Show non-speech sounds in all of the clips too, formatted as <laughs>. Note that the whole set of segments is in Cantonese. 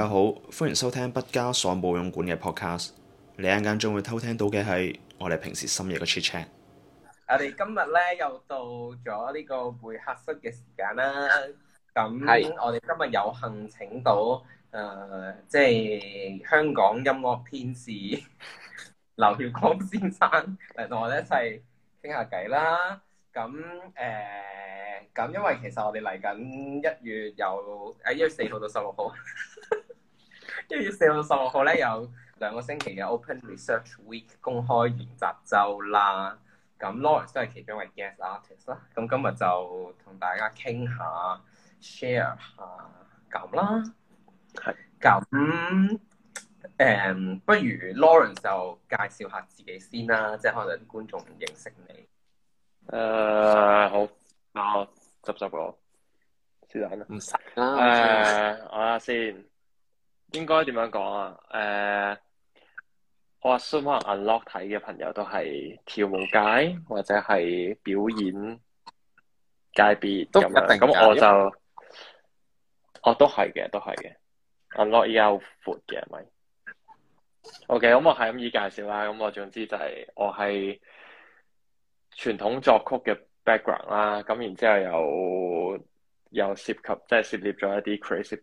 大家好，歡迎收聽不加鎖舞踊館嘅 podcast。你一陣將會偷聽到嘅係我哋平時深夜嘅 chit chat。我哋今日咧又到咗呢個會客室嘅時間啦。咁是我哋今日有幸請到誒、呃，即係香港音樂天事劉曉江先生嚟同 <laughs> 我哋一齊傾下偈啦。咁誒，咁、呃、因為其實我哋嚟緊一月有喺一月四號到十六號。 <laughs> 跟住四號、十六號咧有兩個星期嘅 Open Research Week 公開研習週啦。咁 Lawrence 都係其中一位 Guest Artist 啦。咁今日就同大家傾下、share 下咁啦。係咁是，誒、嗯，不如 Lawrence 就介紹下自己先啦。即係可能啲觀眾唔認識你。誒、呃，好，我執執我師啦。唔使啦。誒，呃、我先。 <laughs> 應該點樣講啊？誒、uh,，我 assume 可能 unlock 睇嘅朋友都係跳舞界或者係表演界別咁樣。咁我就，為哦，都係嘅，都係嘅。unlock 而家好闊嘅，係咪？OK，咁我係咁依介紹啦。咁、嗯、我總之就係我係傳統作曲嘅 background 啦。咁然之後又又涉及即係涉獵咗一啲 creative。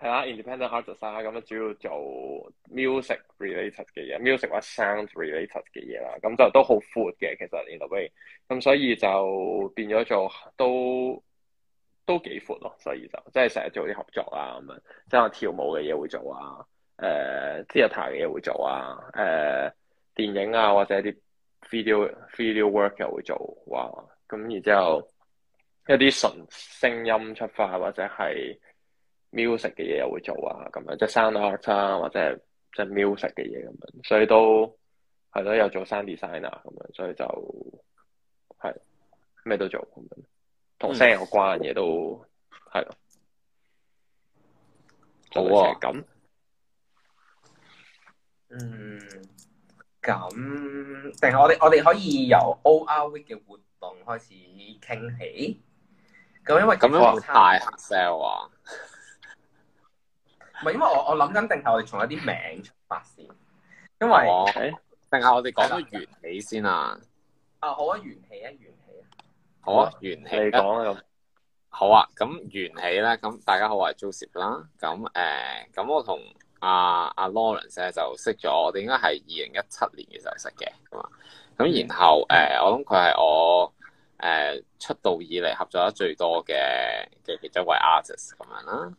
係啦，Independent Artist 啦，咁樣主要做 music related 嘅嘢，music 或者 sound related 嘅嘢啦，咁就都好闊嘅其實 in the way，咁所以就變咗做都都幾闊咯，所以就即係成日做啲合作啊，咁樣即係跳舞嘅嘢會做啊，誒節日派嘅嘢會做啊，誒、呃、電影啊或者啲 video video work 又會做哇，咁然之後一啲純聲音出發或者係。music 嘅嘢又會做啊，咁樣即係 sound art 啊，或者即係 music 嘅嘢咁樣，所以都係咯，又做 sound designer 咁樣，所以就係咩都做咁樣，同聲有關嘅都係咯。嗯、做好啊，咁嗯，咁定係我哋我哋可以由 OR week 嘅活動開始傾起？咁因為咁樣太行 sale 啊！唔係，因為我我諗緊，定係我哋從一啲名出發先，因為定係、哦欸、我哋講個元起先啊！啊好啊，元起啊，元起啊，好啊，元起，你講啊咁。好啊，咁元起咧，咁大家好我係，Joseph 啦，咁誒，咁我同阿阿 Lawrence 咧就識咗，我哋、呃啊、應該係二零一七年嘅時候識嘅，咁啊，咁然後誒、嗯呃，我諗佢係我誒、呃、出道以嚟合作得最多嘅嘅其中一位 artist 咁樣啦。嗯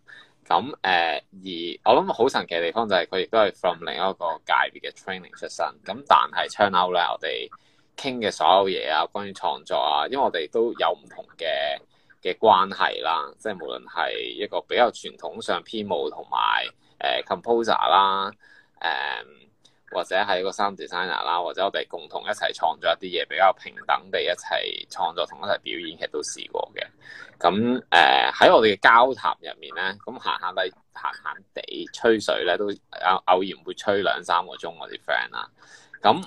咁誒，而我諗好神奇嘅地方就係佢亦都係 from 另一個界別嘅 training 出身。咁但係 Channel 咧，我哋傾嘅所有嘢啊，關於創作啊，因為我哋都有唔同嘅嘅關係啦，即係無論係一個比較傳統上編舞同埋誒 composer 啦，誒、嗯。或者係個三 designer 啦，或者我哋共同一齊創作一啲嘢，比較平等地一齊創作同一齊表演，其實都試過嘅。咁誒喺我哋嘅交談入面咧，咁閒閒地閒閒地吹水咧，都偶偶然會吹兩三個鐘我啲 friend 啦。咁誒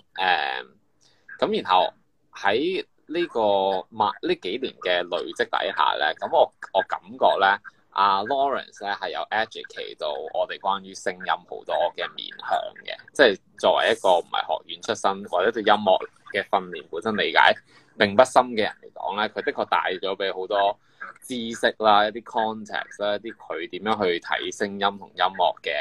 咁然後喺呢、呢個麥呢幾年嘅累積底下咧，咁我我感覺咧。阿、uh, Lawrence 咧係有 educate 到我哋關於聲音好多嘅面向嘅，即係作為一個唔係學院出身或者對音樂嘅訓練本身理解並不深嘅人嚟講咧，佢的確帶咗俾好多知識啦、一啲 context 啦、一啲佢點樣去睇聲音同音樂嘅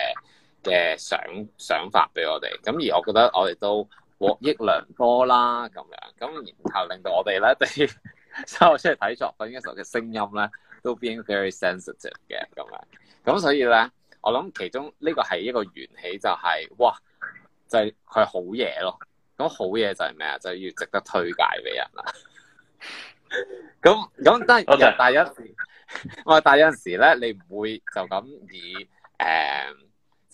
嘅想想法俾我哋。咁而我覺得我哋都獲益良多啦，咁樣。咁然後令到我哋咧，對 <laughs> 收出嚟睇作品嘅時候嘅聲音咧。都變 very sensitive 嘅咁樣，咁所以咧，我諗其中呢個係一個緣起、就是，就係哇，就係、是、佢好嘢咯。咁好嘢就係咩啊？就是、要值得推介俾人啦。咁咁當然，第一時我話，但一 Okay. <laughs> 有時咧，你唔會就咁以誒，即、呃、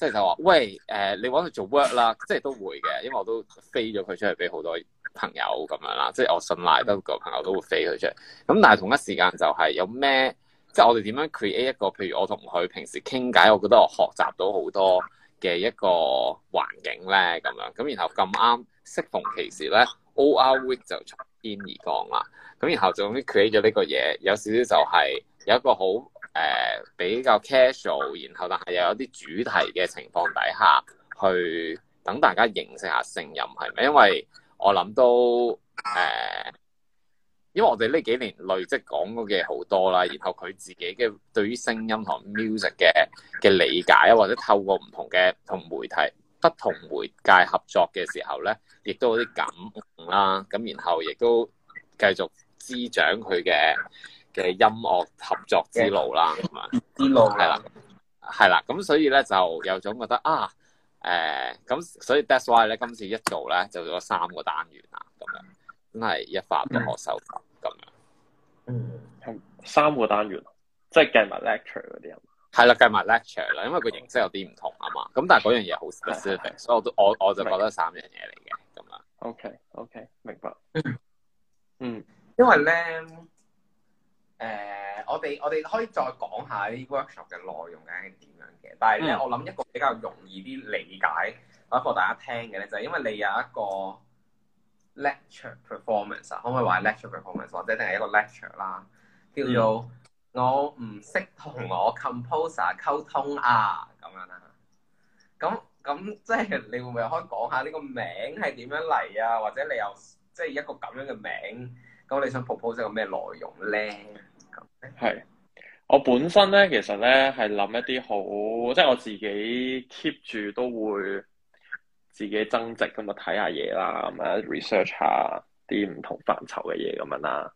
係就話、是、喂誒、呃，你揾佢做 work 啦，即、就、係、是、都會嘅，因為我都飛咗佢出去俾好多。朋友咁樣啦，即係我信賴得個朋友都會飛佢出嚟。咁但係同一時間就係有咩，即係我哋點樣 create 一個？譬如我同佢平時傾偈，我覺得我學習到好多嘅一個環境咧。咁樣咁，然後咁啱適逢其時咧，OR Week 就從天而降啦。咁然後終於 create 咗呢個嘢，有少少就係有一個好誒、呃、比較 casual，然後但係又有啲主題嘅情況底下去等大家認識下聲音係咪？因為我諗都誒、呃，因為我哋呢幾年累積講過嘅好多啦，然後佢自己嘅對於聲音同 music 嘅嘅理解，或者透過唔同嘅同媒體、不同媒介合作嘅時候咧，亦都有啲感動啦。咁然後亦都繼續滋長佢嘅嘅音樂合作之路啦。咁啊的，之路係啦，係啦的。咁所以咧，就有種覺得啊～誒，咁、嗯、所以 that's why 咧，今次一做咧就做咗三個單元啊，咁樣真係一發不可收拾咁樣。嗯，三個單元，即係計埋 lecture 嗰啲啊？係啦，計埋 lecture 啦，因為個形式有啲唔同啊嘛。咁但係嗰樣嘢好 specific，所以我都我我就覺得三樣嘢嚟嘅咁啦。OK，OK，okay, okay, 明白。 <laughs> 嗯，因為咧。誒、呃，我哋我哋可以再講下啲 workshop 嘅內容究竟係點樣嘅？但係咧、呃，我諗一個比較容易啲理解，一個、嗯、大家聽嘅咧，就係、是、因為你有一個 lecture performance，可唔可以話係 lecture performance 或者定係一個 lecture 啦？叫做、嗯、我唔識同我 composer 溝通啊咁樣啦。咁咁即係你會唔會可以講下呢個名係點樣嚟啊？或者你又即係一個咁樣嘅名？咁你想 propose 有咩內容咧？係我本身咧，其實咧係諗一啲好，即係我自己 keep 住都會自己增值咁啊，睇下嘢啦，咁啊 research 下啲唔同範疇嘅嘢咁樣啦。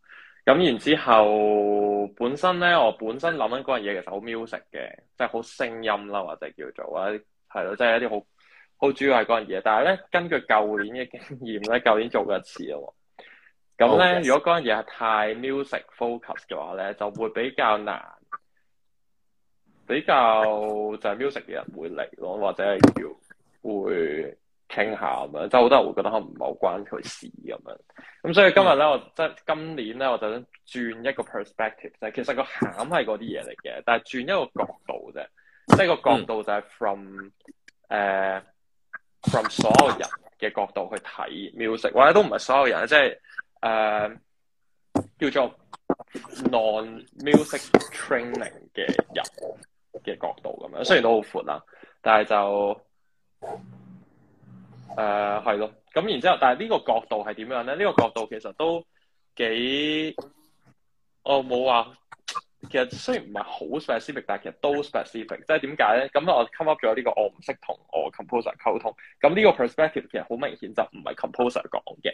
咁、嗯、然之後，本身咧我本身諗緊嗰樣嘢，其實好 music 嘅，即係好聲音啦，或者叫做一係咯，即係一啲好好主要係嗰樣嘢。但係咧，根據舊年嘅經驗咧，舊年做過一次咯。咁咧，呢 oh, yes. 如果嗰樣嘢係太 music focus 嘅話咧，就會比較難，比較就係 music 嘅人會嚟咯，或者係要會傾下咁樣，即係好多人會覺得可能唔係好關佢事咁樣。咁所以今日咧，嗯、我即係今年咧，我就想轉一個 perspective 就係。其實個餡係嗰啲嘢嚟嘅，但係轉一個角度啫，即係個角度就係 from 誒、嗯呃、from 所有人嘅角度去睇 music。或者都唔係所有人，即係。誒、uh, 叫做 non-music training 嘅人嘅角度咁樣，雖然都好闊啦，但係就誒係咯。咁、uh, 然之後，但係呢個角度係點樣咧？呢、這個角度其實都幾哦冇話。其實雖然唔係好 specific，但係其實都 specific 即。即係點解咧？咁我 come up 咗呢個我唔識同我 composer 溝通。咁呢個 perspective 其實好明顯就唔係 composer 講嘅。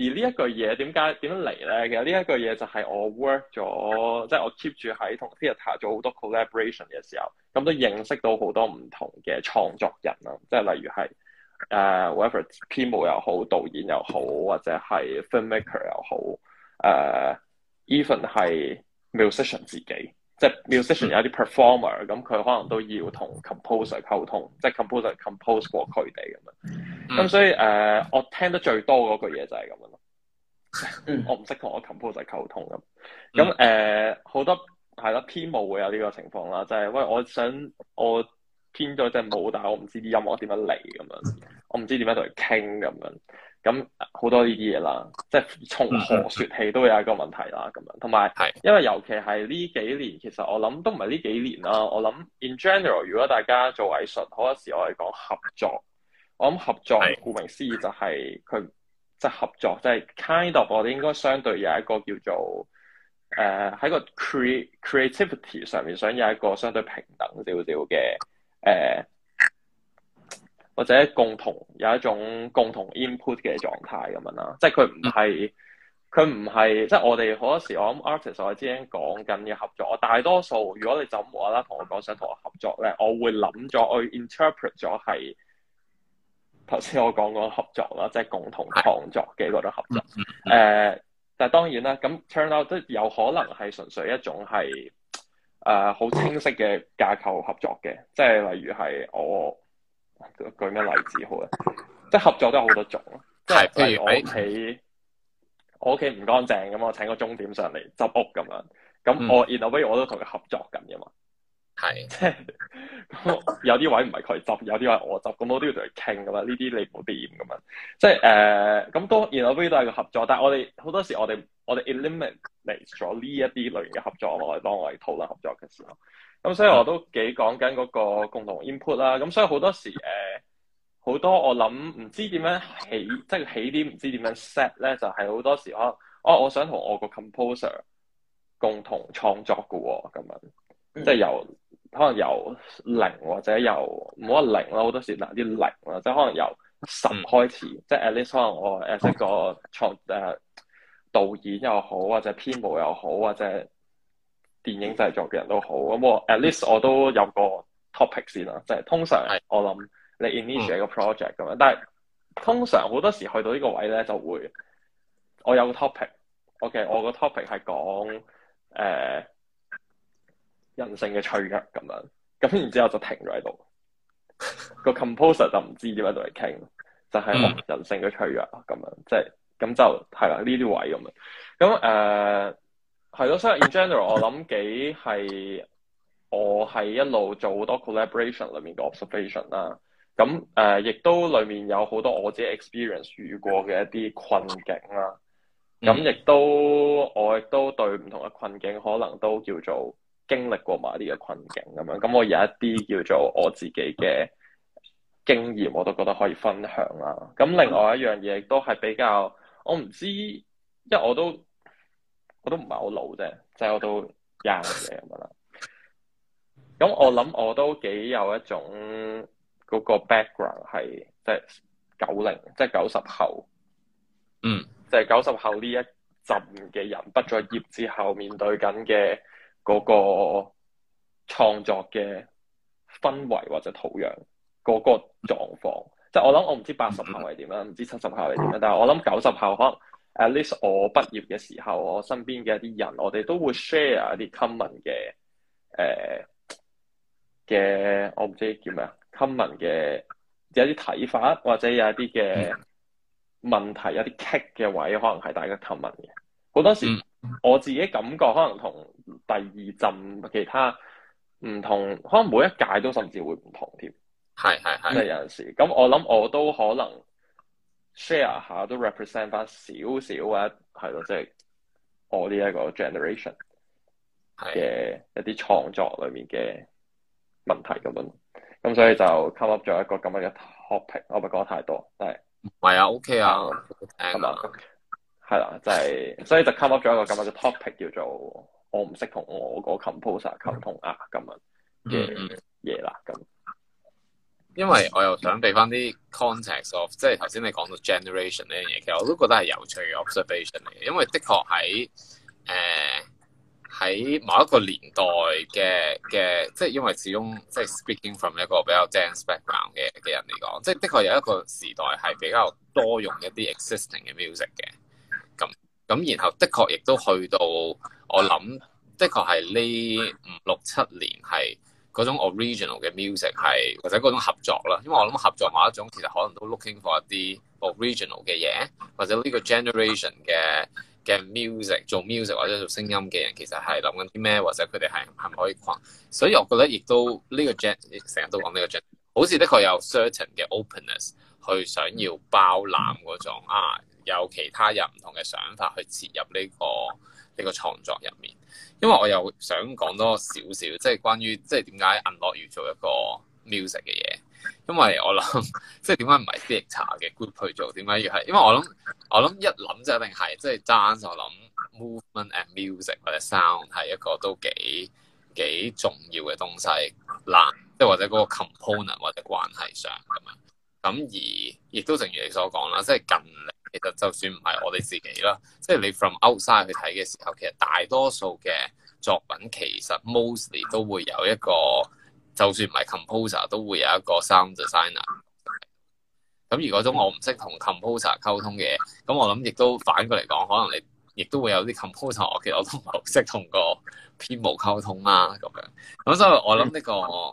而呢一句嘢點解點嚟咧？其實呢一句嘢就係我 work 咗，即係我 keep 住喺同 Peter 做好多 collaboration 嘅時候，咁都認識到好多唔同嘅創作人啊，即係例如係誒 whatever 編舞又好，導演又好，或者係 film maker 又好，誒、uh, even 係 musician 自己，即係 musician 有啲 performer，咁佢、嗯、可能都要同 composer 溝通，即係 composer compose 過佢哋咁樣，咁、嗯、所以誒、uh, 我聽得最多嗰句嘢就係咁樣。 <music> 我唔識同我 composer 溝通咁，咁誒好多係啦，編舞會有呢個情況啦，就係、是、喂，我想我編咗隻舞，但係我唔知啲音樂點樣嚟咁樣，我唔知點樣同佢傾咁樣，咁好、嗯、多呢啲嘢啦，即係從何說起都會有一個問題啦，咁樣，同埋係，因為尤其係呢幾年，其實我諗都唔係呢幾年啦，我諗 in general 如果大家做藝術，好多時我哋講合作，我諗合作顧名思義就係佢。即合作，即係 kind of 我哋應該相對有一個叫做誒喺個 cre creativity 上面想有一個相對平等少少嘅誒或者共同有一種共同 input 嘅狀態咁樣啦。即係佢唔係佢唔係即係我哋好多時我諗 artist 我之前講緊嘅合，合作，我大多數如果你就咁無啦啦同我講想同我合作咧，我會諗咗去 interpret 咗係。頭先我講過合作啦，即係共同創作嘅嗰種合作。誒、uh，但係當然啦，咁 channel 都有可能係純粹一種係誒好清晰嘅架構合作嘅，即係例如係我舉咩例子好咧？即係合作都有好多種，即係譬如我屋企我屋企唔乾淨咁，我請個鐘點上嚟執屋咁樣，咁我 in a way 我都同佢合作咁嘅嘛。係，即係 <laughs> 有啲位唔係佢執，有啲位我執，咁我都要同佢傾噶嘛。呢啲你冇掂咁樣。即係誒，咁、呃、當然我都要係個合作，但係我哋好多時我哋我哋 eliminate 咗呢一啲類型嘅合作，落嚟當我哋討論合作嘅時候。咁、嗯、所以我都幾講緊嗰個共同 input 啦、嗯。咁所以好多時誒，好、呃、多我諗唔知點樣起，即、就、係、是、起啲唔知點樣 set 咧，就係好多時可能哦，我想同我個 composer 共同創作噶咁樣。嗯即係由可能由零或者由冇乜零咯，好多時嗱啲零咯，即係可能由十開始。嗯、即係 at least 可能我誒、嗯、一個創誒、嗯、導演又好，或者編舞又好，或者電影製作嘅人都好。咁我 at least 我都有個 topic 先啦。即係通常、嗯、我諗你 initial 個 project 咁樣、嗯，但係通常好多時去到呢個位咧就會，我有個 topic。OK，我個 topic 係講誒。呃人性嘅脆弱咁樣，咁然之後就停咗喺度。 <laughs> 個 composer 就唔知點解度嚟傾，就係、是、人性嘅脆弱咁樣，即係咁就係啦呢啲位咁樣。咁誒係咯，所以 in general 我諗幾係我係一路做好多 collaboration 裏面嘅 observation 啦。咁誒亦都裏面有好多我自己 experience 遇過嘅一啲困境啦。咁亦都我亦都對唔同嘅困境可能都叫做。經歷過埋呢個困境咁樣，咁我有一啲叫做我自己嘅經驗，我都覺得可以分享啦。咁另外一樣嘢亦都係比較，我唔知，因為我都我都唔係好老啫，即係我都廿零咁樣啦。咁我諗我都幾有一種嗰個 background 係即係九零，即係九十後。嗯，就係九十後呢一陣嘅人畢咗業之後面對緊嘅。嗰個創作嘅氛圍或者土壤，嗰個狀況，即係我諗，我唔知八十後係點樣，唔知七十後係點樣，但係我諗九十後可能 at least 我畢業嘅時候，我身邊嘅一啲人，我哋都會 share 一啲 common 嘅誒嘅，我唔知叫咩啊，common 嘅有啲睇法或者有一啲嘅問題，有啲棘嘅位，可能係大家 common 嘅，好多時。嗯我自己感覺可能同第二陣其他唔同，可能每一屆都甚至會唔同添。係係係，真 <noise> 係樂、嗯、有陣時。咁我諗我都可能 share 下，都 represent 翻少少啊，係咯，即係我呢一個 generation 嘅一啲創作裏面嘅問題咁樣。咁 <music> 所以就 come up 咗一個咁樣嘅 topic。我唔係講太多，但係。唔係啊，OK 啊，得啦、嗯。係啦，就係所以就 cover 咗一個咁樣嘅 topic，叫做我唔識同我個 composer 溝通啊咁樣嘅嘢啦。咁、 <noise> 嗯嗯嗯、 <noise> 因為我又想俾翻啲 context of，即係頭先你講到 generation 呢樣嘢，其實我都覺得係有趣嘅 observation 嚟嘅。因為的確喺誒喺某一個年代嘅嘅，即係因為始終即係 speaking from 一個比較 dance background 嘅嘅人嚟講，即係的確有一個時代係比較多用一啲 existing 嘅 music 嘅。咁然後，的確亦都去到我諗，的確係呢五六七年係嗰種 original 嘅 music，係，或者嗰種合作啦。因為我諗合作某一種，其實可能都 looking for 一啲 original 嘅嘢，或者呢個 generation 嘅嘅 music 做 music 或者做聲音嘅人，其實係諗緊啲咩，或者佢哋係唔係可以擴。所以我覺得亦都呢、這個 gen 成日都講呢個 gen，好似的確有 certain 嘅 openness 去想要包攬嗰種啊。有其他人唔同嘅想法去切入呢、這個呢、這個創作入面，因為我又想講多少少，即係關於即係點解 Unlock 要做一個 music 嘅嘢，因為我諗即係點解唔係 s p e 嘅 group 去做，點解要係，因為我諗我諗一諗就一定係即係爭就諗 movement and music 或者 sound 係一個都幾幾重要嘅東西，嗱即係或者個 component 或者關係上咁樣，咁而亦都正如你所講啦，即係近年其實就算唔係我哋自己啦，即係你 from outside 去睇嘅時候，其實大多數嘅作品其實 mostly 都會有一個，就算唔係 composer 都會有一個 sound designer。咁如果都我唔識同 composer 溝通嘅，咁我諗亦都反過嚟講，可能你亦都會有啲 composer，我其實我都唔識同個編舞溝通啦咁樣。咁所以我諗呢個。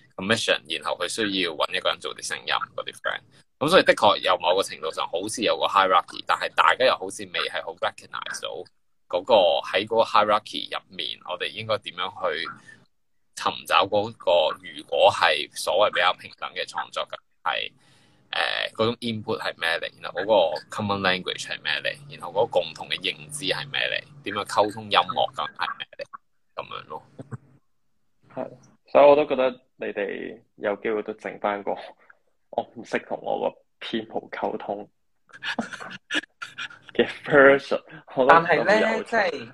commission，然後佢需要揾一個人做啲聲音嗰啲 friend，咁所以的確有某個程度上好似有個 hierarchy，但係大家又好似未係好 recognize 到嗰個喺嗰個 hierarchy 入面，我哋應該點樣去尋找嗰個如果係所謂比較平等嘅創作嘅係誒嗰種 input 係咩嚟，然後嗰個 common language 係咩嚟，然後嗰個共同嘅認知係咩嚟，點樣溝通音樂咁係咩嚟咁樣咯？係，所以我都覺得。你哋有機會都剩翻個我唔識同我個編舞溝通嘅 version 但係咧即係誒，即係、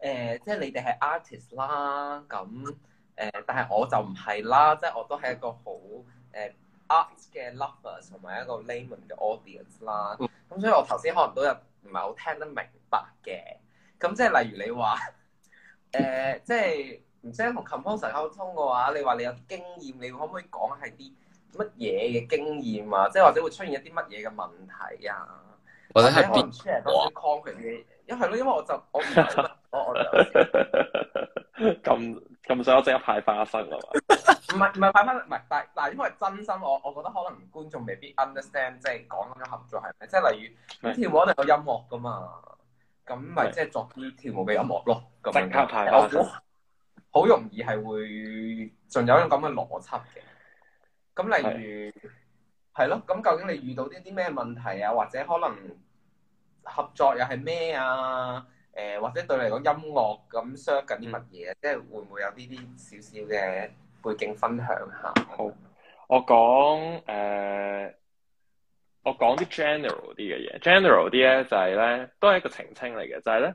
呃、你哋係 artist 啦，咁誒、呃，但係我就唔係啦，即係我都係一個好誒、呃、art 嘅 lover 同埋一個 layman 嘅 audience 啦，咁、嗯、所以我頭先可能都有唔係好聽得明白嘅，咁即係例如你話誒、呃，即係。唔知同 composer 溝通嘅話，你話你有經驗，你可唔可以講係啲乜嘢嘅經驗啊？即係或者會出現一啲乜嘢嘅問題啊？或者係邊？哇、哎！一係咯，因為我就我唔，我我咁咁想，我即刻派花生啊嘛？唔係唔係派翻唔係，但係嗱，但因為真心我我覺得可能觀眾未必 understand 即係講緊嘅合作係咪？即係例如麼跳舞可能有音樂噶嘛，咁咪即係作啲跳舞嘅音樂咯，即麼刻派好容易係會仲有一種咁嘅邏輯嘅，咁例如係咯，咁是究竟你遇到啲啲咩問題啊？或者可能合作又係咩啊？誒、呃、或者對你嚟講音樂咁 share 緊啲乜嘢啊？即係、嗯、會唔會有呢啲少少嘅背景分享下？好，我講誒、呃，我講啲 gen general 啲嘅嘢，general 啲咧就係咧都係一個澄清嚟嘅，就係、是、咧。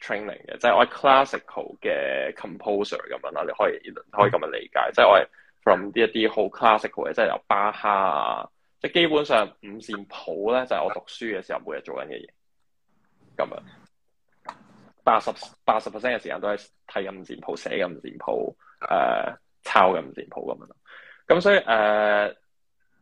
training 嘅，即係我係 classical 嘅 composer 咁樣啦，你可以可以咁樣理解，即係我係 from 啲一啲好 classical 嘅，即係由巴哈啊，即係基本上五線譜咧就係我讀書嘅時候每日做緊嘅嘢，咁樣八十八十 percent 嘅時間都係睇緊五線譜、寫緊五線譜、誒抄緊五線譜咁樣咯，咁所以誒。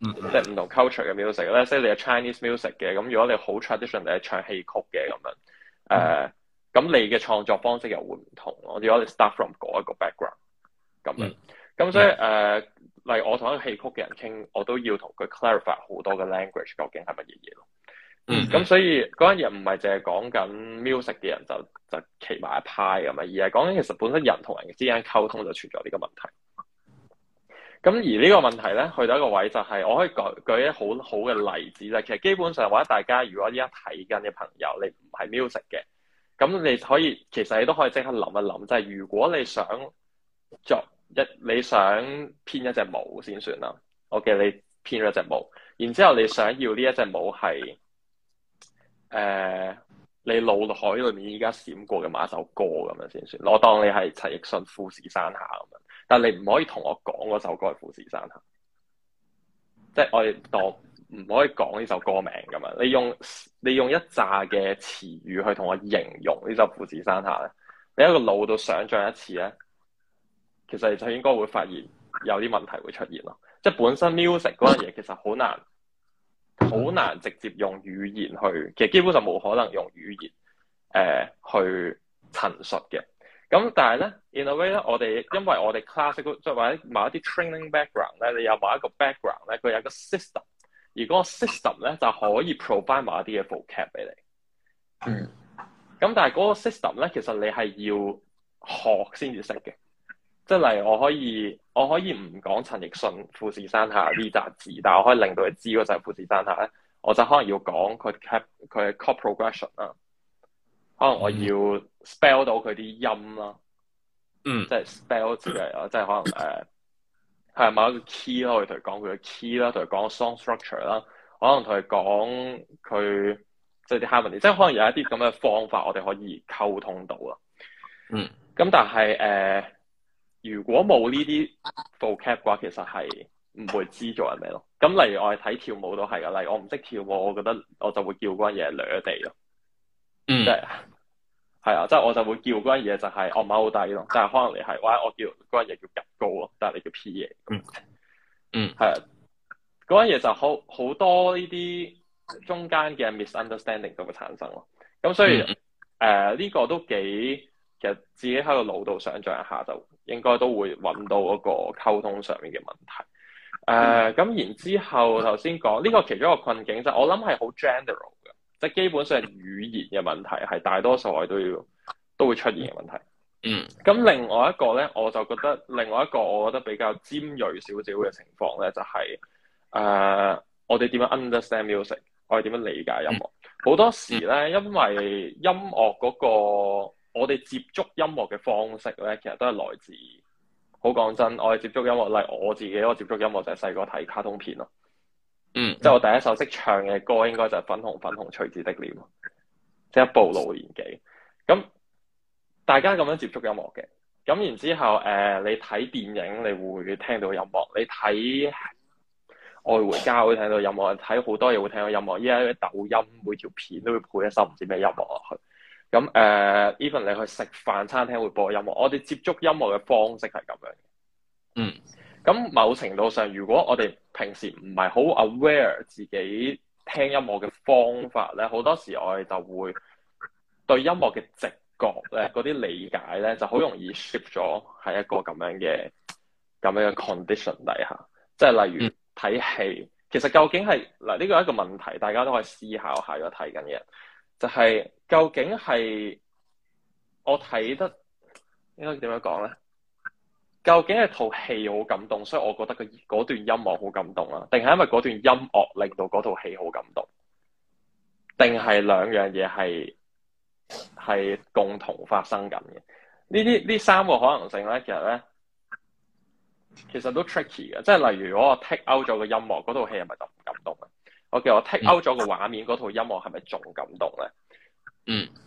即係唔同 culture 嘅 music 咧，即係你係 Chinese music 嘅，咁如果你好 traditionally 係唱戲曲嘅咁樣，誒、呃，咁你嘅創作方式又會唔同咯。如果你 start from 嗰一個 background，咁樣，咁所以誒，例如我同一個戲曲嘅人傾，我都要同佢 clarify 好多嘅 language 究竟係乜嘢嘢咯。嗯。咁、嗯、所以嗰樣嘢唔係淨係講緊 music 嘅人就就企埋一派咁啊，而係講緊其實本身人同人之間溝通就存在呢個問題。咁而呢個問題咧，去到一個位就係，我可以舉舉一好好嘅例子啦。其實基本上，或者大家如果依家睇緊嘅朋友，你唔係 music 嘅，咁你可以其實你都可以即刻諗一諗，就係如果你想作一你想編一隻舞先算啦。OK，你編咗一隻舞，然之後你想要呢一隻舞係誒你腦海裏面依家閃過嘅某一首歌咁樣先算。我當你係陳奕迅《富士山下》咁樣。但你唔可以同我講嗰首歌係《富士山下》，即係我哋當唔可以講呢首歌名咁啊。你用你用一紮嘅詞語去同我形容呢首《富士山下》咧，你喺個腦度想象一次咧，其實你就應該會發現有啲問題會出現咯。即係本身 music 嗰樣嘢其實好難，好難直接用語言去，其實基本上冇可能用語言誒、呃、去陳述嘅。咁但係咧，in a way 咧，我哋因為我哋 classical，即係話某一啲 training background 咧，你有某一個 background 咧，佢有個 system。而嗰個 system 咧就可以 provide 埋一啲嘅 vocab 俾你。嗯。咁但係嗰個 system 咧，其實你係要學先至識嘅。即係例如我可以我可以唔講陳奕迅富士山下呢紮字，但係我可以令到佢知嗰就係富士山下咧，我就可能要講佢 cap 佢嘅 chord progression 啦。可能我要 spell 到佢啲音啦，嗯、mm.，即係 spell 自己咯，即係可能誒，係、呃、某一個 key 咯，我哋同佢講佢嘅 key 啦，同佢講 song structure 啦，可能同佢講佢即係啲 harmony，即係可能有一啲咁嘅方法，我哋可以溝通到啊，嗯、mm.，咁但係誒如果冇呢啲 vocab 嘅話，其實係唔會知做係咩咯。咁例如我哋睇跳舞都係㗎，例如我唔識跳舞，我覺得我就會叫嗰樣嘢掠地咯。嗯，mm. 即係，係啊，即、就、係、是、我就會叫嗰樣嘢就係、是、我唔係好大嘅，但係可能你係，或我叫嗰樣嘢叫日高啊，但係你叫 P 嘢，咁、mm. 樣，嗯，係，嗰樣嘢就好好多呢啲中間嘅 misunderstanding 都會產生咯，咁所以誒呢、mm. 呃這個都幾，其實自己喺個腦度想象一下就應該都會搵到嗰個溝通上面嘅問題，誒、呃，咁然之後頭先講呢個其中一個困境就是、我諗係好 general。即基本上係語言嘅問題，係大多數我哋都要都會出現嘅問題。嗯。咁另外一個咧，我就覺得另外一個我覺得比較尖鋭少少嘅情況咧，就係、是、誒、呃、我哋點樣 understand music，我哋點樣理解音樂。好多時咧，因為音樂嗰、那個我哋接觸音樂嘅方式咧，其實都係來自好，講真，我哋接觸音樂，例如我自己我接觸音樂就係細個睇卡通片咯。嗯，即係我第一首識唱嘅歌應該、就是，應該就係粉紅粉紅吹紫的臉，即係一暴露年紀。咁大家咁樣接觸音樂嘅，咁然之後誒、呃，你睇電影你會聽到音樂，你睇愛回家會聽到音樂，睇好多嘢會聽到音樂。依家抖音每條片都會配一首唔知咩音樂落去，咁誒，even 你去食飯餐廳會播音樂。我哋接觸音樂嘅方式係咁樣，嗯。咁某程度上，如果我哋平時唔係好 aware 自己聽音樂嘅方法咧，好多時我哋就會對音樂嘅直覺咧、嗰啲理解咧，就好容易 shift 咗係一個咁樣嘅咁樣嘅 condition 底下。即係例如睇戲，其實究竟係嗱呢個一個問題，大家都可以思考下。如果睇緊嘅，就係、是、究竟係我睇得應該點樣講咧？究竟係套戲好感動，所以我覺得個嗰段音樂好感動啊？定係因為嗰段音樂令到嗰套戲好感動，定係兩樣嘢係係共同發生緊嘅？呢啲呢三個可能性咧，其實咧其實都 tricky 嘅，即係例如我 take out 咗個音樂，嗰套戲係咪就唔感動啊？我叫我 take out 咗個畫面，嗰套音樂係咪仲感動咧？嗯。嗯。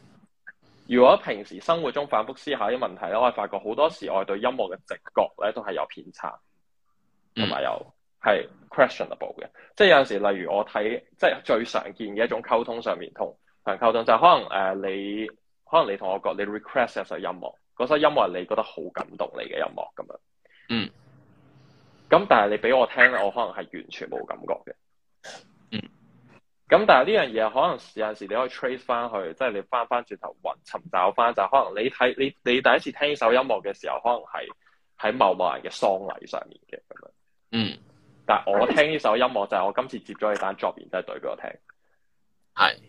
如果平時生活中反覆思考啲問題咧，我係發覺好多時我對音樂嘅直覺咧都係有偏差，同埋有係 questionable 嘅。即係有陣時，例如我睇即係最常見嘅一種溝通上面同人溝通，就可能誒、呃、你可能你同我講你 request 一首音樂，嗰首音樂，你覺得好感動你嘅音樂咁樣。嗯。咁但係你俾我聽咧，我可能係完全冇感覺嘅。嗯。咁但係呢樣嘢可能有陣時你可以 trace 翻去，即係你翻翻轉頭揾尋找翻就是、可能你睇你你第一次聽呢首音樂嘅時候，可能係喺某某人嘅喪禮上面嘅咁樣。嗯，但係我聽呢首音樂就係、是、我今次接咗你單作品，然之後對俾我聽。係、嗯，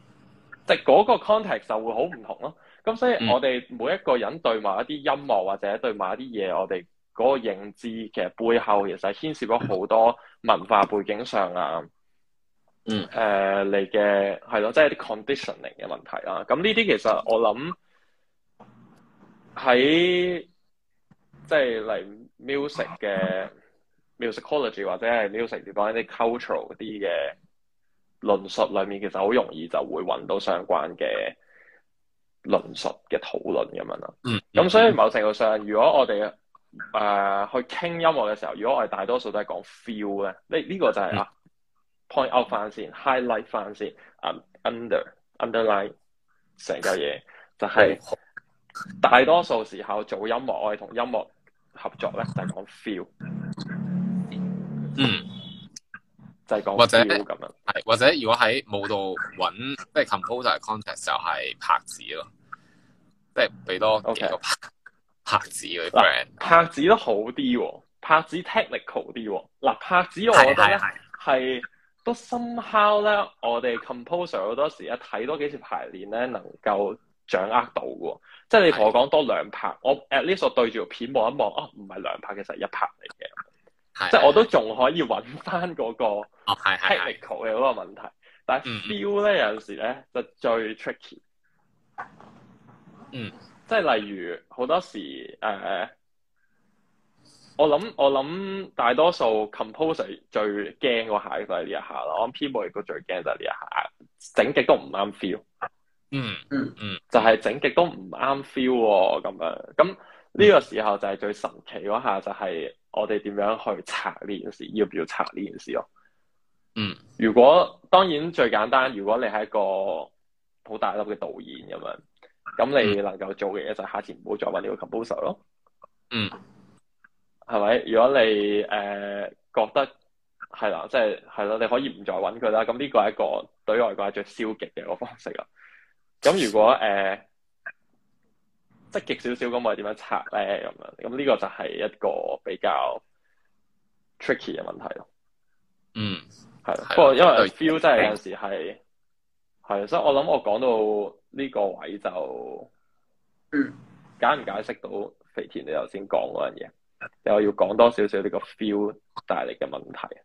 即係嗰個 context 就會好唔同咯。咁所以我哋每一個人對埋一啲音樂或者對埋一啲嘢，我哋嗰個認知其實背後其實牽涉咗好多文化背景上啊。嗯，誒你嘅係咯，即係啲 conditioning 嘅問題啦。咁呢啲其實我諗喺即係嚟 music 嘅 musicology 或者係 music related 啲 cultural 啲嘅論述裏面，其實好容易就會揾到相關嘅論述嘅討論咁樣咯、嗯。嗯，咁所以某程度上，如果我哋誒、呃、去傾音樂嘅時候，如果我哋大多數都係講 feel 咧，呢、這、呢個就係、是嗯、啊。point out 翻先，highlight 翻先，under underline 成嚿嘢，就係、是、大多數時候做音樂，我哋同音樂合作咧，就係、是、講 feel，嗯，就係講或者咁樣，或者如果喺舞蹈搵，即係 composer context 就係拍子咯，即係俾多幾個拍 Okay. 拍子啲 friend 拍子都好啲、喎，拍子 technical 啲、喎，嗱拍子我覺得係。都 somehow 咧，我哋 composer 好多時咧，睇多幾次排練咧，能夠掌握到嘅。即係你同我講多兩拍，我 at least 我對住條片望一望，啊、哦，唔係兩拍，其實係一拍嚟嘅。係的，即係我都仲可以揾翻嗰個哦，係係 technical 嘅嗰個問題，的但係 feel 咧有陣時咧就最 tricky。嗯，即係例如好多時誒。呃我諗我諗，大多數 composer 最驚嗰下就係呢一下咯。people 亦都最驚就係呢一下，整極都唔啱 feel、嗯。嗯嗯嗯，就係整極都唔啱 feel 咁、哦、樣。咁呢、呢個時候就係最神奇嗰下，就係我哋點樣去查呢件事，要唔要查呢件事咯？嗯，如果當然最簡單，如果你係一個好大粒嘅導演咁樣，咁你能夠做嘅嘢就係下次唔好再揾呢個 composer 咯、嗯。嗯。嗯。係咪？如果你誒、呃、覺得係啦，即係係咯，你可以唔再揾佢啦。咁呢個係一個對外嘅最消極嘅個方式啦。咁如果誒積、呃、極少少咁，我哋點樣拆咧？咁樣咁呢個就係一個比較 tricky 嘅問題咯。嗯，係。不過因為 feel 真係有時係係，所以我諗我講到呢個位就解唔解釋到肥田你頭先講嗰樣嘢。又要講多少少呢個 feel 帶嚟嘅問題，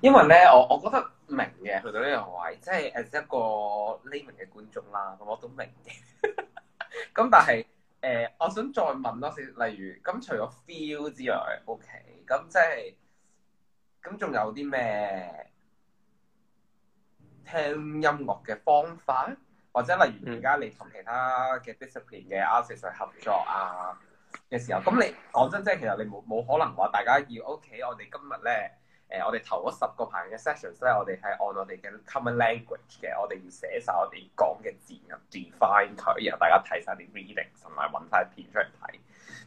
因為咧我我覺得明嘅，去到呢個位，即係一個匿名 v e l 嘅觀眾啦，我都明嘅。咁 <laughs> 但係誒、呃，我想再問多少，例如咁除咗 feel 之外，OK，咁即係咁仲有啲咩聽音樂嘅方法，或者例如而家你同其他嘅 discipline 嘅 artist、嗯、合作啊？嘅時候，咁你講真，即係其實你冇冇可能話大家要 OK，我哋今日咧，誒、呃，我哋頭嗰十個排嘅 sessions 咧，我哋係按我哋嘅 common language 嘅，我哋要寫晒我哋講嘅字，define 佢，然後大家睇晒啲 reading，同埋揾晒片出嚟睇，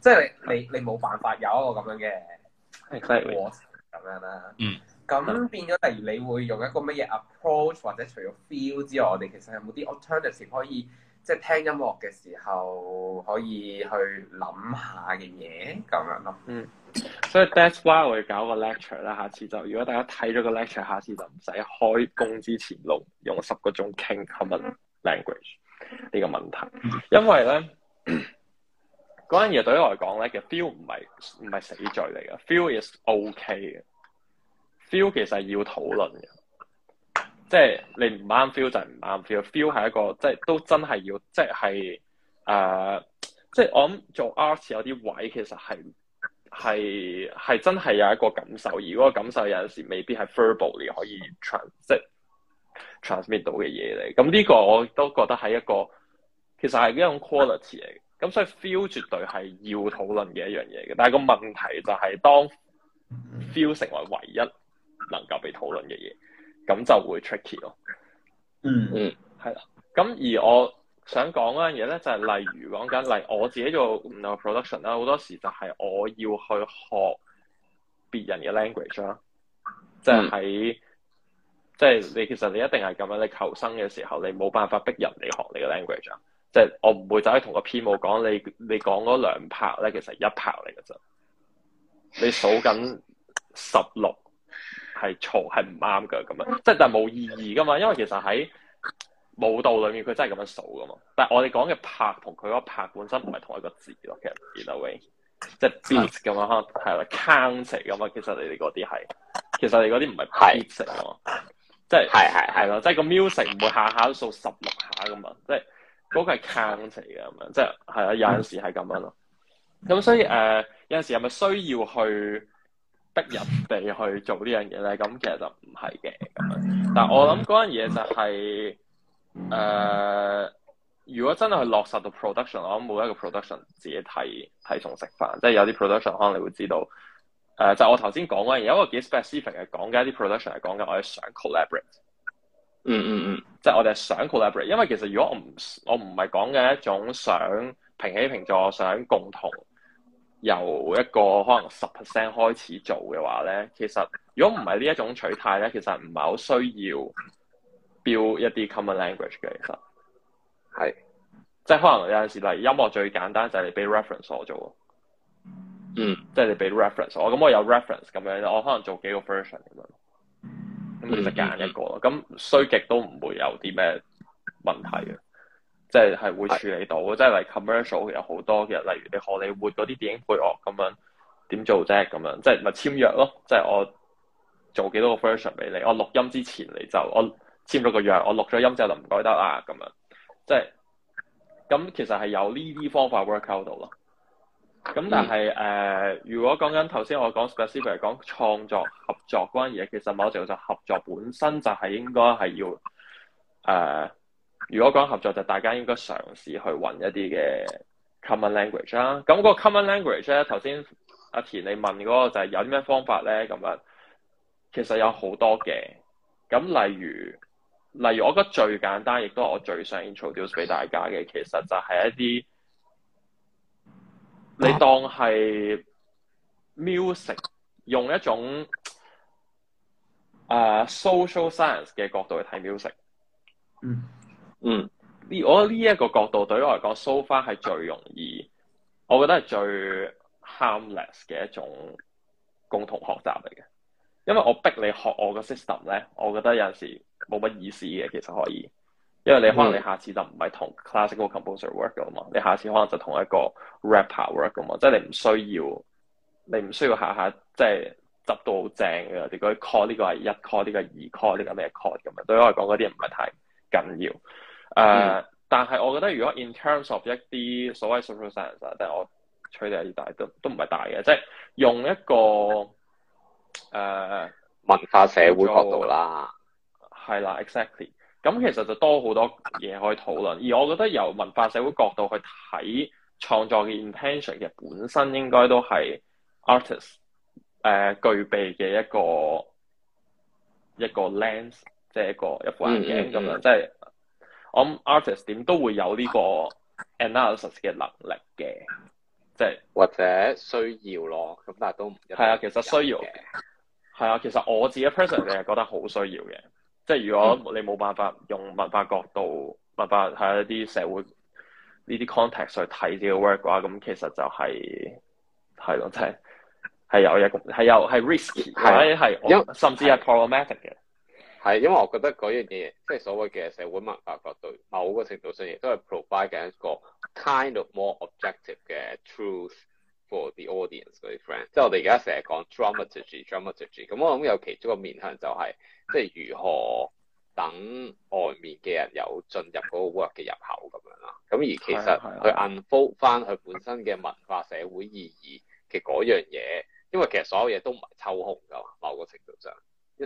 即係你，嗯，你你冇辦法有一個咁樣嘅過程咁樣啦。嗯，嗯，咁變咗，例如你會用一個乜嘢 approach，或者除咗 feel 之外，我哋其實有冇啲 alternative 可以？即係聽音樂嘅時候，可以去諗下嘅嘢咁樣咯。嗯，所以 that's why 我要搞個 lecture 啦。下次就如果大家睇咗個 lecture，下次就唔使開工之前錄用十個鐘傾 common language 呢個問題。因為咧嗰樣嘢對我嚟講咧，其實 <coughs> feel 唔係唔係死罪嚟嘅，feel is okay 嘅。feel 其實要討論嘅。即係你唔啱 feel 就唔啱 feel，feel 係一個即係都真係要即係誒、呃、即係我諗做 arts 有啲位其實係係係真係有一個感受，而嗰個感受有陣時未必係 verbally 可以 trans 即係 transmit 到嘅嘢嚟，咁呢個我都覺得係一個其實係一種 quality 嚟嘅，咁所以 feel 絕對係要討論嘅一樣嘢嘅，但係個問題就係當 feel 成為唯一能夠被討論嘅嘢。咁就會 tricky 咯。嗯嗯，係啦。咁而我想講嗰樣嘢咧，就係例如講緊，例如我自己做唔同 production 啦，好多時就係我要去學別人嘅 language 啦。即係喺，即係你其實你一定係咁樣。你求生嘅時候，你冇辦法逼人哋學你嘅 language 啊。即係我唔會走去同個編舞講，你你講嗰兩拍咧，其實一拍嚟嘅啫。你數緊十六。係嘈係唔啱㗎，咁樣，即係但係冇意義㗎嘛。因為其實喺舞蹈裏面，佢真係咁樣數㗎嘛。但係我哋講嘅拍同佢嗰個拍本身唔係同一個字咯。其實，你留意，即係 beat 可能係啦，count 嚟㗎嘛。其實你哋嗰啲係，其實你嗰啲唔係 beat 嚟㗎嘛。即係係係係咯，即係、個 music 唔會下下數十六下㗎嘛。即係嗰個係 count 嚟㗎，咁樣即係係啦。有陣時係咁樣咯。咁所以誒、呃，有陣時係咪需要去？逼人哋去做呢樣嘢咧，咁其實就唔係嘅。咁但係我諗嗰樣嘢就係誒，如果真係去落實到 production，我諗冇一個 production 自己睇睇餸食飯，即係有啲 production 可能你會知道誒、呃，就是、我頭先講嗰樣嘢，因為幾 specific 係講緊一啲 production 係講緊我哋想 collaborate。嗯嗯嗯，即係我哋係想 collaborate，因為其實如果我唔我唔係講嘅一種想平起平坐，想共同。由一個可能十 percent 開始做嘅話咧，其實如果唔係呢一種取態咧，其實唔係好需要 build 一啲 common language 嘅，其實係是即係可能有陣時，例如音樂最簡單就係你俾 reference 我做，嗯，即係你俾 reference 我，咁、哦嗯、我有 reference 咁樣，我可能做幾個 version 咁樣，咁就揀一個咯。咁衰極都唔會有啲咩問題嘅。即係係會處理到，的即係嚟，commercial 有好多嘅，例如你荷你活嗰啲電影配樂咁樣，點做啫咁樣？即係咪簽約咯？即係我做幾多個 version 俾你，我錄音之前你就我簽咗個約，我錄咗音之後就唔該得啦咁樣。即係咁，其實係有呢啲方法 work out 到咯。咁但係誒、嗯呃，如果講緊頭先我講 specific 講創作合作嗰樣嘢，其實某程度上合作本身就係應該係要誒。呃如果講合作，就大家應該嘗試去揾一啲嘅 common language 啦。咁個 common language 咧，頭先阿田你問嗰個就係有咩方法咧咁樣？其實有好多嘅。咁例如，例如我覺得最簡單，亦都係我最想 introduce 俾大家嘅，其實就係一啲你當係 music 用一種啊、uh，social science 嘅角度去睇 music。嗯。嗯，呢我覺得呢一個角度對於我嚟講，so far 係最容易，我覺得係最 harmless 嘅一種共同學習嚟嘅。因為我逼你學我個 system 咧，我覺得有陣時冇乜意思嘅。其實可以，因為你可能你下次就唔係同 classical composer work 嘅嘛，你下次可能就同一個 rapper work 嘅嘛。即係你唔需要，你唔需要下下即係執到好正嘅。你嗰個 call 呢個係一 call，呢個二 call，呢個咩 call 咁樣。對於我嚟講，嗰啲唔係太緊要。誒、呃，但係我覺得如果 in terms of 一啲所謂 social science，即係我取地啲大，都都唔係大嘅，即係用一個誒、呃、文化社會角度啦，係啦、啊、exactly。咁其實就多好多嘢可以討論，而我覺得由文化社會角度去睇創作嘅 intention 嘅本身，應該都係 artists、呃、誒具備嘅一,一,一個一個 lens，即係一個一副眼鏡咁、嗯、樣，即係。我諗 artist 點都會有呢個 analysis 嘅能力嘅，即、就、係、是、或者需要咯。咁但係都唔係啊。其實需要嘅，係 <laughs> 啊。其實我自己 person 你係覺得好需要嘅。即係如果你冇辦法用文化角度、文化係一啲社會呢啲 context 去睇呢個 work 嘅話，咁其實就係係咯，即係係有嘢，係有係 risky， <laughs> 啊、或係係、嗯、甚至係 problematic 嘅。 <laughs> 係，因為我覺得嗰樣嘢，即係所謂嘅社會文化角度，某個程度上亦都係 provide 緊一個 kind of more objective 嘅 truth for the audience 嗰啲 friend。即係我哋而家成日講 dramaturgy，dramaturgy。咁我諗有其中一個面向就係、是，即係如何等外面嘅人有進入嗰個 work 嘅入口咁樣啦。咁而其實佢 unfold 翻佢本身嘅文化社會意義嘅嗰樣嘢，因為其實所有嘢都唔係抽空㗎嘛，某個程度上。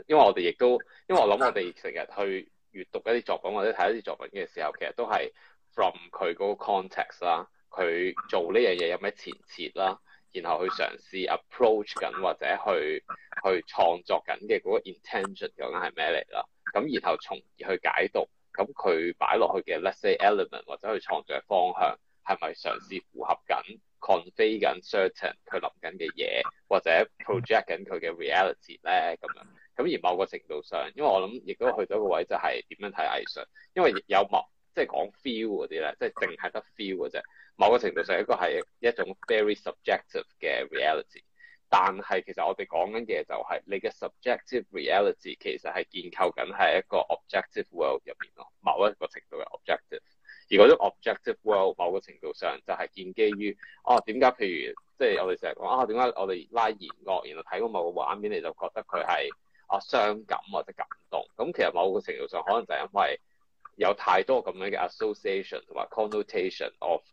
因為我哋亦都，因為我諗我哋成日去閱讀一啲作品或者睇一啲作品嘅時候，其實都係 from 佢嗰個 context 啦，佢做呢樣嘢有咩前設啦，然後去嘗試 approach 緊或者去去創作緊嘅嗰個 intention 究竟係咩嚟啦。咁然後從而去解讀，咁佢擺落去嘅 let's say element 或者去創作嘅方向係咪嘗試符合緊 convey 緊 certain 佢諗緊嘅嘢，或者 project 緊佢嘅 reality 咧咁樣。咁而某個程度上，因為我諗亦都去到一個位，就係點樣睇藝術。因為有莫即係講 feel 嗰啲咧，即係淨係得 feel 嗰隻 fe 某個程度上，一個係一種 very subjective 嘅 reality。但係其實我哋講緊嘅就係、是、你嘅 subjective reality 其實係建構緊係一個 objective world 入邊咯。某一個程度嘅 objective。而嗰種 objective world 某個程度上就係建基於哦點解？啊、譬如即係我哋成日講啊，點解我哋拉弦樂然後睇到某個畫面，你就覺得佢係。啊，傷感或者感動，咁其實某個程度上可能就係因為有太多咁樣嘅 association 或者 connotation of 誒、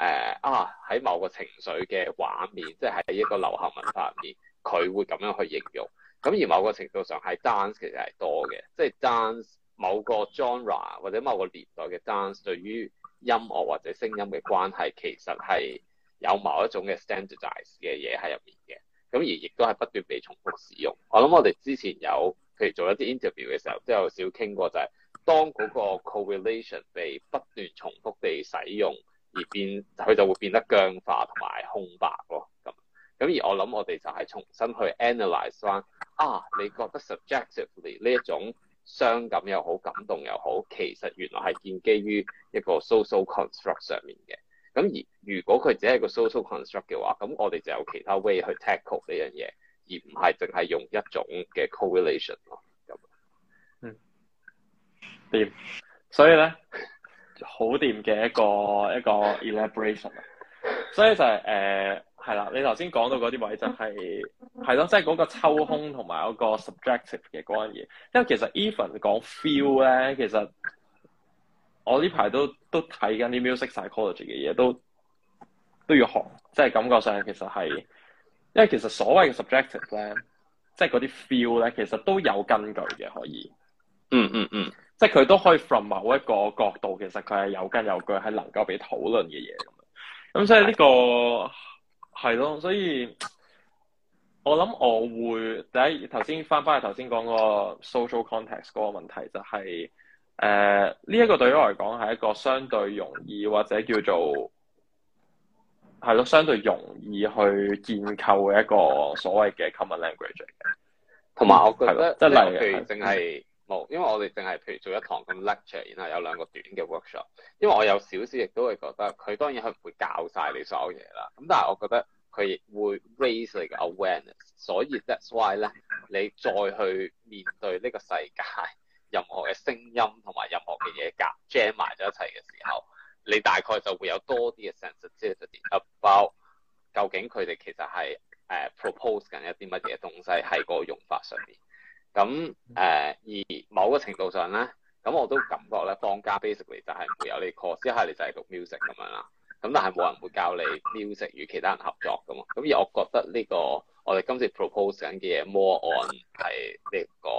呃、啊，喺某個情緒嘅畫面，即係喺一個流行文化入面，佢會咁樣去形容。咁而某個程度上係 dance 其實係多嘅，即係 dance 某個 genre 或者某個年代嘅 dance 對於音樂或者聲音嘅關係其實係有某一種嘅 standardized 嘅嘢喺入面嘅。咁而亦都係不斷被重複使用。我諗我哋之前有，譬如做一啲 interview 嘅時候，都有少傾過、就是，就係當嗰個 correlation 被不斷重複地使用而變，佢就會變得僵化同埋空白咯。咁咁而我諗我哋就係重新去 analyze 翻，啊，你覺得 subjectively 呢一種傷感又好、感動又好，其實原來係建基於一個 social construct 上面嘅。咁而如果佢只係個 social construct 嘅話，咁我哋就有其他 way 去 tackle 呢樣嘢，而唔係淨係用一種嘅 correlation 咯。咁，嗯，掂。所以咧，好掂嘅一個一個 elaboration。所以就係、是、誒，係、呃、啦，你頭先講到嗰啲位就係係咯，即係講個抽空同埋嗰個 subjective 嘅嗰樣嘢。因為其實 even 講 feel 咧，其實。我呢排都都睇緊啲 music psychology 嘅嘢，都都，都要學，即、就、係、是、感覺上其實係，因為其實所謂 subjective 咧，即係嗰啲 feel 咧，其實都有根據嘅，可以，嗯嗯嗯，嗯嗯即係佢都可以 from 某一個角度，其實佢係有根有據，係能夠俾討論嘅嘢咁。咁所以呢、這個係咯的，所以我諗我會第一頭先翻返去頭先講個 social context 嗰個問題就係、是。誒呢一個對於我嚟講係一個相對容易，或者叫做係咯相對容易去建構嘅一個所謂嘅 common language 嘅。同埋我覺得即係例如淨係冇，的因為我哋淨係譬如做一堂咁 lecture，然後有兩個短嘅 workshop。因為我有少少亦都會覺得佢，當然佢唔會教晒你所有嘢啦。咁但係我覺得佢亦會 raise 你嘅 awareness。所以 that's why 咧，你再去面對呢個世界。任何嘅聲音同埋任何嘅嘢夾 jam 埋咗一齊嘅時候，你大概就會有多啲嘅 sense，即係就點 about 究竟佢哋其實係誒 propose 緊一啲乜嘢東西喺個用法上面。咁、嗯、誒、呃、而某個程度上咧，咁、嗯、我都感覺咧，坊間 basically 就係冇有呢個 course，一係你就係讀 music 咁樣啦。咁但係冇人會教你 music 與其他人合作咁嘛。咁而我覺得呢、這個我哋今次 propose 緊嘅嘢 more on 係呢、這個。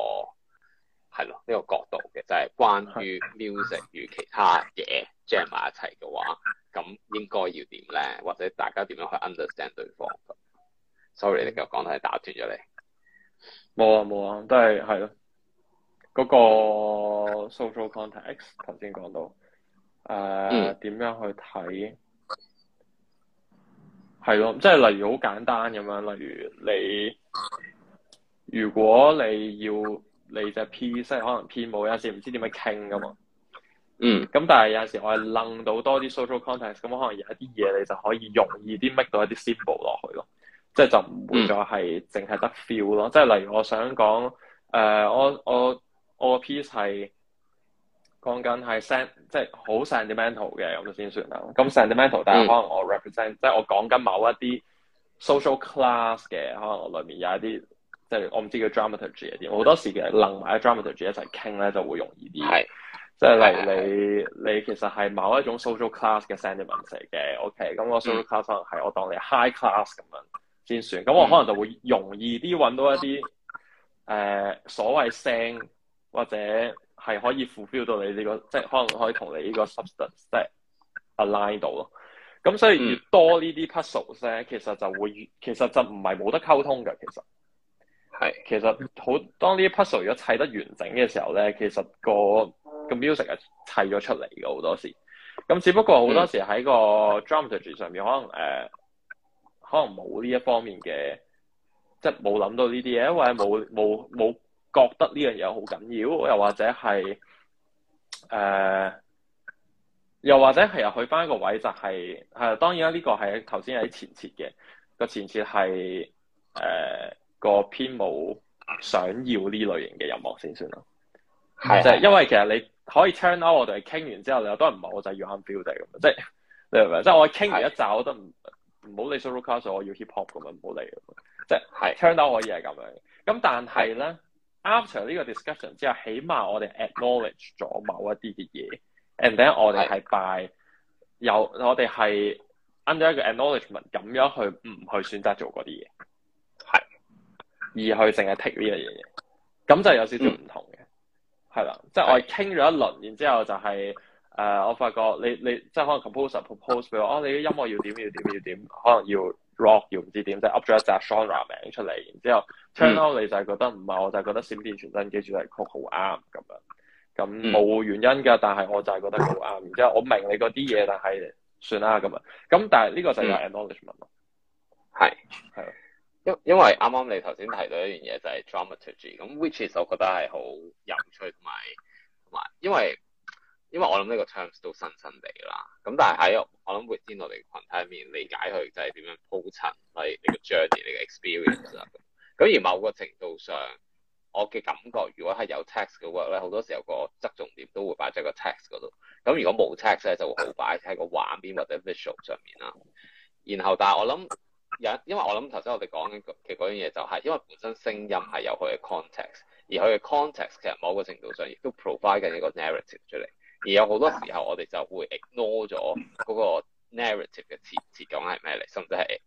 係咯，呢、這個角度嘅就係、是、關於 music 與其他嘢 jam 埋一齊嘅話，咁應該要點咧？或者大家點樣去 understand 對方？Sorry，呢個講題打斷咗你。冇啊冇啊，都係係咯，嗰、那個 social context 頭先講到，誒、呃、點、嗯、樣去睇？係咯，即、就、係、是、例如好簡單咁樣，例如你如果你要。你隻 piece 可能編舞，有陣時唔知點樣傾㗎嘛。嗯。咁但係有陣時我係掕到多啲 social context，咁我可能有一啲嘢你就可以容易啲 make 到一啲 symbol 落去咯。即係就唔會再係淨係得 feel 咯。嗯、即係例如我想講，誒、呃、我我我個 piece 係講緊係 sent，即係好 sentimental 嘅咁先算啦。咁 sentimental 但係可能我 represent、嗯、即係我講緊某一啲 social class 嘅，可能我裡面有一啲。即係我唔知叫 dramaturgy 係點，好多時嘅能埋 dramaturgy 一齊傾咧就會容易啲。係，即係例如你你其實係某一種 social class 嘅 sentiment 嚟嘅。OK，咁我 social class、嗯、可能係我當你 high class 咁樣，先算，咁我可能就會容易啲揾到一啲誒、嗯呃、所謂聲，或者係可以 fulfill 到你呢個，即係可能可以同你呢個 substance 即係 align 到咯。咁所以越多呢啲 puzzles 咧，其實就會其實就唔係冇得溝通嘅，其實。係，其實好，當呢一 puzzle 如果砌得完整嘅時候咧，其實、那個、這個 music 係砌咗出嚟嘅好多時。咁只不過好多時喺個 dramaturgy 上面可能誒、呃，可能冇呢一方面嘅，即係冇諗到呢啲嘢，或者冇冇冇覺得呢樣嘢好緊要，又或者係誒、呃，又或者係又去翻一個位、就是，就係係當然啦。呢、這個係頭先喺前設嘅個前設係誒。呃個偏冇想要呢類型嘅音樂先算咯，即係 <music> 因為其實你可以 turn out 我哋你傾完之後，有多人唔係我就要喊 build 嘅，即係你明唔明？即、就、係、是、我傾完一集， <music> 我都唔唔好理 social culture，我要 hip hop 咁樣唔好理，即係、就是、turn out 可以係咁樣。咁但係咧，after 呢個 <music> discussion 之後，起碼我哋 acknowledge 咗某一啲嘅嘢，and 等我哋係 by 有我哋係 under 一個 acknowledgement 咁樣去唔去選擇做嗰啲嘢。而去淨係 take 呢樣嘢，咁就有少少唔同嘅，係啦、嗯，吧即係我係傾咗一輪，然之後就係、是、誒的、呃，我發覺你你即係可能 composer propose 俾我，啊、哦、你嘅音樂要點要點要點，可能要 rock 要唔知點，即、就、係、是、up 咗一隻 genre 名出嚟，然之後 turn out、嗯、你就係覺得唔係，我就係覺得閃電傳真機主題曲好啱咁樣，咁冇原因㗎，但係我就係覺得好啱，然之後我明你嗰啲嘢，但係算啦咁樣，咁但係呢個就係 acknowledgement 咯，係係。因為啱啱你頭先提到一樣嘢就係 dramaturgy，咁 which is 我覺得係好有趣同埋同埋，因為因為我諗呢個 terms 都新新地啦。咁但係喺我諗 within 我哋群體入面理解佢就係點樣鋪陳係呢個 journey、呢個 experience 啊。咁而某個程度上，我嘅感覺如果係有 text 嘅 work 咧，好多時候個側重點都會擺咗喺個 text 嗰度。咁如果冇 text 咧，就會好擺喺個畫面或者 visual 上面啦。然後但係我諗。因因為我諗頭先我哋講嘅嗰樣嘢就係，因為本身聲音係有佢嘅 context，而佢嘅 context 其實某個程度上亦都 provide 緊一個 narrative 出嚟。而有好多時候我哋就會 ignore 咗嗰個 narrative 嘅設置講係咩嚟，甚至係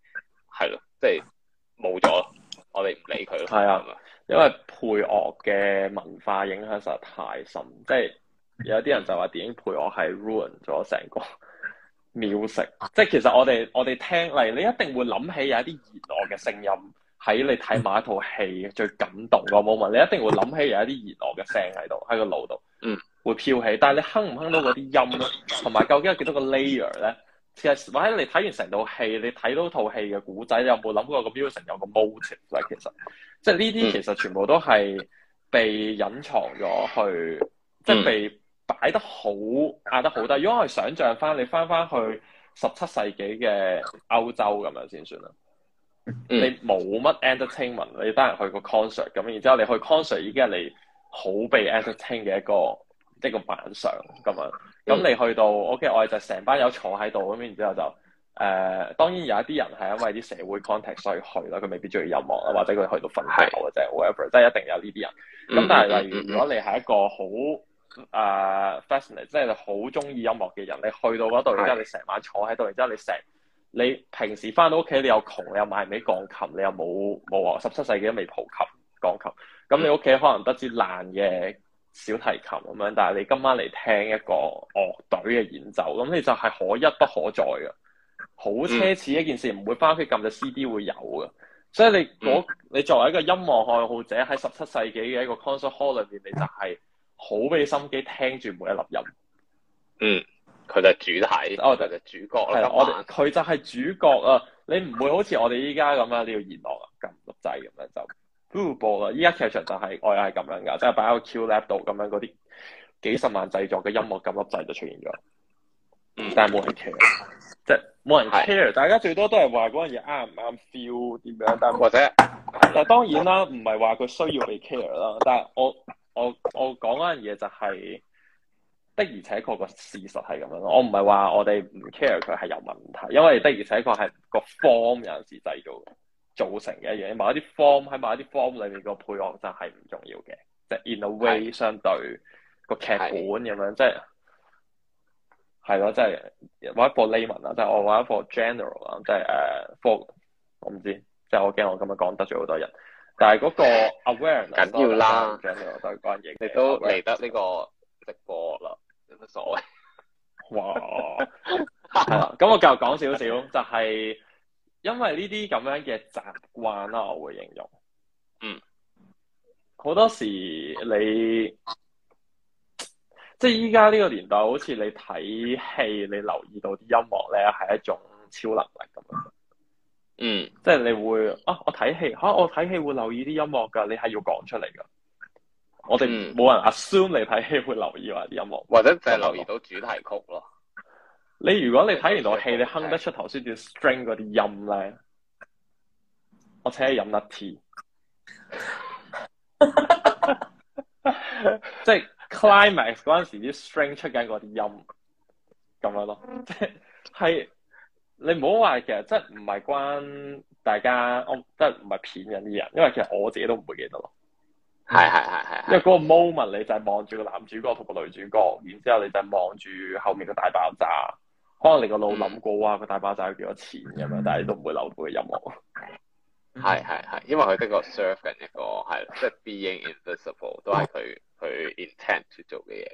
係咯，即係冇咗，我哋唔理佢囉。係啊係嘅，咁樣，因為配樂嘅文化影響實在太深，即係有啲人就話電影配樂係 ruin 咗成個。Music，即係其實我哋我哋聽嚟，你一定會諗起有一啲熱鬧嘅聲音喺你睇埋一套戲最感動個 moment，你一定會諗起有一啲熱鬧嘅聲喺度喺個腦度，嗯，會飄起。但係你哼唔哼到嗰啲音咧，同埋究竟有幾多個 layer 咧？其實或者你睇完成套戲，你睇到套戲嘅古仔，你有冇諗過個 music 有個 motif？即係其實即係呢啲其實全部都係被隱藏咗去，嗯、即係被。擺得好，壓得好低。如果我係想像翻，你翻翻去十七世紀嘅歐洲咁樣先算啦。你冇乜 entertainment 你得係去個 concert 咁，然之後你去 concert 已經係你好被 entertaining 嘅一個一個晚上咁啊。咁你去到 OK，我哋就成班友坐喺度咁，然之後就誒、呃，當然有一啲人係因為啲社會 context 所以去咯，佢未必中意音樂啊，或者佢去到瞓覺或者。Whatever，是即係一定有呢啲人。咁但係例如如果你係一個好誒 fascinate 即係你好中意音樂嘅人，你去到嗰度，然之後你成晚坐喺度，然之後你成，你平時翻到屋企，你又窮，你又買唔起鋼琴，你又冇冇啊，十七世紀都未普及鋼琴，咁你屋企可能得支爛嘅小提琴咁樣，但係你今晚嚟聽一個樂隊嘅演奏，咁你就係可一不可再嘅，好奢侈一件事，唔、嗯、會翻屋企撳隻 CD 會有嘅，所以你你作為一個音樂愛好者喺十七世紀嘅一個 concert hall 裏面，你就係、是。好俾心機聽住每一粒音，嗯，佢就係主題，哦，就就主角啦。係啦，我哋佢就係主角啊！你唔會好似我哋依家咁樣啊！你要言落啊，撳粒掣咁樣就播啦。依家劇場就係我又係咁樣噶，即係擺喺個 Q Lab 度咁樣，嗰啲幾十萬製作嘅音樂撳粒掣就出現咗。嗯，但係冇人 care，即係冇人 care。大家最多都係話嗰樣嘢啱唔啱 feel 點樣，但或者，但當然啦，唔係話佢需要被 care 啦。但係我。我我講嗰樣嘢就係、是、的而且確個事實係咁樣，我唔係話我哋唔 care 佢係有問題，因為的而且確係個 form 有時製造造成嘅一樣嘢，某一啲 form 喺某一啲 form 裏面個配樂就係唔重要嘅，即、就、係、是、in a way 相對個劇本咁樣，是即係係咯，即係或者 for layman 啊，就係我玩一 f general 啊，即係誒我唔知，即係我驚我咁樣講得罪好多人。但係嗰個 awareness 緊要啦，了你都嚟得呢個直播啦，有乜所謂？ <laughs> 哇！咁 <laughs> 我繼續講少少，就係因為呢啲咁樣嘅習慣啦，我會形容。嗯，好多時你即係依家呢個年代，好似你睇戲，你留意到啲音樂咧，係一種超能力咁樣。嗯，mm. 即係你會啊，我睇戲吓，我睇戲會留意啲音樂噶，你係要講出嚟噶。Mm. 我哋冇人 assume 你睇戲會留意話啲音樂，或者淨係留意到主題曲咯。你如果你睇完套戲，你哼得出頭先啲 string 嗰啲音咧，我請你飲粒 tea。即係 <laughs> <laughs> climax 嗰陣時啲 string 出緊嗰啲音，咁樣咯，即 <laughs> 係。你唔好話，其實真唔係關大家，我真唔係騙緊啲人，因為其實我自己都唔會記得咯。係係係係。 <music> <music> 因為嗰個 moment 你就係望住個男主角同個女主角，然之後你就望住後面個大爆炸。可能你個腦諗過啊個 <music> 哇大爆炸要幾多錢咁樣， <music> 但係你都唔會留到佢音樂。係係係，因為佢一個 serve 緊一個係即係 being invisible 都係佢佢 intend to 做嘅嘢。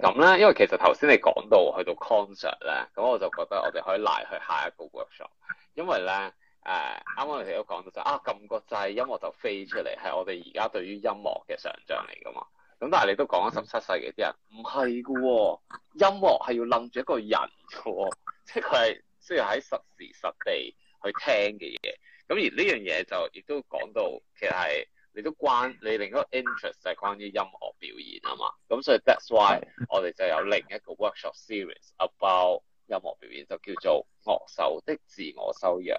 咁咧，因為其實頭先你講到去到 concert 咧，咁我就覺得我哋可以嚟去下一個 workshop，因為咧，誒、呃，啱啱我哋都講到就係、啊，撳個掣，音樂就飛出嚟，係我哋而家對於音樂嘅想像嚟噶嘛。咁但係你都講咗十七世紀啲人唔係嘅喎，音樂係要冧住一個人嘅喎，即係佢係需要喺實時實地去聽嘅嘢。咁而呢樣嘢就亦都講到其實係。你都關你另一個 interest 就係關於音樂表演啊嘛，咁所以 that's why <laughs> 我哋就有另一個 workshop series about 音樂表演，就叫做樂手的自我修養。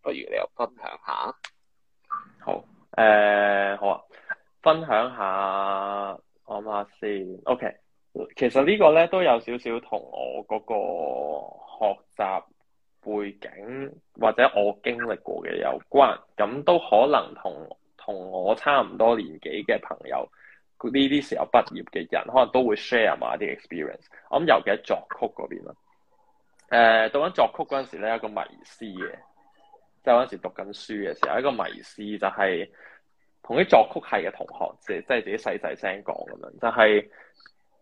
不如你又分享下？好，誒、呃、好啊，分享下諗下先。OK，其實個呢個咧都有少少同我嗰個學習背景或者我經歷過嘅有關，咁都可能同。同我差唔多年紀嘅朋友，呢啲時候畢業嘅人，可能都會 share 埋啲 experience。咁尤其喺作曲嗰邊啦。誒、呃，讀緊作曲嗰陣時咧，有一個迷思嘅，即係嗰陣時讀緊書嘅時候，有一個迷思就係同啲作曲系嘅同學，即係即係自己細細聲講咁樣。就係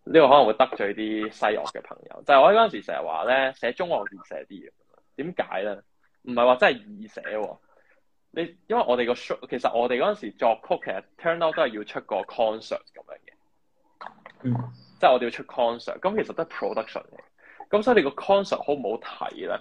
呢個可能會得罪啲西樂嘅朋友。就係、是、我嗰陣時成日話咧，寫中樂易寫啲咁。點解咧？唔係話真係易寫喎。你因為我哋個 show，其實我哋嗰陣時作曲，其實 turn out 都係要出個 concert 咁樣嘅，嗯，即係我哋要出 concert，咁其實都係 production 嚟。咁所以你個 concert 好唔好睇咧，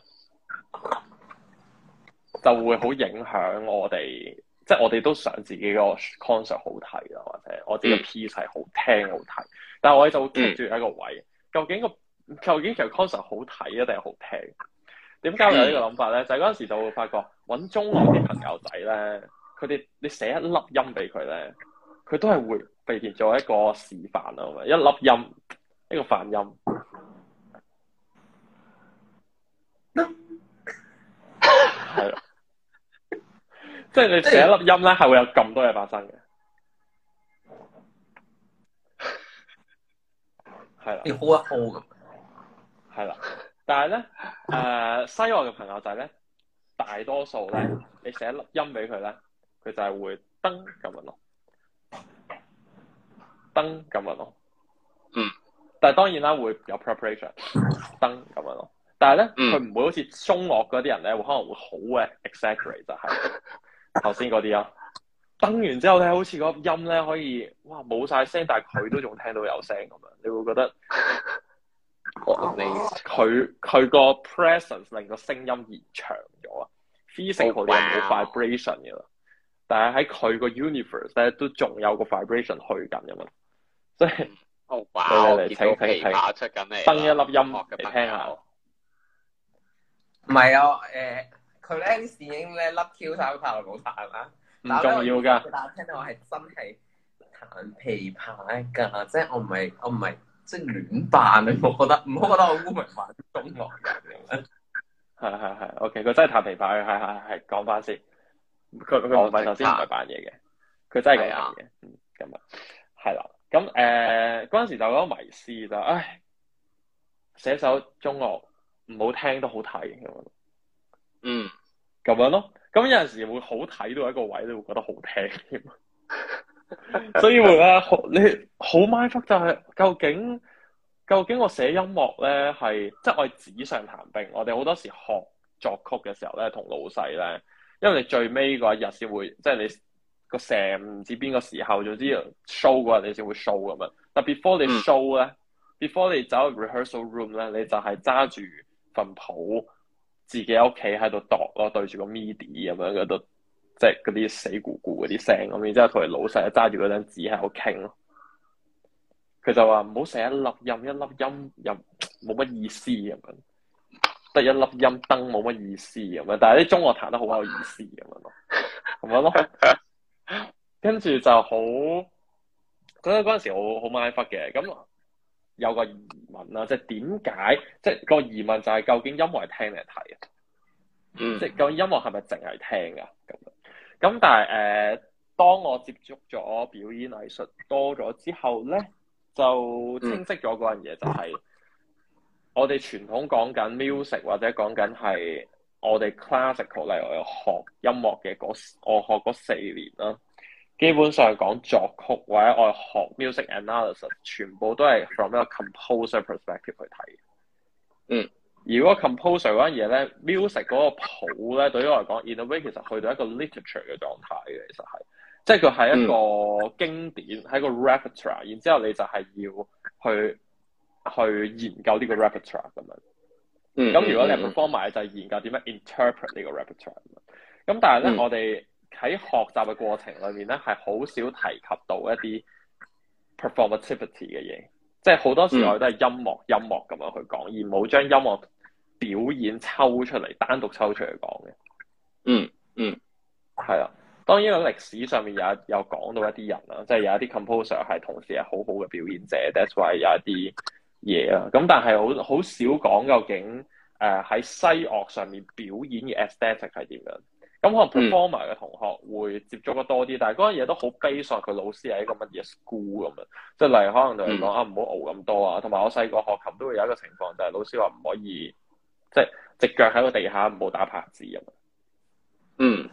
就會好影響我哋，即係我哋都想自己個 concert 好睇啦，或者我自己嘅 piece 係好聽好睇，但係我哋就會企住喺個位，究竟個究竟其實 concert 好睇啊，定係好聽？點交流呢個諗法咧，就係嗰陣時就會發覺，搵中樂啲朋友仔咧，佢哋你寫一粒音俾佢咧，佢都係會變成做一個示範咯，一粒音，一個泛音，係咯，即係你寫一粒音咧，係會有咁多嘢發生嘅，係 <laughs> 啦 <laughs> 了，你敲一敲咁，係啦。但係咧，誒西樂嘅朋友就係咧，大多數咧，你寫粒音俾佢咧，佢就係會噔咁樣咯，噔咁樣咯。嗯。但係當然啦，會有 preparation，噔咁樣咯。但係咧，佢唔、嗯、會好似中樂嗰啲人咧，會可能會好嘅 exaggerate 就係頭先嗰啲咯。噔完之後咧，好似嗰粒音咧，可以，哇冇晒聲，但係佢都仲聽到有聲咁樣，你會覺得。佢佢個 presence 令個聲音延長咗啊！V f e e 四號啲人冇 vibration 噶啦，但係喺佢個 universe 咧都仲有個 vibration 去緊嘅嘛，即係我嚟打請請請，生一粒音嘅，嚟聽下喎。唔係啊，誒，佢咧啲電影咧粒 Q 拍頭冇彈嘛？唔重要噶。但係聽到我係真係彈琵琶噶，即係我唔係我唔係。即亂扮你，我覺得唔好覺得好污名化中樂嘅。係係係，OK，佢真係彈琵琶嘅，係係係，講翻先。佢佢唔係頭先唔係扮嘢嘅，佢真係咁嘅。咁啊，係啦。咁誒嗰陣時就覺得迷思就唉，寫首中樂唔好聽都好睇咁啊。嗯，咁樣咯。咁有陣時會好睇到一個位，你會覺得好聽添。 <laughs> 所以話學你好 mic 就係究竟究竟我寫音樂咧係即係我係紙上談兵。我哋好多時學作曲嘅時候咧，同老細咧，因為你最尾嗰一日先會，即係你個成唔知邊個時候，總之 show 日你先會 show 咁樣。但 before 你 show 咧，before 你走入 rehearsal room 咧，你就係揸住份譜，自己喺屋企喺度度咯，對住個 midi 咁樣嗰度。即係嗰啲死咕咕嗰啲聲咁，然之後同佢老細揸住嗰張紙喺度傾咯。佢就話唔好寫一粒音一粒音，又冇乜意思咁樣，得、就是、一粒音燈冇乜意思咁樣。但係啲中樂彈得好有意思咁樣咯，係咪咯？跟住 <laughs> 就好，覺得嗰陣時好好 mindful 嘅。咁有個疑問啦，即係點解？即係個疑問就係究竟音樂係聽定睇啊？嗯、即係究竟音樂係咪淨係聽噶？咁但係誒、呃，當我接觸咗表演藝術多咗之後咧，就清晰咗嗰樣嘢，就係我哋傳統講緊 music 或者講緊係我哋 classical 嚟，我學音樂嘅，我學嗰四年啦，基本上講作曲或者我學 music analysis，全部都係 from 一個 composer perspective 去睇嘅，嗯。如果 composer 嗰樣嘢咧，music 嗰個譜咧，對於我嚟講，in a way 其實去到一個 literature 嘅狀態嘅，其實係，即係佢係一個經典，係、嗯、個 repertoire，然之後你就係要去去研究呢個 repertoire 咁樣。嗯。咁如果你 perform 埋、er, 嗯、就係研究點樣 interpret 個 ure、嗯、呢個 repertoire 咁樣。咁但係咧，我哋喺學習嘅過程裏面咧，係好少提及到一啲 performativity 嘅嘢，即係好多時候都係音樂、嗯、音樂咁樣去講，而冇將音樂。表演抽出嚟，單獨抽出嚟講嘅，嗯嗯，係啊。當然，喺歷史上面有有講到一啲人啦，即係有一啲 composer 係同時係好好嘅表演者。嗯、That's why 有一啲嘢啊。咁、嗯、但係好好少講究竟誒喺、呃、西樂上面表演嘅 aesthetic 係點樣？咁可能 performer 嘅同學會接觸得多啲。嗯、但係嗰樣嘢都好 based on 佢老師係一個乜嘢 school 咁樣，即係例如可能同你講啊，唔好熬咁多啊。同埋我細個學琴都會有一個情況，就係老師話唔可以。即係直腳喺個地下冇打拍子咁，嗯，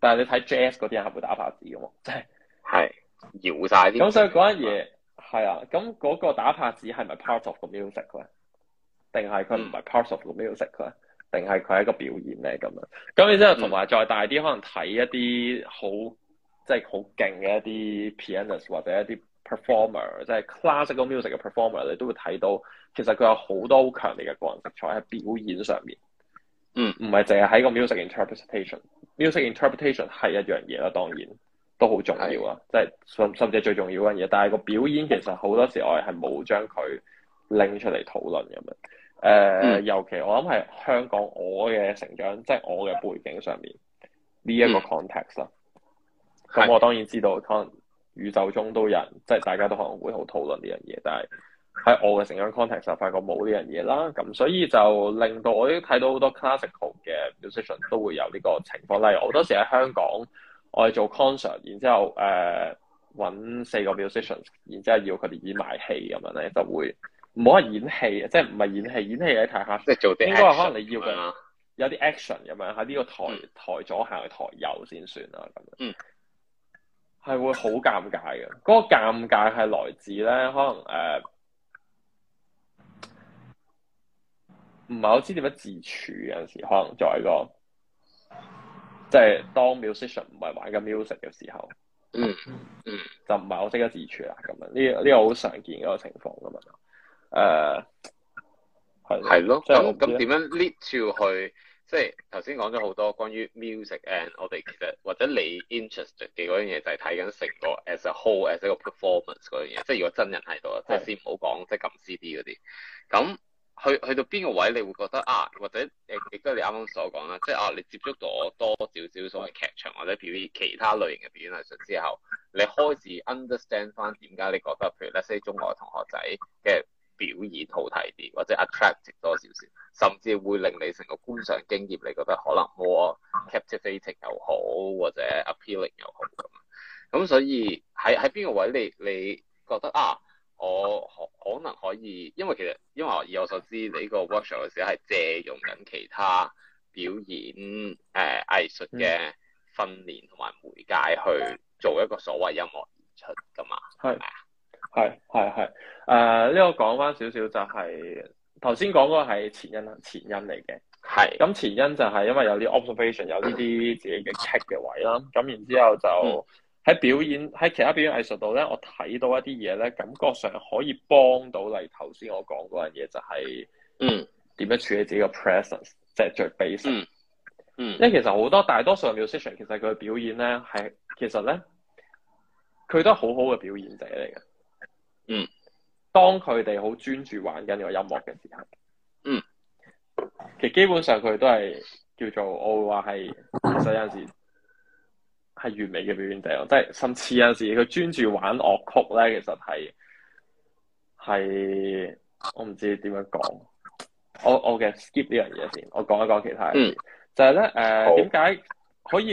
但係你睇 Jazz 嗰啲人係會打拍子嘅喎，即係係搖晒啲。咁所以嗰樣嘢係啊，咁嗰個打拍子係咪 part of 個 music 咧？定係佢唔係 part of 個 music 咧？定係佢係一個表演咧咁啊？咁然之後同埋再大啲，嗯、可能睇一啲好即係好勁嘅一啲 pianist 或者一啲。performer 即係 classical music 嘅 performer，你都會睇到其實佢有好多好強烈嘅個人色彩喺表演上面。嗯，唔係淨係喺個 music interpretation。music interpretation 係一樣嘢啦，當然都好重要啊，是即係甚甚至係最重要嘅嘢。但係個表演其實好多時我哋係冇將佢拎出嚟討論咁樣。誒、呃，嗯、尤其我諗係香港我嘅成長，即、就、係、是、我嘅背景上面呢一個 context 啦、嗯。咁、嗯啊、我當然知道是可能。宇宙中都有人，即係大家都可能會好討論呢樣嘢，但係喺我嘅成長 context 就發覺冇呢樣嘢啦，咁所以就令到我都睇到好多 classical 嘅 musician 都會有呢個情況。例如好多時喺香港，我哋做 concert，然之後誒揾、呃、四個 musicians，然之後要佢哋演埋戲咁樣咧，就會唔好話演戲，嗯、即係唔係演戲，演戲你睇下，看看即係做啲應該可能你要嘅、嗯、有啲 action 咁樣喺呢個台台左行台右先算啦，咁樣。嗯係會好尷尬嘅，嗰、那個尷尬係來自咧，可能誒唔係好知點樣自處。有陣時可能作為個即係、就是、當 musician 唔係玩緊 music 嘅時候，嗯嗯就唔係好識得自處啦。咁樣呢個呢個好常見嗰個情況噶嘛？誒係係咯。咁咁點樣 lead to 去？即係頭先講咗好多關於 music and 我哋其實或者你 interest 嘅嗰樣嘢就係睇緊成個 as a whole as 一個 performance 嗰樣嘢，即係如果真人喺度是，即係先唔好講即係撳 CD 嗰啲。咁去去到邊個位你會覺得啊，或者亦都你啱啱所講啦，即係啊你接觸到多少少所謂劇場或者表演其他類型嘅表演藝術之後，你開始 understand 翻點解你覺得譬如咧，let's say 中學同學仔嘅。表演好睇啲，或者 attractive 多少少，甚至會令你成個觀賞經驗，你覺得可能 more captivating 又好或者 appealing 又好咁。咁所以喺喺邊個位你你覺得啊，我可可能可以？因為其實因為以我所知，你呢個 workshop 嘅時候係借用緊其他表演誒、呃、藝術嘅訓練同埋媒介去做一個所謂音樂演出噶嘛，係咪啊？係係係，誒呢、呃這個講翻少少就係頭先講嗰個係前因前因嚟嘅。係是，咁前因就係因為有啲 observation，有呢啲自己嘅 take 嘅位啦。咁然之後就喺表演喺、嗯、其他表演藝術度咧，我睇到一啲嘢咧，感覺上可以幫到你頭先我講嗰樣嘢，就係嗯點樣處理自己嘅 presence，即係最 basic、嗯。嗯。因為其實好多大多數 musician 其實佢嘅表演咧係其實咧佢都係好好嘅表演者嚟嘅。嗯，當佢哋好專注玩緊呢個音樂嘅時候，嗯，其實基本上佢都係叫做我會話係，其實有陣時係完美嘅表演者，即係甚至有陣時佢專注玩樂曲咧，其實係係我唔知點樣講，我我嘅 skip 呢樣嘢先，我講、okay，一講其他事，嗯，就係咧，誒、呃，點解好可以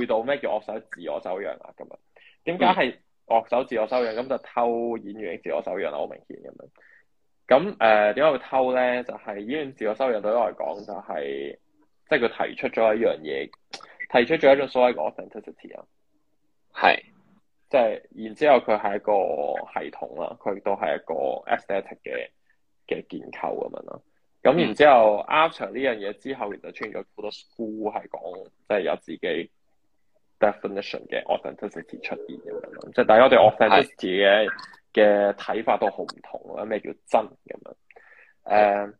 去到咩叫樂手自我走樣啊？咁啊，點解係？嗯握手自我修養，咁就偷演員自我修養啦，好明顯咁樣。咁誒點解會偷咧？就係演員自我修養對我嚟講、就是，就係即係佢提出咗一樣嘢，提出咗一種所謂嘅 authenticity 啊是。係、就是。即係然之後，佢係一個系統啦，佢亦都係一個 aesthetic 嘅嘅建構咁樣啦。咁然，後、嗯、然後 After 之後，After 呢樣嘢之後，其實出現咗好多 school 係講，即、就、係、是、有自己 definition 嘅 authenticity 出現，咁即係大家對 authenticity 嘅嘅睇法都好唔同啦。咩叫真咁樣？誒、呃，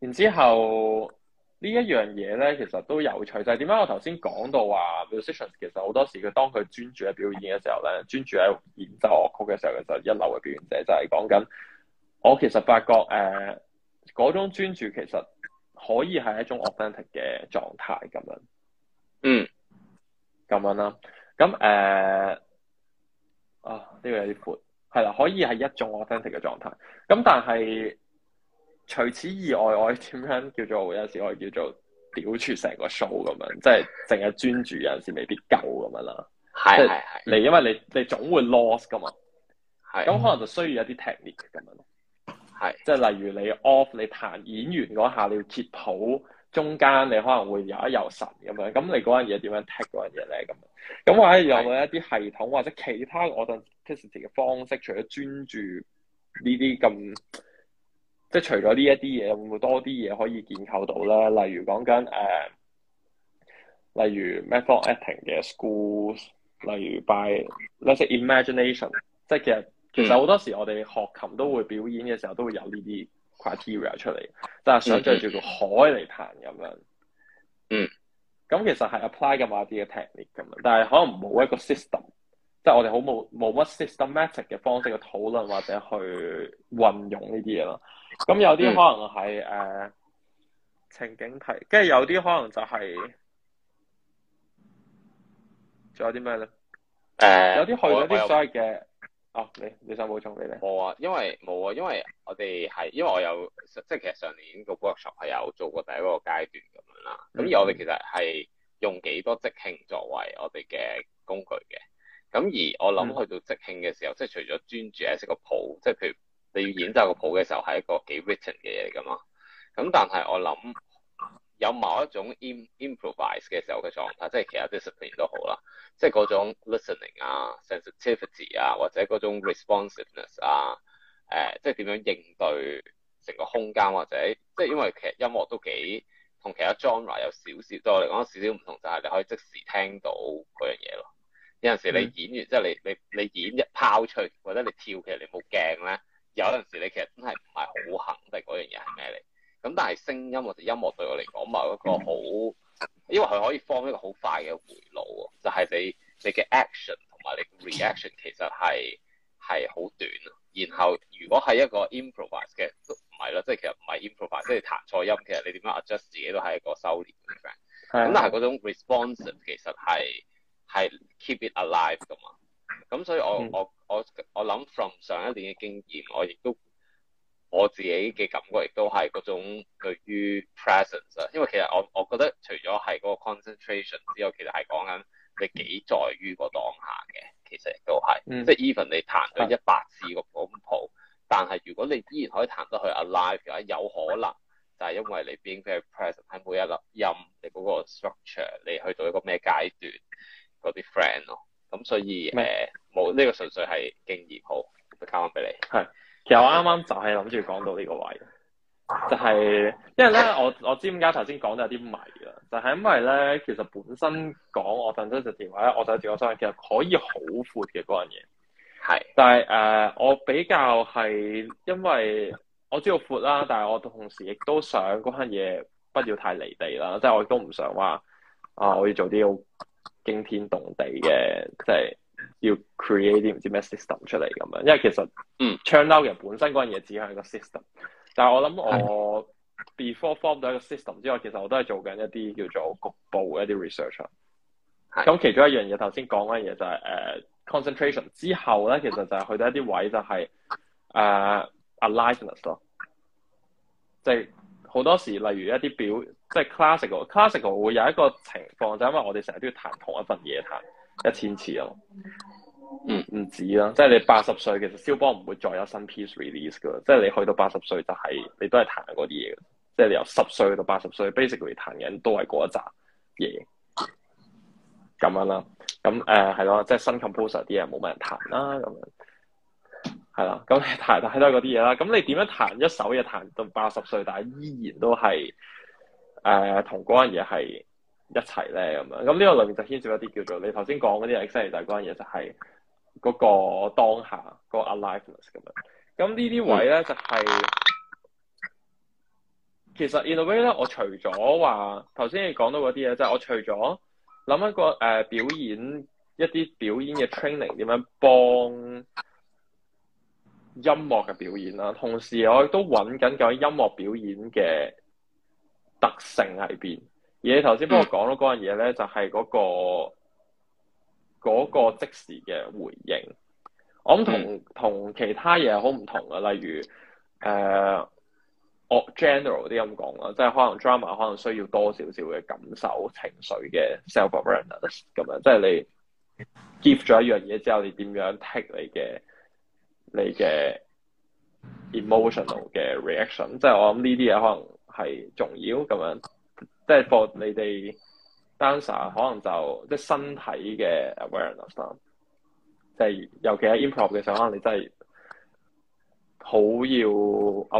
然之後一呢一樣嘢咧，其實都有趣，就係點解我頭先講到話 <noise> musicians 其實好多時佢當佢專注喺表演嘅時候咧，專注喺演奏樂曲嘅時候，其實一流嘅表演者就係講緊我其實發覺誒，嗰、呃、種專注其實可以係一種 authentic 嘅狀態咁樣。嗯。咁樣啦，咁誒、呃、啊呢、呢個有啲闊，係啦，可以係一種 authentic 嘅狀態。咁但係除此以外，我點樣叫做有時我叫做屌出成個 show 咁樣，即係淨係專注有時未必夠咁樣啦。係係係。的你因為你你總會 loss 噶嘛的，係咁可能就需要一啲 technic 咁樣，係即係例如你 off 你彈演完嗰下，你要揭譜。中間你可能會有，那那、嗯、有，有一有神咁樣，咁你嗰樣嘢點樣 take 嗰樣嘢咧？咁咁我咧有冇一啲系統或者其他我哋嘅方式？除咗專注呢啲咁，即係除咗呢一啲嘢，會唔會多啲嘢可以建構到咧？例如講緊誒例如 method acting 嘅 schools，例如 by let 嗰啲 imagination，即係其實其實好多時我哋學琴都會表演嘅時候、嗯、都會有呢啲。criteria 出嚟，即係想像住個海嚟彈咁、嗯、樣，嗯，咁其實係 apply 咁多啲嘅 technique 咁樣，但係可能冇一個 system，即係我哋好冇冇乜 systematic 嘅方式去討論或者去運用呢啲嘢咯，咁有啲可能係誒、嗯呃、情景題，跟住有啲可能就係、是，仲有啲咩咧？誒、呃，有啲去咗啲所謂嘅。哦，你你想補充俾你，冇啊，因為冇啊，因為我哋係因為我有即係其實上年個 workshop 係有做過第一個階段咁樣啦，咁、嗯、而我哋其實係用幾多即興作為我哋嘅工具嘅，咁而我諗去到即興嘅時候，嗯、即係除咗專注喺識個譜，即係譬如你要演奏個譜嘅時候係、嗯、一個幾 written 嘅嘢嚟噶嘛，咁但係我諗，有某一種 improvise 嘅時候嘅狀態，即係其他 discipline 都好啦，即係嗰種 listening 啊、sensitivity 啊，或者嗰種 responsiveness 啊，誒、呃，即係點樣應對成個空間，或者即係因為其實音樂都幾同其他 genre 有少少，對我嚟講少少唔同就係、是、你可以即時聽到嗰樣嘢咯。有陣時你演完、mm. 即係你你你演一拋出去，或者你跳，其實你冇鏡咧，有陣時你其實真係唔係好肯定嗰樣嘢係咩嚟。咁但係聲音或者音樂對我嚟講冇一個好，因為佢可以 form 一個好快嘅回路，就係、是、你你嘅 action 同埋你 reaction 其實係係好短啊，然後如果係一個 improvise 嘅，唔係咯，即係其實唔係 improvise，即係彈錯音，其實你點樣 adjust 自己都係一個修煉嘅 friend。咁的但係種 responsive 其實係係 keep it alive 噶嘛。咁所以我、嗯、我我我諗 from 上一年嘅經驗我亦都。我自己嘅感覺亦都係嗰種對於 presence 啊，因為其實我我覺得除咗係嗰個 concentration 之外，其實係講緊你幾在於個當下嘅，其實亦都係，嗯、即係 even 你彈咗一百次個鼓譜，的但係如果你依然可以彈得去 alive 嘅，有可能就係因為你 being present 喺每一粒音，你嗰個 structure，你去到一個咩階段，嗰啲 friend 咯，咁所以誒冇呢個純粹係經驗，好，我交翻俾你，係。其實我啱啱就係諗住講到呢個位，就係、是、因為咧，我我知點解頭先講得有啲迷啊，就係、是、因為咧，其實本身講我份咗隻電話咧，我睇住我箱，其實可以好闊嘅嗰樣嘢，係是，但係誒、呃，我比較係因為我知道闊啦，但係我同時亦都想嗰樣嘢不要太離地啦，即、就、係、是、我亦都唔想話啊，我要做啲好驚天動地嘅，即、就、係、是。要 create 啲唔知咩 system 出嚟咁樣，因為其實嗯，channel 嘅本身嗰樣嘢只係一個係但我我的 system，但係我諗我 before form 到一個 system 之外，其實我都係做緊一啲叫做局部一啲 research 啊。咁的其中一樣嘢頭先講嗰嘢就係、是、誒、uh, concentration 之後咧，其實就係去到一啲位就係誒 alignment 咯，即係好多時例如一啲表即係、就是、classical，classical 會有一個情況就係因為我哋成日都要彈同一份嘢彈。一千次咯，唔、嗯、唔止啦，即係你八十歲，其實肖邦唔會再有新 piece release 噶，即係你去到八十歲，就係你都係彈嗰啲嘢，即係你由十歲去到八十歲，basically 彈緊都係嗰一扎嘢，咁樣啦，咁誒係咯，即係新 composer 啲嘢冇乜人彈啦，咁樣係啦，咁彈彈都多嗰啲嘢啦，咁你點樣彈一首嘢彈到八十歲，但係依然都係誒同嗰樣嘢係。呃一齊咧咁樣，咁呢個裏面就牽涉一啲叫做你頭先講嗰啲 exciting 嗰樣嘢，就係嗰個當下嗰、那個 aliveness 咁樣。咁呢啲位咧就係、是、其實 in a way 咧，我除咗話頭先你講到嗰啲嘢，即、就、係、是、我除咗諗一個誒表演一啲表演嘅 training 點樣幫音樂嘅表演啦，同時我亦都揾緊講音樂表演嘅特性喺邊。你頭先幫我講咯、嗰個，嗰樣嘢咧就係嗰個即時嘅回應。我諗同同其他嘢好唔同啊，例如誒、呃，我 general 啲咁講啦，即係可能 drama 可能需要多少少嘅感受情緒嘅 self awareness 咁樣，即係你 give 咗一樣嘢之後，你點樣 take 你嘅你嘅 emotional 嘅 reaction？即係我諗呢啲嘢可能係重要咁樣。即係 for 你哋 dancer，可能就即係身體嘅 awareness 啦。即係尤其喺 improv 嘅時候，可能你真係好要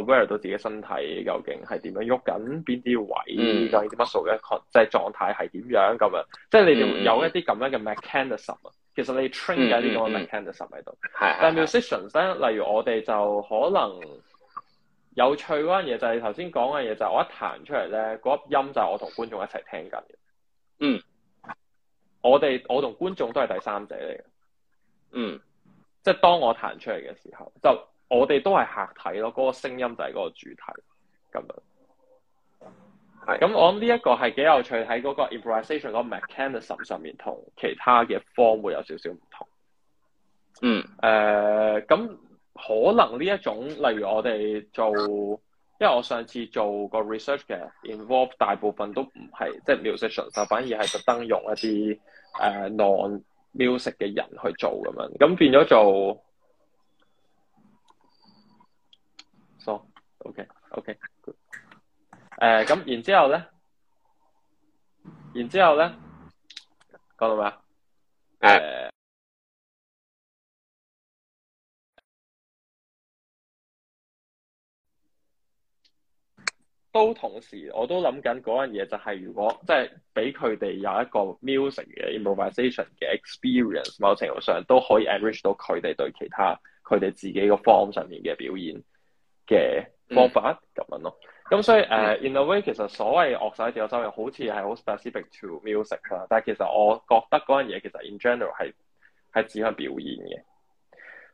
aware 到自己身體究竟係點樣喐緊，邊啲位，就啲 muscle 咧，即係狀態係點樣咁樣。即係你哋有一啲咁樣嘅 mechanism 啊。其實你 train 緊呢種 mechanism 喺度。係。但 musicians 咧，例如我哋就可能。有趣嗰樣嘢就係頭先講嘅嘢，就係、是、我一彈出嚟咧，嗰粒音就係我同觀眾一齊聽緊嘅。嗯，我哋我同觀眾都係第三者嚟嘅。嗯，即係當我彈出嚟嘅時候，就我哋都係客體咯，嗰、那個聲音就係嗰個主體咁樣。係、嗯，咁我諗呢一個係幾有趣喺嗰個 improvisation 嗰個 mechanism 上面同其他嘅 form 會有少少唔同。嗯，誒、呃，咁。可能呢一種例如我哋做，因為我上次做過 research 嘅，involve 大部分都唔係，即係 musician，就反而係特登用一啲誒、uh, non music 嘅人去做咁樣，咁變咗做，so ok ok，誒，咁然之後咧，然之後咧，講到咩？誒、uh,。都同時，我都諗緊嗰樣嘢就係，如果即係俾佢哋有一個 music 嘅 improvisation 嘅 experience，某程度上都可以 enrich 到佢哋對其他佢哋自己個 form 上面嘅表演嘅方法咁、嗯、樣咯。咁所以誒、uh,，in a way 其實所謂樂手嘅自我周圍，好似係好 specific to music 啦。但係其實我覺得嗰樣嘢其實 in general 係係指向表演嘅。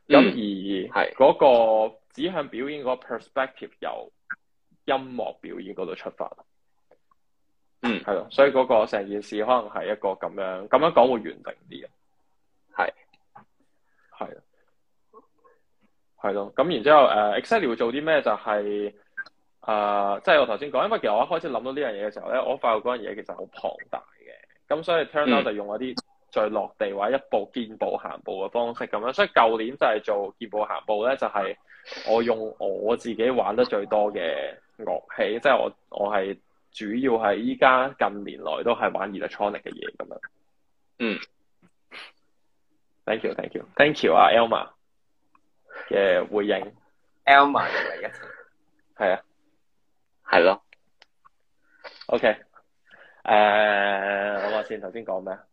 咁、嗯、而係嗰是個指向表演嗰個 perspective 有。音樂表演嗰度出發啦，嗯，係咯，所以嗰個成件事可能係一個咁樣咁樣講會圓定啲啊，係，係，係咯，咁然之後誒 Excel 會做啲咩、就是呃？就係誒，即係我頭先講，因為其實我一開始諗到呢樣嘢嘅時候咧，我發覺嗰樣嘢其實好龐大嘅，咁所以 turn out 就用一啲最落地話一步見步行步嘅方式咁樣，所以舊年就係做見步行步咧，就係、是、我用我自己玩得最多嘅。樂器即係我，我係主要係依家近年來都係玩 electronic 嘅嘢咁樣。嗯。Thank you, thank you, thank you 啊，Elma 嘅回應。Elma 嚟嘅。係 <laughs> 啊。係咯、 <laughs> Okay. uh,。o k 誒，我話先頭先講咩啊？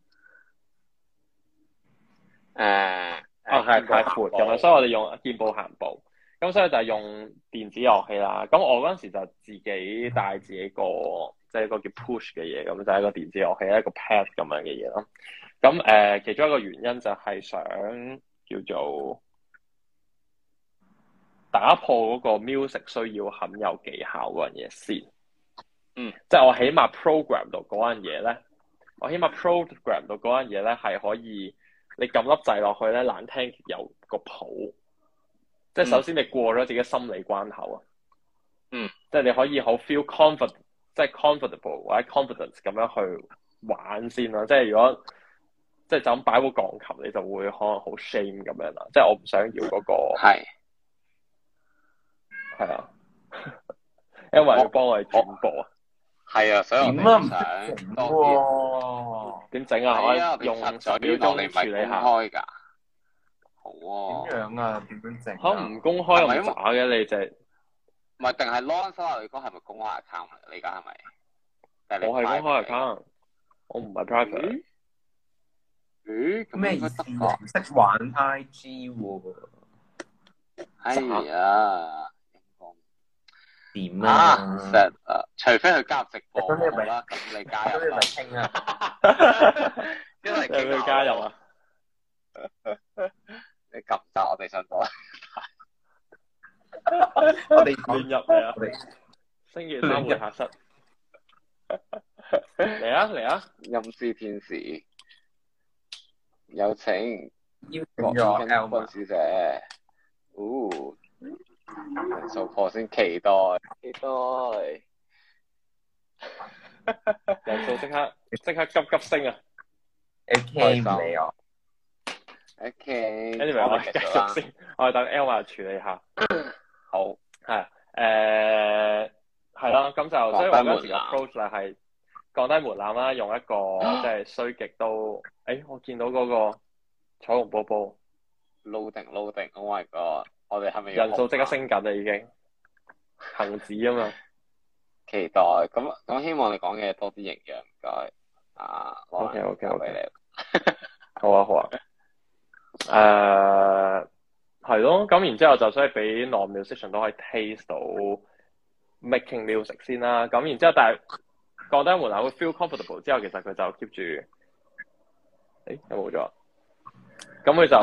誒、啊，步步啊係太闊咁，所以我哋用見步行步。潘潘咁所以就係用電子樂器啦。咁我嗰陣時就自己帶自己個，即係一個叫 Push 嘅嘢，咁就係一個電子樂器，一個 pad 咁樣嘅嘢咯。咁誒、呃，其中一個原因就係想叫做打破嗰個 music 需要很有技巧嗰樣嘢先。嗯，即係我起碼 program 到嗰樣嘢咧，我起碼 program 到嗰樣嘢咧係可以，你撳粒掣落去咧難聽有個譜。即係、嗯、首先你過咗自己嘅心理關口啊，嗯，即係你可以好 feel confident，即係 comfortable 或者 confidence 咁樣去玩先啦。即係如果即係就咁擺好鋼琴，你就會可能好 shame 咁樣啦。即係我唔想要嗰、那個係是啊， <laughs> 因為要幫我哋轉播我我啊，係啊，想點都唔識整喎，點整啊？哎、呀用咗幾多年唔係開㗎。點樣啊？點樣整？哈，唔公開唔渣嘅你就，唔係定係 long 翻嚟你講，係咪公開 account 嚟？你而家係咪？我係公開 account，我唔係 private。誒？咩意思啊？唔識玩 IG 喎。哎呀，點講？點啊？set 啊？除非佢加入直播，咁你加，咁你咪傾啊！因為佢加入啊？你撳下我哋上台，我哋點入嚟啊？我哋星期三地下室，嚟啊嚟啊！陰司天使，有請郭先生。嗚，人數破先期待，期待，人數即刻即刻急急升啊！你驚你啊？O.K.，我哋繼續先，我哋等 Emma 處理下。好係誒，係啦，咁就所以我嗰時 approach 就係降低門檻啦，用一個即係衰極都誒，我見到嗰個彩虹波波 loading，loading，我個我哋係咪人數即刻升緊啦？已經恒子啊嘛，期待咁咁，希望你講嘅多啲營養。唔該啊，O.K.O.K.，好俾你好啊，好啊。誒係咯，咁、uh, 然之後就所以俾 non-musician 都可以 taste 到 making music 先啦。咁然之後，但係降低門口會 feel comfortable 之後，其實佢就 keep 住，誒有冇咗？咁佢就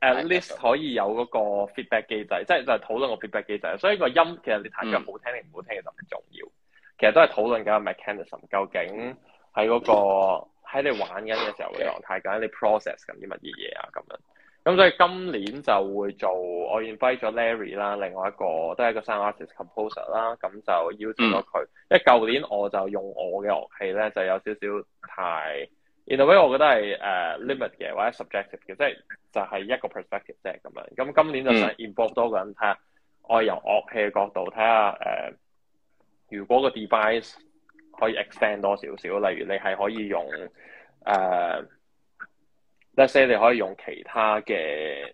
at least 可以有嗰個 feedback 機制，即係、哎、呀就係討論個 feedback 機制。哎、呀所以個音其實你彈得好聽定唔好聽就唔重要。其實都係討論緊 mechanism，究竟喺嗰、那個。喺你玩緊嘅時候嘅狀態，緊你 process 緊啲乜嘢嘢啊，咁樣。咁所以今年就會做，我 invite 咗 Larry 啦，另外一個都係個 sound artist composer 啦。咁就邀請咗佢。因為舊年我就用我嘅樂器咧，就有少少太 in the way，我覺得係誒、uh, limit 嘅或者 subjective 嘅，即係就係一個 perspective 即係。咁樣。咁今年就想 involve 多個人睇下，看看我由樂器嘅角度睇下誒，看看 uh, 如果個 device。可以 extend 多少少，例如你係可以用誒、uh,let's say 你可以用其他嘅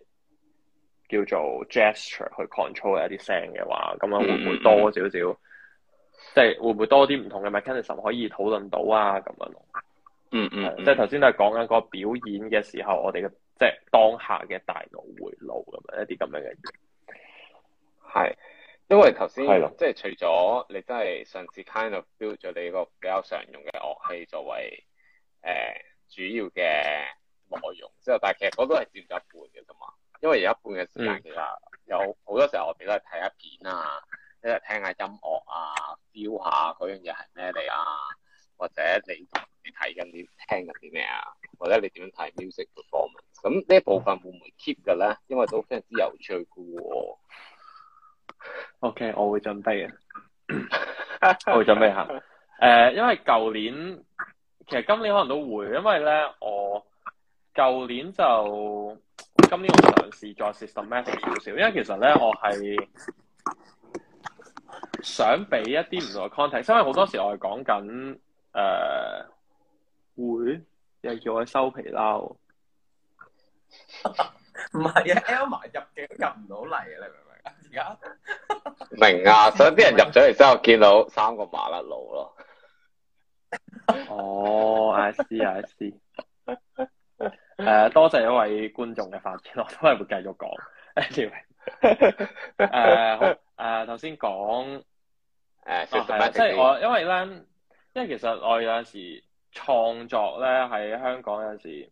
叫做 gesture 去 control 一啲聲嘅話，咁樣會唔會多少少？Mm hmm. 即係會唔會多啲唔同嘅 mechanism 可以討論到啊？咁樣咯。嗯嗯、mm，即係頭先都係講緊個表演嘅時候，我哋嘅即係當下嘅大腦迴路咁樣一啲咁樣嘅嘢，係。因為頭先的即係除咗你真係上次 kind of build 咗你個比較常用嘅樂器作為誒、呃、主要嘅內容之後，但係其實嗰都係佔咗一半嘅啫嘛。因為有一半嘅時間其實有好、嗯、多時候我哋都係睇片啊，一係聽下音樂啊，feel 下嗰樣嘢係咩嚟啊，或者你你睇緊啲聽緊啲咩啊，或者你點樣睇 music performance。咁呢一部分會唔會 keep 嘅咧？因為都非常之有趣嘅，哦。O、okay, K，我會準備嘅， <coughs> 我會準備下。誒， <laughs> uh, 因為舊年其實今年可能都會，因為咧我舊年就今年我嘗試再 systematic 少少，因為其實咧我係想俾一啲唔同嘅 contact，因為好多時我係講緊誒會又叫我收皮啦。唔係啊，Elma 入境入唔到嚟啊！ <laughs> Emma, 了了你 <laughs> 明啊！所以啲人入咗嚟之後，見到三個馬勒佬咯。哦、 <laughs> oh,，I C 啊，I C。誒，多謝一位觀眾嘅發言，我都係會繼續講。誒、anyway, <laughs> uh,，誒、uh,，頭先講誒，即係我因為咧，因為其實我有陣時創作咧喺香港有陣時。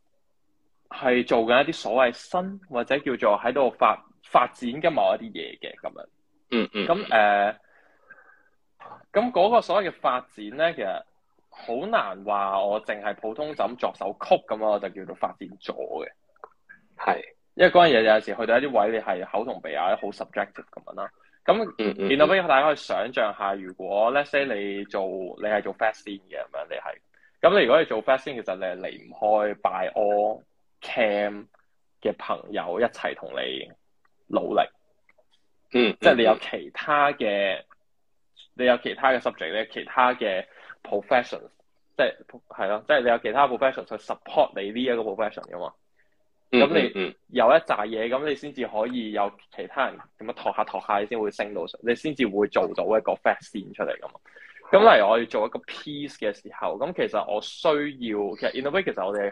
係做緊一啲所謂新或者叫做喺度發發展嘅某一啲嘢嘅咁樣，嗯嗯，咁、嗯、誒，咁嗰、呃、個所謂嘅發展咧，其實好難話我淨係普通咁作首曲咁我就叫做發展咗嘅。係、嗯，是因為嗰樣嘢有時去到一啲位，你係口同鼻眼好 subjective 咁樣啦。咁、嗯嗯、見到俾大家可以想象下，如果 let's say 你做你係做 fashion 嘅咁樣，你係，咁你，你，你，你如果係做 fashion 其實你係離唔開拜屙。Cam 嘅朋友一齊同你努力，嗯、mm，hmm. 即係你有其他嘅，你有其他嘅 subject 咧，其他嘅 profession，即係係咯，即係你有其他, profession,、啊、有其他 profession 去 support 你呢一個 profession 噶嘛。咁、mm hmm. 你有一紮嘢，咁你先至可以有其他人咁樣托下托下，你先會升到上，你先至會做到一個 flat 線出嚟噶嘛。咁例如我要做一個 piece 嘅時候，咁其實我需要其實 innovate 其實我哋。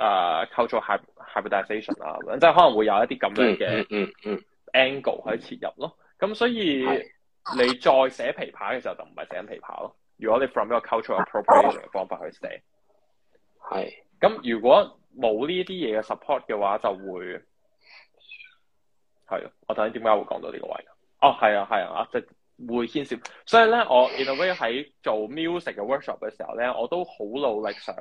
誒 c u l t u r a l h y b r i d i z a t i o n 啊，即係可能會有一啲咁樣嘅 angle 可以切入咯。咁所以你再寫琵琶嘅時候，就唔係寫琵琶咯。如果你 from 呢個 cultural appropriation 嘅方法去寫，係。咁如果冇呢啲嘢嘅 support 嘅話，就會係咯。我等下點解會講到呢個位？哦，係啊，係啊，即係。會牽涉，所以咧我 in a way 喺做 music 嘅 workshop 嘅時候咧，我都好努力想，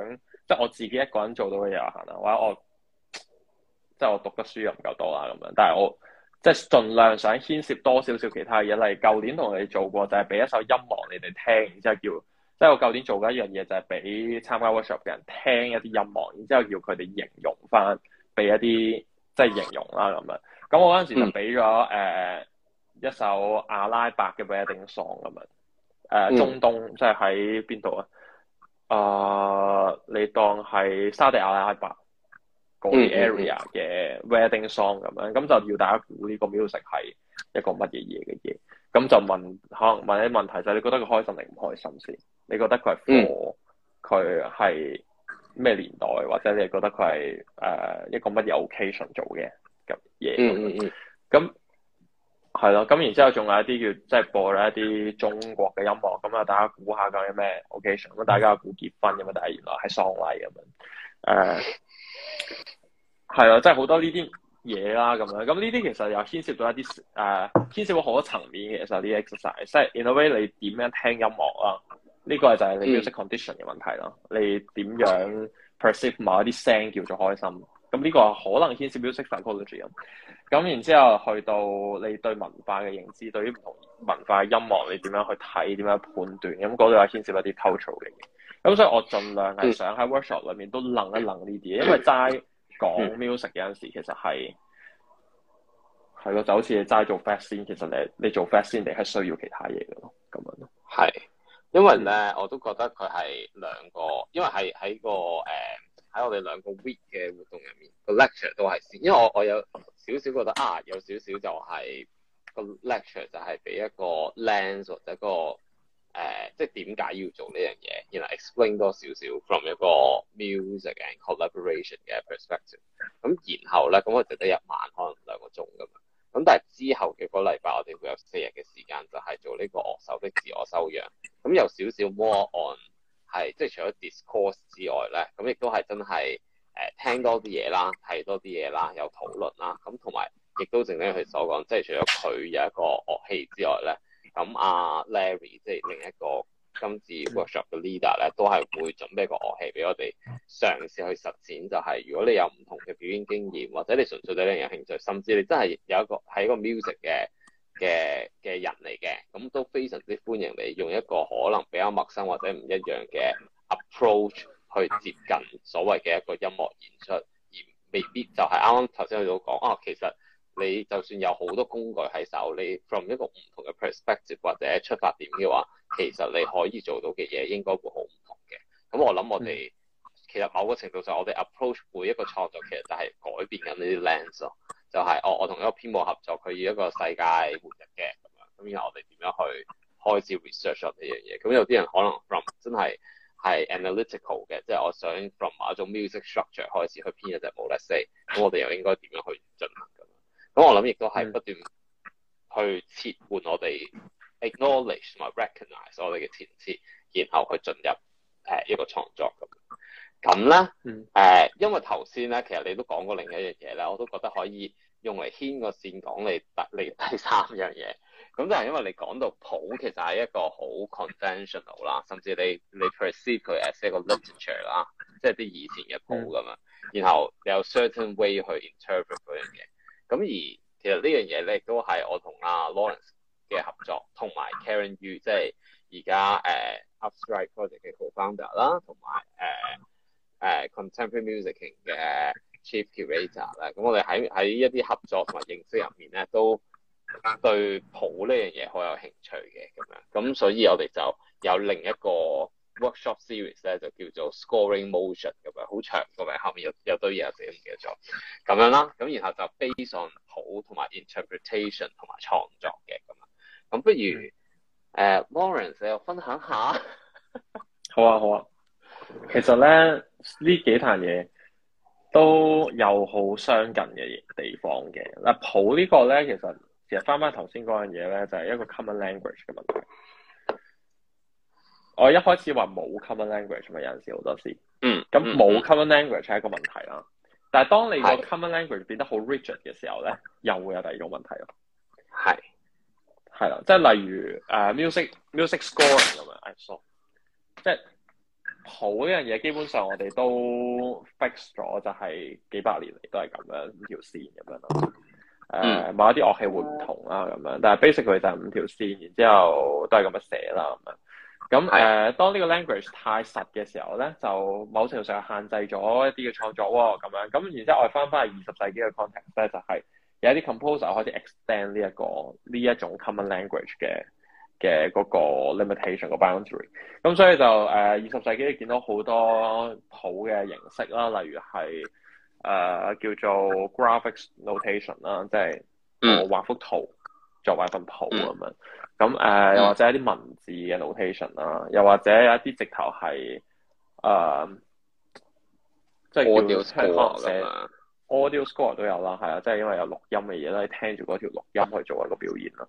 即係我自己一個人做到嘅嘢有限啦，或者我，我即係我讀嘅書又唔夠多啦咁樣。但係我即係盡量想牽涉多少少其他嘢，例如舊年同你做過就係俾一首音樂你哋聽，然之後叫即係我舊年做過一樣嘢就係俾參加 workshop 嘅人聽一啲音樂，然之後叫佢哋形容翻，俾一啲即係形容啦咁樣。咁我嗰陣時就俾咗誒。嗯一首阿拉伯嘅 wedding song 咁樣，誒，中東、嗯、即係喺邊度啊？啊、呃，你當係沙地阿拉伯嗰啲 area 嘅、嗯、wedding song 咁樣，咁就要大家估呢個 music 係一個乜嘢嘢嘅嘢。咁就問可能問啲問題就係你覺得佢開心定唔開心先？你覺得佢係 for？佢係咩年代？或者你覺得佢係誒一個乜嘢 occasion 做嘅咁嘢？咁、嗯。嗯嗯係咯，咁然之後仲有一啲叫即係播咗一啲中國嘅音樂，咁，啊大家估下究竟咩 occasion？咁大家估結婚咁嘛。但係原來係喪禮咁樣。誒，係咯，即係好多呢啲嘢啦，咁樣。咁呢啲其實又牽涉到一啲誒、呃，牽涉到好多層面嘅。其實呢啲 exercise，即係、so、in a way 你點樣聽音樂啊？呢、呢個就係你 music condition 嘅問題咯。嗯、你點樣 perceive 某啲聲叫做開心？咁呢個可能牽涉 musicology 咁，咁然之後去到你對文化嘅認知，對於唔同文化嘅音樂你點樣去睇，點樣判斷，咁嗰度係牽涉一啲 culture 嘅嘢。咁所以我盡量係想喺 workshop 裏面都諗一諗呢啲嘢，因為齋講 music 有陣時， <coughs> 其實係係咯，就好似齋做 fashion 其實你你做 fashion 你係需要其他嘢嘅咯，咁樣咯。係，因為咧我都覺得佢係兩個，因為係喺個誒。嗯喺我哋兩個 week 嘅活動入面，個 lecture 都係先，因為我我有少少覺得啊，有少少就係、是、個 lecture 就係俾一個 lens 或者一個誒、呃，即係點解要做呢樣嘢，然後 you know, explain 多少少 from 一個 music and collaboration 嘅 perspective。咁然後咧，咁我就得一晚可能兩個鐘咁樣。咁但係之後嘅嗰個禮拜，我哋會有四日嘅時間，就係做呢個樂手的自我修養。咁有少少 more on。係，即係除咗 discourse 之外咧，咁亦都係真係誒、呃、聽多啲嘢啦，睇多啲嘢啦，有討論啦，咁同埋亦都正正係佢所講，即係除咗佢有一個樂器之外咧，咁阿、啊、Larry 即係另一個今次 workshop 嘅 leader 咧，都係會準備一個樂器俾我哋嘗試去實踐。就係、是、如果你有唔同嘅表演經驗，或者你純粹對呢樣有興趣，甚至你真係有一個喺一個 music 嘅嘅嘅人嚟嘅，咁都非常之歡迎你用一個可能比較陌生或者唔一樣嘅 approach 去接近所謂嘅一個音樂演出，而未必就係啱啱頭先去到講啊。其實你就算有好多工具喺手，你 from 一個唔同嘅 perspective 或者出發點嘅話，其實你可以做到嘅嘢應該會好唔同嘅。咁我諗我哋、嗯、其實某個程度上，我哋 approach 每一個創作，其實就係改變緊呢啲 lens 咯。就係、是、哦，我同一個編舞合作，佢要一個世界末日嘅咁樣，咁然後我哋點樣去開始 research 呢樣嘢？咁有啲人可能 from 真係係 analytical 嘅，即係我想 from 某一種 music structure 開始去編一隻舞 let's say，咁我哋又應該點樣去進行咁？咁我諗亦都係不斷去切換我哋 acknowledge 同埋 recognize 我哋嘅前設，然後去進入誒、呃、一個創作咁。咁嗯，誒、呃，因為頭先咧，其實你都講過另一樣嘢啦，我都覺得可以用嚟牽個線講你，第，嚟第三樣嘢。咁就係因為你講到譜，其實係一個好 conventional 啦，甚至你你 perceive 佢 as 一個 literature 啦，即係啲以前嘅譜咁樣，嗯、然後有 certain way 去 interpret 嗰樣嘢。咁而其實呢樣嘢咧，亦都係我同阿、啊、Lawrence 嘅合作，同埋 Karen Yu 即係而家誒、呃、 <music> Upstrike Project 嘅 co-founder 啦，同埋誒。誒、uh, contemporary musicing 嘅 chief curator 啦，咁我哋喺喺一啲合作同埋認識入面咧，都對譜呢樣嘢好有興趣嘅。咁樣咁所以我哋就有另一個 workshop series 咧，就叫做 scoring motion 咁樣，好長嘅，後面有有堆嘢，有有我自己唔記得咗，咁樣啦，咁然後就 based on 譜同埋 interpretation 同埋創作嘅，咁樣，咁不如誒、uh, Lawrence 你又分享下， <laughs> 好啊好啊，其實咧～呢幾壇嘢都有好相近嘅地方嘅嗱，譜呢個咧，其實其實翻翻頭先嗰樣嘢咧，就係、是、一個 common language 嘅問題。我一開始話冇 common language 咪有陣時好多事、嗯，嗯，咁冇 common language 係一個問題啦。但係當你個 common language 變得好 rigid 嘅時候咧，又會有第二種問題咯。係係啦，即、嗯、係、嗯嗯、例如誒、uh, music music score 咁樣，I saw 即係。好，呢樣嘢基本上我哋都 fix 咗，就係幾百年嚟都係咁樣五條線咁樣咯。誒、呃，某一啲樂器會唔同啊咁樣，但係 basically 就係五條線，然之後都係咁樣寫啦咁樣。咁、呃、誒，當呢個 language 太實嘅時候咧，就某程度上限制咗一啲嘅創作喎。咁樣，咁然之後我哋翻翻去二十世紀嘅 context 咧、這個，就係有一啲 composer 開始 extend 呢一個呢一種 common language 嘅。嘅嗰個 limitation 個 boundary，咁所以就誒、呃、二十世紀都見到好多譜嘅形式啦，例如係誒、呃、叫做 graphics notation 啦，即係我畫一幅圖作為份譜咁樣，咁誒、嗯呃、又或者一啲文字嘅 notation 啦，又或者有一啲直頭係誒即係叫聽 audio score 都有啦，係啊，即係因為有錄音嘅嘢啦，你聽住嗰條錄音去做一個表演啦。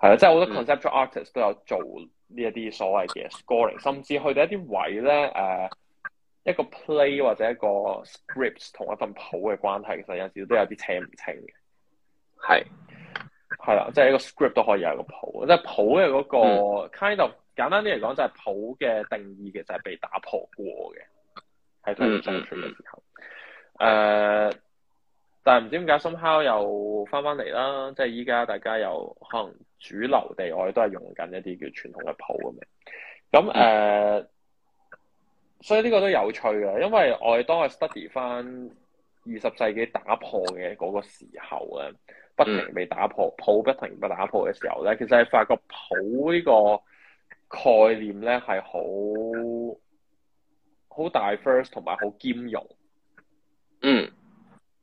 係啊，即係好多 conceptual artist 都有做呢一啲所謂嘅 scoring，嗯、甚至去到一啲位咧，誒、呃、 <noise> 一個 play 或者一個 scripts 同一份譜嘅關係，其實有時都有啲扯唔清嘅。係、嗯，係啦，即係一個 script 都可以有個譜，即係譜嘅嗰、那個 kind。簡單啲嚟講，habitude，就係譜嘅定義其實係被打破過嘅，喺佢爭取嘅時候。誒呦。嗯但係唔知點解 somehow 又翻翻嚟啦，即係依家大家又可能主流地，我哋都係用緊一啲叫傳統嘅譜咁樣。咁誒、嗯、呃，所以呢個都有趣嘅，因為我哋當我 study 翻二十世紀打破嘅嗰個時候啊，不停被打破，譜、嗯、不停被打破嘅時候咧，其實係發覺譜呢個概念咧係好好 diverse，同埋好兼容。嗯。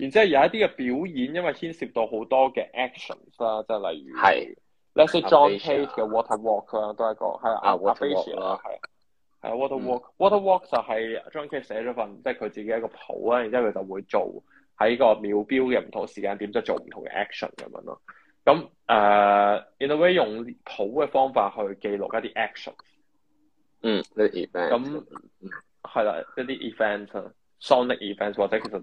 然之後有一啲嘅表演，因為牽涉到好多嘅 actions 啦，即係例如係，例如 John Cage 嘅 Water Walk 啊，都係一個係啊，Water Walk 咯，係啊，係啊，Water Walk，Water Walk 就係 John Cage 寫咗份即係佢自己一個譜啊，然之後佢就會做喺個秒錶嘅唔同時間點，即係做唔同嘅 action 咁樣咯。咁誒，in a way 用譜嘅方法去記錄一啲 action，嗯，一啲 event，咁係啦，一啲 event 啊，sound event 或者其實。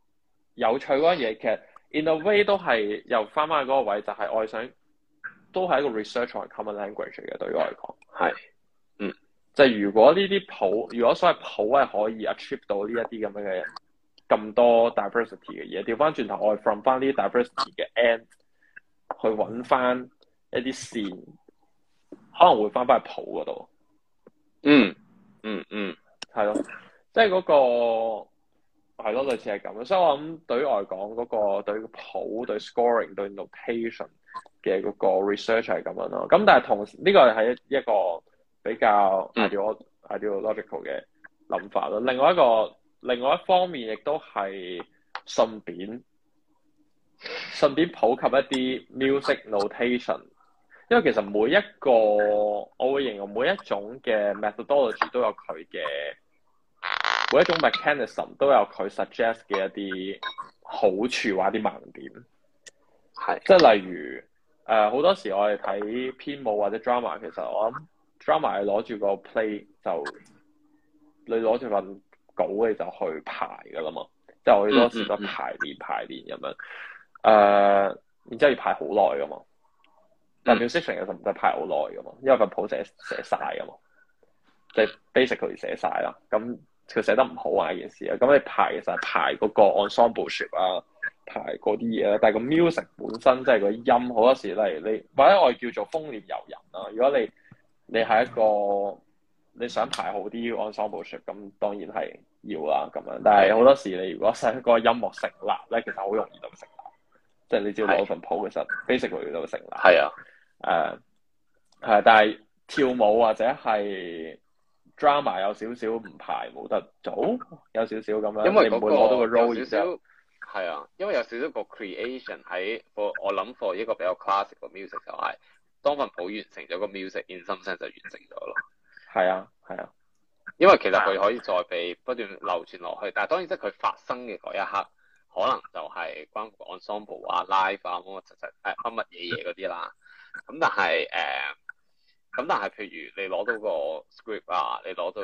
有趣嗰樣嘢，其實 in a way 都係由翻返嗰個位，就係、是、我想都係一個 research on common language 嘅，對於我嚟講係嗯，即係如果呢啲譜，如果所謂譜係可以 achieve 到呢一啲咁樣嘅咁多 diversity 嘅嘢，調翻轉頭，我係 from 翻呢啲 diversity 嘅 end 去揾翻一啲線可能會翻返去譜嗰度。嗯，嗯嗯，係咯，即係嗰個。係咯，類似係咁咯，所以我諗對於我嚟講，嗰、嗰個對譜、對 scoring、對，sc 對 notation 嘅個 research 係咁樣咯。咁但係同時呢個係一一個比較 ideological 嘅諗法啦，嗯、另外一個另外一方面亦都係順便順便普及一啲 music notation，因為其實每一個我會形容每一種嘅 methodology 都有佢嘅。每一種 mechanism 都有佢 suggest 嘅一啲好處或者啲盲點，係的即係例如誒好、呃、多時我哋睇編舞或者 drama，其實我諗 drama 係攞住個 play 就你攞住份稿你就去排噶啦嘛，即係我哋多時都排練排練咁樣，誒、呃，然之後要排好耐噶嘛，但係 musician 有時唔使排好耐噶嘛，因為份譜寫寫曬噶嘛，即、就、係、是、basically 寫晒啦咁。佢寫得唔好啊，件事啊，咁你排其實係排嗰個 ensemble shift 啊，排嗰啲嘢。但係個 music 本身即係個音，好多時例如你或者我哋叫做風流遊人啊。如果你你係一個你想排好啲 ensemble shift，咁，當然係要啦咁樣。但係好多時你如果成個音樂成立咧，其實好容易就成立，即係你只要攞份譜其實 basically 都成立。係啊，誒係，但係跳舞或者係。Drama 有少少唔排冇得做，有少少咁樣。因為嗰、那個，會個 role 有少少，係啊，因為有少少個 creation 喺我諗，for 一個比較 classic 嘅 music 就係、是、當份譜完成咗個 music，in some sense 就完成咗咯。係啊，係啊。因為其實佢可以再被不斷流傳落去，但係當然即係佢發生嘅嗰一刻，可能就係關乎 ensemble 啊、live 啊、乜乜柒柒乜乜嘢嘢嗰啲啦。咁但係誒。Uh, 咁但係，譬如你攞到個 script 啊，你攞到，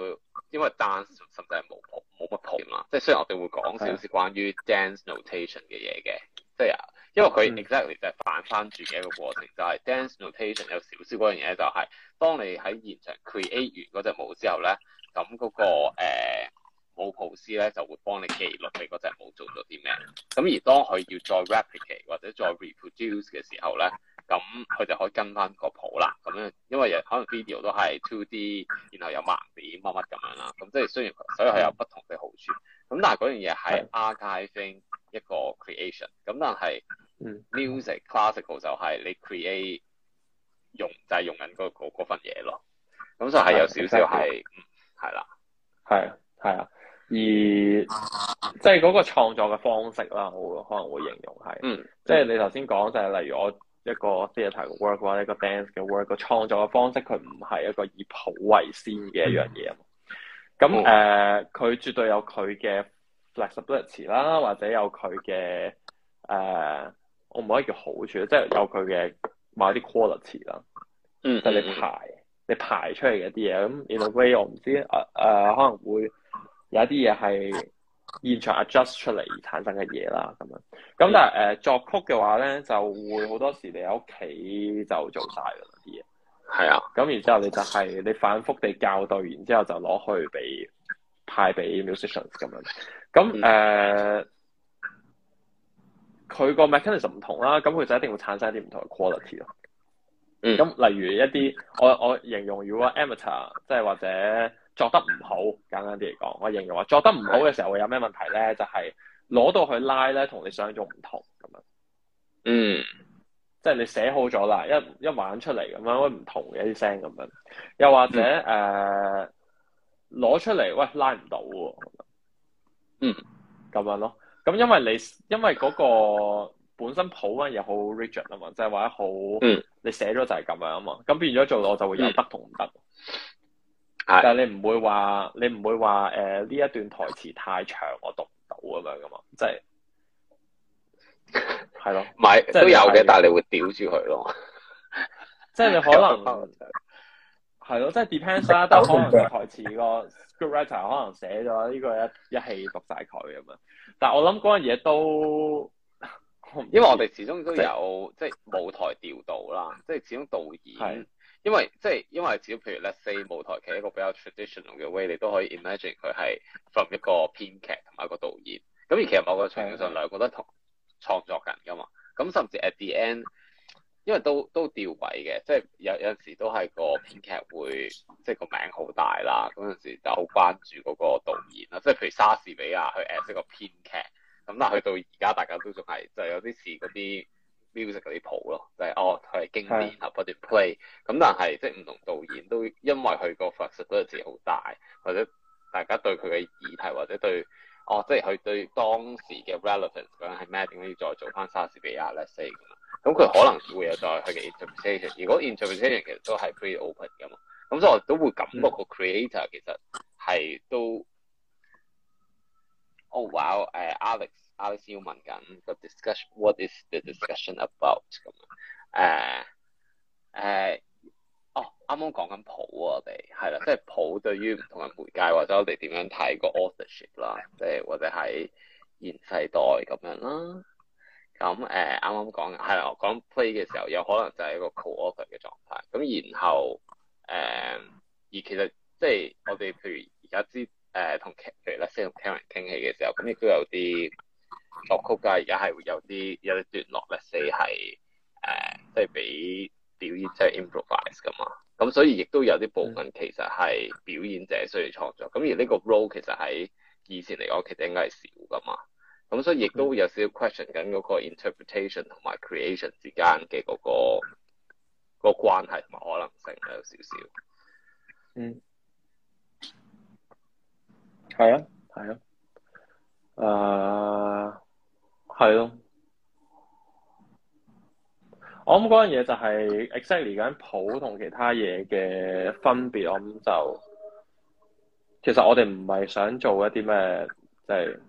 因為 dance 甚至係冇冇乜 p o i 即係雖然我哋會講少少關於 dance notation 嘅嘢嘅，即係 Yeah. 因為佢 exactly 就係反翻住嘅一個過程，就係、是、dance notation 有少少嗰樣嘢就係、是，當你喺現場 create 完嗰隻舞之後咧，咁嗰、那個誒、呃、舞譜師咧就會幫你記錄你嗰隻舞做咗啲咩。咁而當佢要再 replicate 或者再 reproduce 嘅時候咧。咁佢就可以跟翻個譜啦，咁樣，因為可能 video 都係 two D，然後有盲點乜乜咁樣啦，咁即係雖然所以係有不同嘅好處，咁的但係嗰樣嘢係 archiving 一個 creation，咁但係 music、嗯、classical 就係你 create 用就係、係、用緊嗰份嘢咯，咁就係有少少係，係啦的，係係啊，而即係嗰個創作嘅方式啦，我可能會形容係，即係、嗯嗯、你頭先講就係例如我。一個 theatre 嘅 work，或者一個 dance 嘅 work，個創作嘅方式佢唔係一個以譜為先嘅一樣嘢咁誒，佢、oh. 呃、絕對有佢嘅 flexibility 啦，或者有佢嘅誒，我唔可以叫好處，即係有佢嘅某一啲 quality 啦。嗯，就是 quality, mm hmm. 即你排，你排出嚟嘅啲嘢咁。In a way，我唔知誒、呃、可能會有一啲嘢係。現場 adjust 出嚟產生嘅嘢啦，咁樣咁但係誒、呃、作曲嘅話咧，就會好多時你喺屋企就做曬嗰啲嘢。係啊，咁的然之後你就係、是、你反覆地校對，完之後就攞去俾派俾 musicians 咁樣。咁誒，佢、呃、個、嗯、mechanism 唔同啦，咁佢就一定會產生一啲唔同嘅 quality 咯。嗯，咁例如一啲我我形容如果 amateur，即係或者。作得唔好，簡單啲嚟講，我形容話作得唔好嘅時候會有咩問題咧？就係、是、攞到去拉咧，你同你想做唔同咁樣。嗯，即係你寫好咗啦，一一玩出嚟咁樣，喂唔同嘅一啲聲咁樣。又或者誒，攞出嚟喂拉唔到喎。嗯，咁、呃樣，嗯、樣咯。咁因為你因為嗰個本身譜嗰嘢好 rigid 啊嘛，即係話好，你寫咗就係咁樣啊嘛。咁變咗做我就會有得同唔得。嗯。但係你唔會話，你唔會話誒呢一段台詞太長，我讀唔到咁樣噶嘛？即係係咯，唔係都有嘅的，但係你會屌住佢咯。 <laughs> 即係你可能係咯、 <laughs> 嗯，即係 depends 啦。Dep ends, 但可能台詞個 scriptwriter 可能寫咗呢個一一氣讀晒佢咁樣。但係我諗嗰樣嘢都因為我哋始終都有、就是、即係舞台調度啦，即係始終導演。因為即係因為，因為只要譬如咧 say 舞台劇一個比較 traditional 嘅 way，你都可以 imagine 佢係 from 一個編劇同埋一個導演。咁而其實某個程度上兩個都同創作人㗎嘛。咁甚至 at the end，因為都都調位嘅，即係有有時都係個編劇會即係個名好大啦。嗰陣時就好關注嗰個導演啦。即係譬如莎士比亞去 establish 個編劇。咁但係去到而家，大家都仲係就有啲似嗰啲。music 嗰啲譜咯，就係、是、哦，佢、oh，係經典啊，或 play，咁但係即係唔同導演都因為佢個 flexibility 好大，或者大家對佢嘅議題，或者對哦，即係佢對當時嘅 relevance 嗰樣係咩，點解要再做翻莎士比亞 let say？咁，咁佢可能會有再佢嘅 interposition 如果 interposition 其實都係 very open 嘅嘛，咁所以我都會感覺個 creator 其實係都，哦，哇，誒，Alex。Alex 你問緊個 discussion，what is the discussion about 咁啊？誒誒，哦，啱啱講緊譜啊！我哋係啦，即係譜對於唔同嘅媒介或者我哋點樣睇個 authorship 啦，即係或者係現世代咁樣啦。咁誒，啱啱講係啦，講 play 嘅時候有可能就係一個 co-author 嘅狀態。咁然後誒，而其實即係我哋譬如而家知誒同劇，譬如 listen 同聽人傾偈嘅時候，咁亦都有啲。作曲家也係會有啲有啲段落，let's say 係、呃、即係俾表演者 improvise 噶嘛。咁所以亦都有啲部分其實係表演者需要創作。咁而呢個 role 其實喺以前嚟講，其實應該係少噶嘛。咁所以亦都有少少 question 緊嗰個 interpretation 同埋 creation 之間嘅嗰、嗰個、嗰個關係同埋可能性有少少。嗯。係啊，係啊。啊、uh、～係咯，我諗嗰樣嘢就係 exactly 緊譜同其他嘢嘅分別，我諗就其實我哋唔係想做一啲咩，即係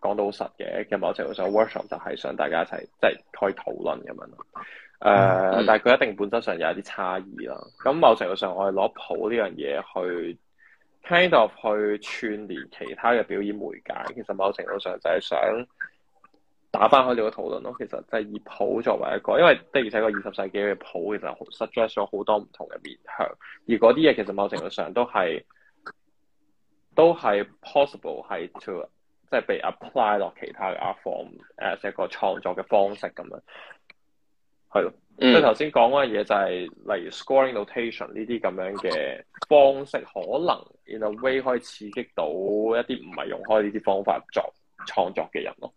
講到實嘅。咁某程度上 workshop 就係想大家一齊即係可以討論咁樣。誒、呃，mm. 但係佢一定本質上有啲差異咯。咁某程度上我哋攞譜呢樣嘢去 kind of 去串聯其他嘅表演媒介。其實某程度上就係想。打翻開呢個討論咯，其實就係以譜作為一個，因為的而且個二十世紀嘅譜其實 suggest 咗好多唔同嘅面向，而嗰啲嘢其實某程度上都係都係 possible 係 to 即係被 apply 落其他嘅 art form 誒，即係個創作嘅方式咁樣。係咯，即係頭先講嗰樣嘢就係、是、例如 scoring notation 呢啲咁樣嘅方式可能，in a way 可以刺激到一啲唔係用開呢啲方法作創作嘅人咯。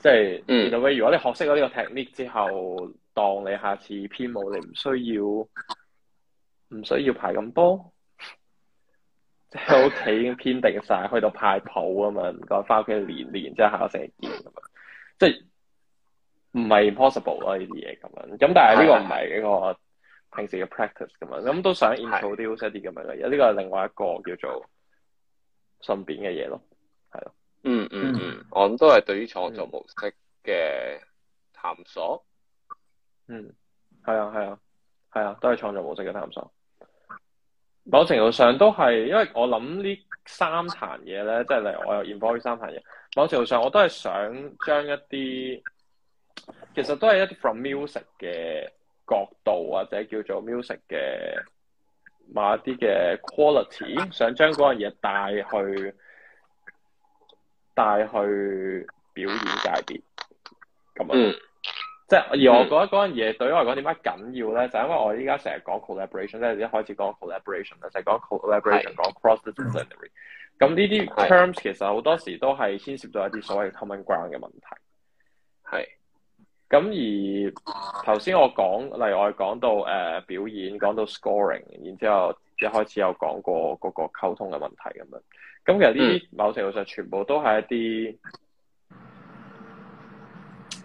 即係，其、嗯、如果你學識咗呢個 technique 之後，當你下次編舞，你唔需要唔需要排咁多， <laughs> 即喺屋企已經編定晒，去到派譜啊嘛，唔該翻屋企練練，之下考成日見咁樣，即係唔係 impossible 啊？呢啲嘢咁樣，咁但係呢個唔係一個平時嘅 practice 咁 <laughs> 樣，咁都想 introduce 啲咁樣，有呢 <laughs> 個係另外一個叫做順便嘅嘢咯，係咯。嗯嗯嗯，我諗都係對於創作模式嘅探索。嗯，係啊係啊，係啊，啊，都係創作模式嘅探索。某程度上都係，因為我諗呢三壇嘢咧，即係例如我又 employ 三壇嘢。某程度上，我都係想將一啲，其實都係一啲 from music 嘅角度，或者叫做 music 嘅某一啲嘅 quality，想將嗰樣嘢帶去。帶去表演界別咁啊，樣 mm. 即係而我覺得嗰樣嘢對於我嚟講點解緊要咧？Mm. 就係因為我依家成日講 collaboration，即係一開始講 collaboration 啦、mm.，成日講 collaboration，講 cross-disciplinary 咁呢啲 terms 其實好多時都係牽涉到一啲所謂 common ground 嘅問題。係。咁而頭先我講，例如我講到誒、呃、表演，講到 scoring，然之後一開始有講過嗰個溝通嘅問題咁樣。咁其實呢啲某程度上全部都係一啲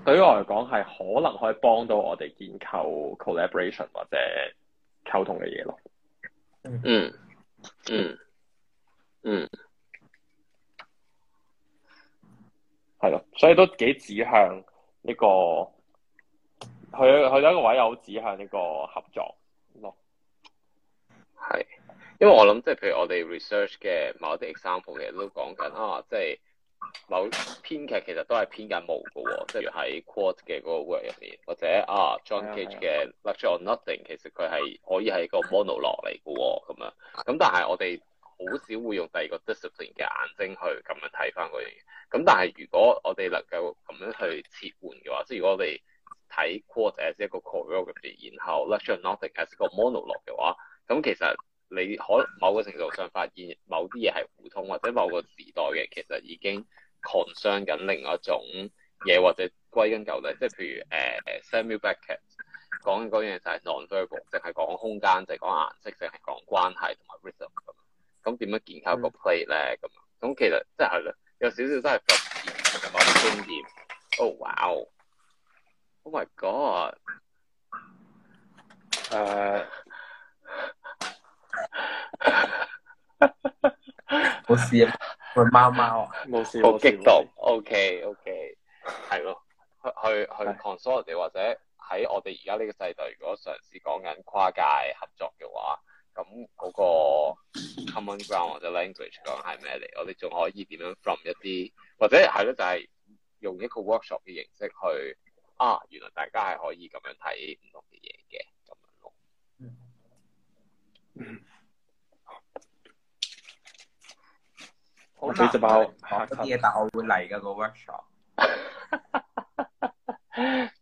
對於我嚟講係可能可以幫到我哋建構 collaboration 或者溝通嘅嘢咯。嗯嗯嗯嗯，係咯，所以都幾指向呢個去去到一個位有指向呢個合作咯，係。因為我諗，即係譬如我哋 research 嘅某啲 example 其實都講緊啊，即係某編劇其實都係編緊無嘅喎，即係喺 quote 嘅嗰個 work 入面，或者啊 John Cage 嘅 Lecture on Nothing 其實佢係可以係個 monologue 嚟嘅喎，咁樣咁但係我哋好少會用第二個 discipline 嘅眼睛去咁樣睇翻嗰樣嘢。咁但係如果我哋能夠咁樣去切換嘅話，即係如果我哋睇 quote as 一個 choreography 然後 lecture on nothing as 個 monologue 嘅話，咁其實。你可某個程度上發現某啲嘢係互通，或者某個時代嘅其實已經擴張緊另外一種嘢，或者歸根究底，即係譬如誒、呃、Samuel Beckett 講講嘢就係 non-verbal，淨係講空間，淨係講顏色，淨係講關係同埋 rhythm。咁咁點樣建構個 play 咧？咁咁、mm hmm. 其實即係有少少真係復古嘅某啲經驗。Oh wow! Oh my God! 誒、uh、～冇 <laughs> <laughs> 事啊，喂，貓貓冇事冇事，好激動。OK，OK，係咯，去對去去，console 地或者喺我哋而家呢個世代，如果嘗試講緊跨界合作嘅話，咁嗰個 common ground 或者 language 講係咩嚟？我哋仲可以點樣 from 一啲，或者係咯，就係、是、用一個 workshop 嘅形式去啊，原來大家係可以咁樣睇唔同嘅嘢嘅。好幾隻包，好啲嘢， <noise> 難但我會嚟噶個 workshop，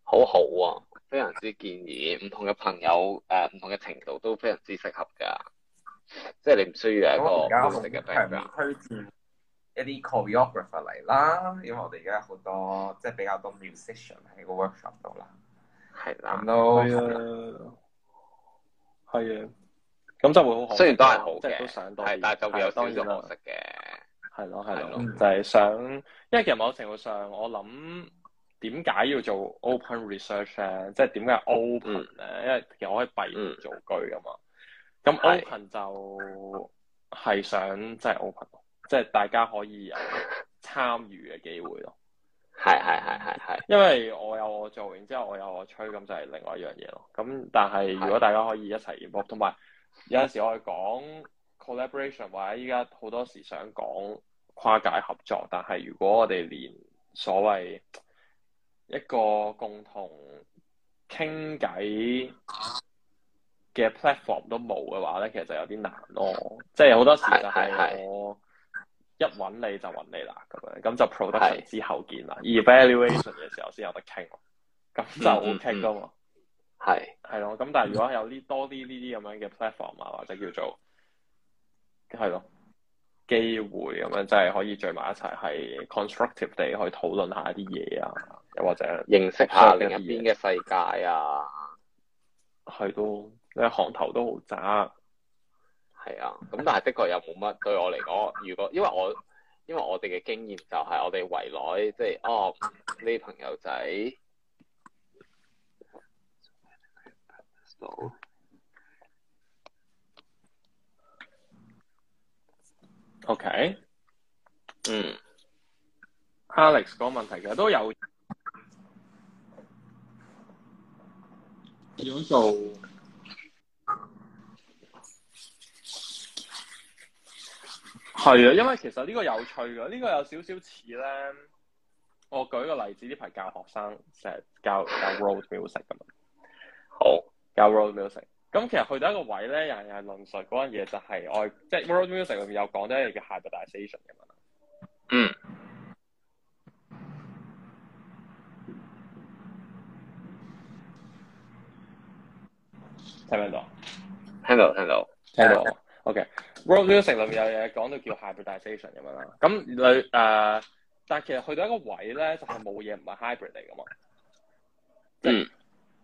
好好啊，非常之建議，唔同嘅朋友誒，唔、呃、同嘅程度都非常之適合噶，即係你唔需要一個固定嘅對象。推薦一啲 choreographer 嚟啦，嗯、因為我哋而家好多即係、就是、比較多 musician 喺個 workshop 度啦，係啦的，咁都係啊。咁就會好，雖然都係好，即係都想到，但係就會有當時嘅模式嘅，係咯係咯，就係想，因為其實某程度上，我諗點解要做 open research 咧，即係點解 open 咧？因為其實我可以閉做句噶嘛，咁 open 就係想即係 open，即係大家可以有參與嘅機會咯。係係係係係，因為我有我做完之後我有我吹，咁就係另外一樣嘢咯。咁但係如果大家可以一齊 research，同埋。有陣時我哋講 collaboration，或者依家好多時想講跨界合作，但係如果我哋連所謂一個共同傾偈嘅 platform 都冇嘅話咧，其實就有啲難咯。即係好多時就係我一揾你就揾你啦，咁樣咁就 production 之後見啦，evaluation 嘅時候先有得傾，咁就 OK 噶嘛。係，係咯，咁但係如果有呢多啲呢啲咁樣嘅 platform 啊，或者叫做係咯機會咁樣，就係可以聚埋一齊，係 constructive 地去討論一下一啲嘢啊，又或者一一認識下另一邊嘅世界啊，係都，因為行頭都好窄，係啊，咁但係的確又冇乜對我嚟講，如果因為我因為我哋嘅經驗就係我哋圍內，即係哦呢啲朋友仔。OK，嗯，Alex 嗰個問題其實都有，如果做係啊，因為其實呢個有趣噶，呢、呢個有少少似咧，我舉個例子，呢排教學生成日教教 world music 咁，好。Oh. 有 world music，咁其實去到一個位咧，又又論述嗰樣嘢就係我即係 world music 裏面有講到一樣叫 h y b r i d i z a t i o n 嘅嘛。嗯。聽到，聽到？聽到？聽到？聽到？OK，world、okay. music 裏面有嘢講到叫 h y b r i d i z a t i o n 咁樣啦、嗯。咁佢誒，呃、但係其實去到一個位咧，就係、是、冇嘢唔係 hybrid 嚟噶嘛。就是、嗯。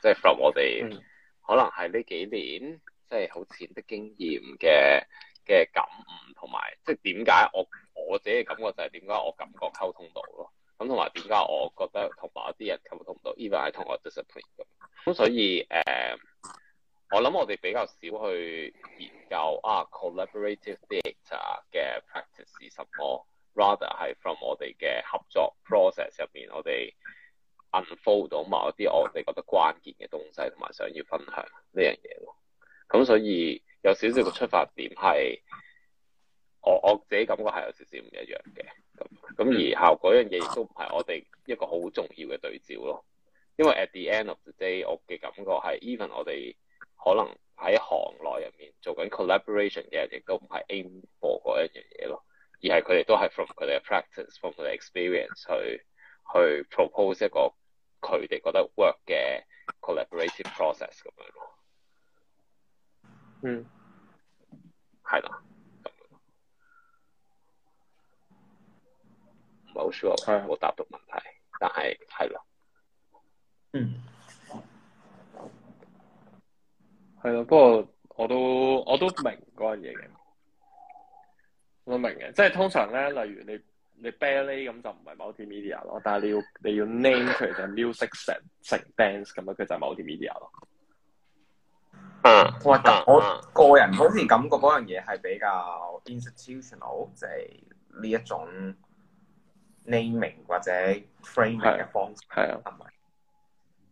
即係 from 我哋，可能係呢幾年，即係好淺的經驗嘅嘅感悟，同埋即係點解我我自己嘅感覺就係點解我感覺溝通到咯，咁同埋點解我覺得我同某啲人溝通唔到，even 係同我 discipline 咁。咁、嗯、所以誒，um, 我諗我哋比較少去研究啊，collaborative data 嘅 practice 係什麼，rather 係 from 我哋嘅合作 process 入面，我哋，unfold 到某一啲我哋覺得關鍵嘅東西，同埋想要分享呢樣嘢咯。咁所以有少少嘅出發點係我我自己感覺係有少少唔一樣嘅咁咁，而效果嗰樣嘢亦都唔係我哋一個好重要嘅對照咯。因為 at the end of the day，我嘅感覺係 even 我哋可能喺行內入面做緊 collaboration 嘅人，亦都唔係 aim for 一樣嘢咯，而係佢哋都係 from 佢哋嘅 practice，from 佢哋 experience 去去 propose 一個。佢哋覺得 work 嘅 collaborative process 咁樣咯，嗯，係咯的，唔係好 sure，我，的我冇答到問題，的但係係咯，嗯，係咯，不過我都我都明嗰樣嘢嘅，我明嘅，即係通常呢，例如你。你芭蕾咁就唔係 multimedia 咯，但係你要你要 name 佢就 music 成成 dance 咁樣，佢就係 multimedia 咯。嗯，同埋我個人好似感覺嗰樣嘢係比較 institutional，就係呢一種 naming 或者 framing 嘅方式。係啊，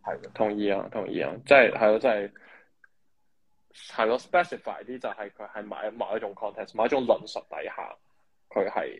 係啊，同意啊，同意啊，即係係咯，即係係咯，specify 啲就係佢係某某一種 context，某一種論述底下佢係。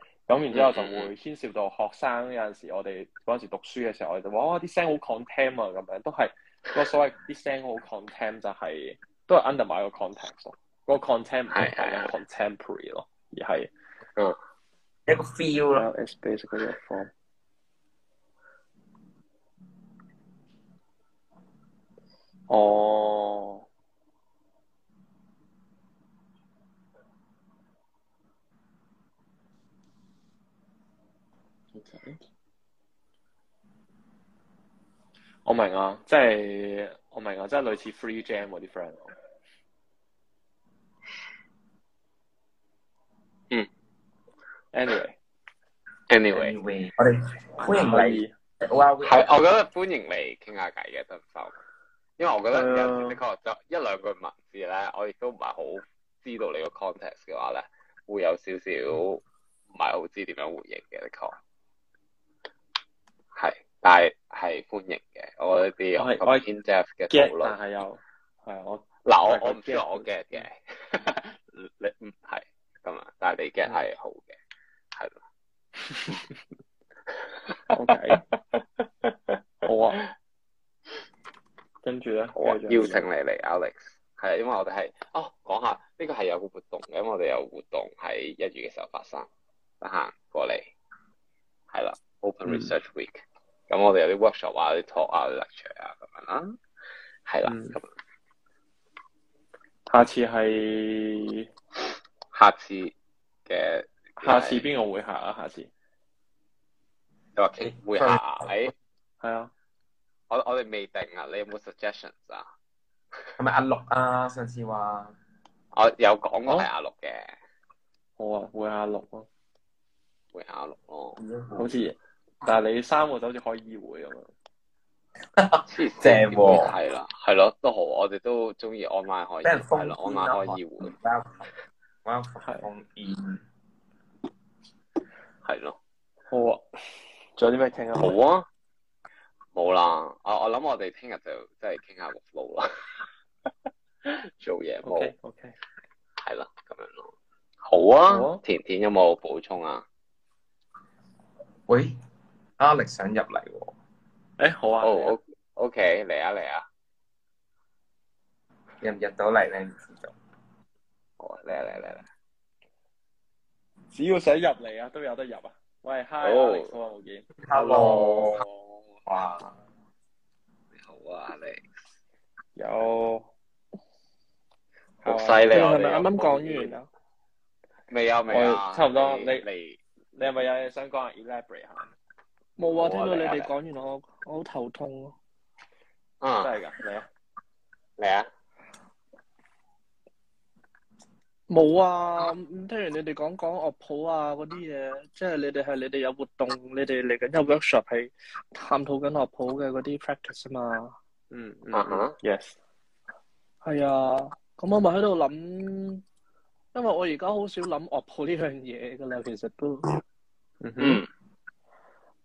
咁然之後就會牽涉到學生，有陣時我，我哋嗰陣時讀書嘅時候，我哋就話哇啲聲好 content 啊，咁樣都係、那個所謂啲聲好 content 就係、是、都係 under 埋個 context，個 content 唔係一個 contemporary 咯、嗯，而係是嗯一個得 feel 咯、啊。Form. 哦。我明啊，即係我明啊，即係類似 free jam 我啲 friend。嗯，Anyway，Anyway，anyway, anyway, 歡迎嚟，係以，我覺得歡迎嚟傾下偈嘅，得唔得？因為我覺得的確就一兩句文字咧，我亦都唔係好知道你個 context 嘅話咧，會有少少唔係好知點樣回應嘅，的確。但係係歡迎嘅，我呢邊我我見係嘅討論係又係我嗱我我唔知我 get 嘅， <laughs> <laughs> 你唔係咁啊，但係你 get 係好嘅，啊，係咯。O K，我跟住咧，我邀請你嚟續 Alex，係啊，因為我哋係哦講下呢，這個係有個活動，咁我哋有活動喺一月嘅時候發生，得閒過嚟係啦，Open Research Week S、mm.。咁我哋有啲 workshop 啊、啲 talk 啊、啲 lecture 啊咁樣啦，係啦，下次係下次嘅，下次邊個會下啊？下次，你話 K 會下走？係、哎、啊，我我哋未定啊，你有冇 suggestions 啊？係 <laughs> 咪阿六啊？上次話我有講過係阿六嘅、哦，好啊會阿六咯、啊，會阿六咯、啊，好似。但係你三個就好似開議會咁啊！正喎了，係啦，係咯，都好，我哋都中意 online 開，係咯、嗯，online 開議會，online 開煙，係咯，好啊！仲有啲咩傾啊？好啊，冇啦，我我諗我哋聽日就即係傾下 flow 啦，做嘢冇，OK 係啦，咁樣咯，好啊！甜甜有冇補充啊？喂？Alex 想入嚟喎，誒，好啊，OK 嚟啊嚟啊，入唔入到嚟咧？唔知道，嚟啊嚟嚟，只要想入嚟啊都有得入啊。喂，Hi Alex，好啊，冇見。Hello，哇，你好啊，Alex，有，好犀利啊！啱啱講完啊，未有未啊，差唔多。你你你係咪有嘢想講啊？Elaborate 下。冇啊！聽到你哋講完我，啊、我我好頭痛啊。真係㗎？嚟啊！嚟啊！冇啊！咁聽完你哋講講樂譜啊嗰啲嘢，即係、就是、你哋係你哋有活動，你哋嚟緊有 workshop 係探討緊樂譜嘅嗰啲 practice 啊嘛。嗯。嗯，哈、uh。Huh, yes。係啊，咁我咪喺度諗，因為我而家好少諗樂譜呢樣嘢㗎啦，其實都。嗯哼。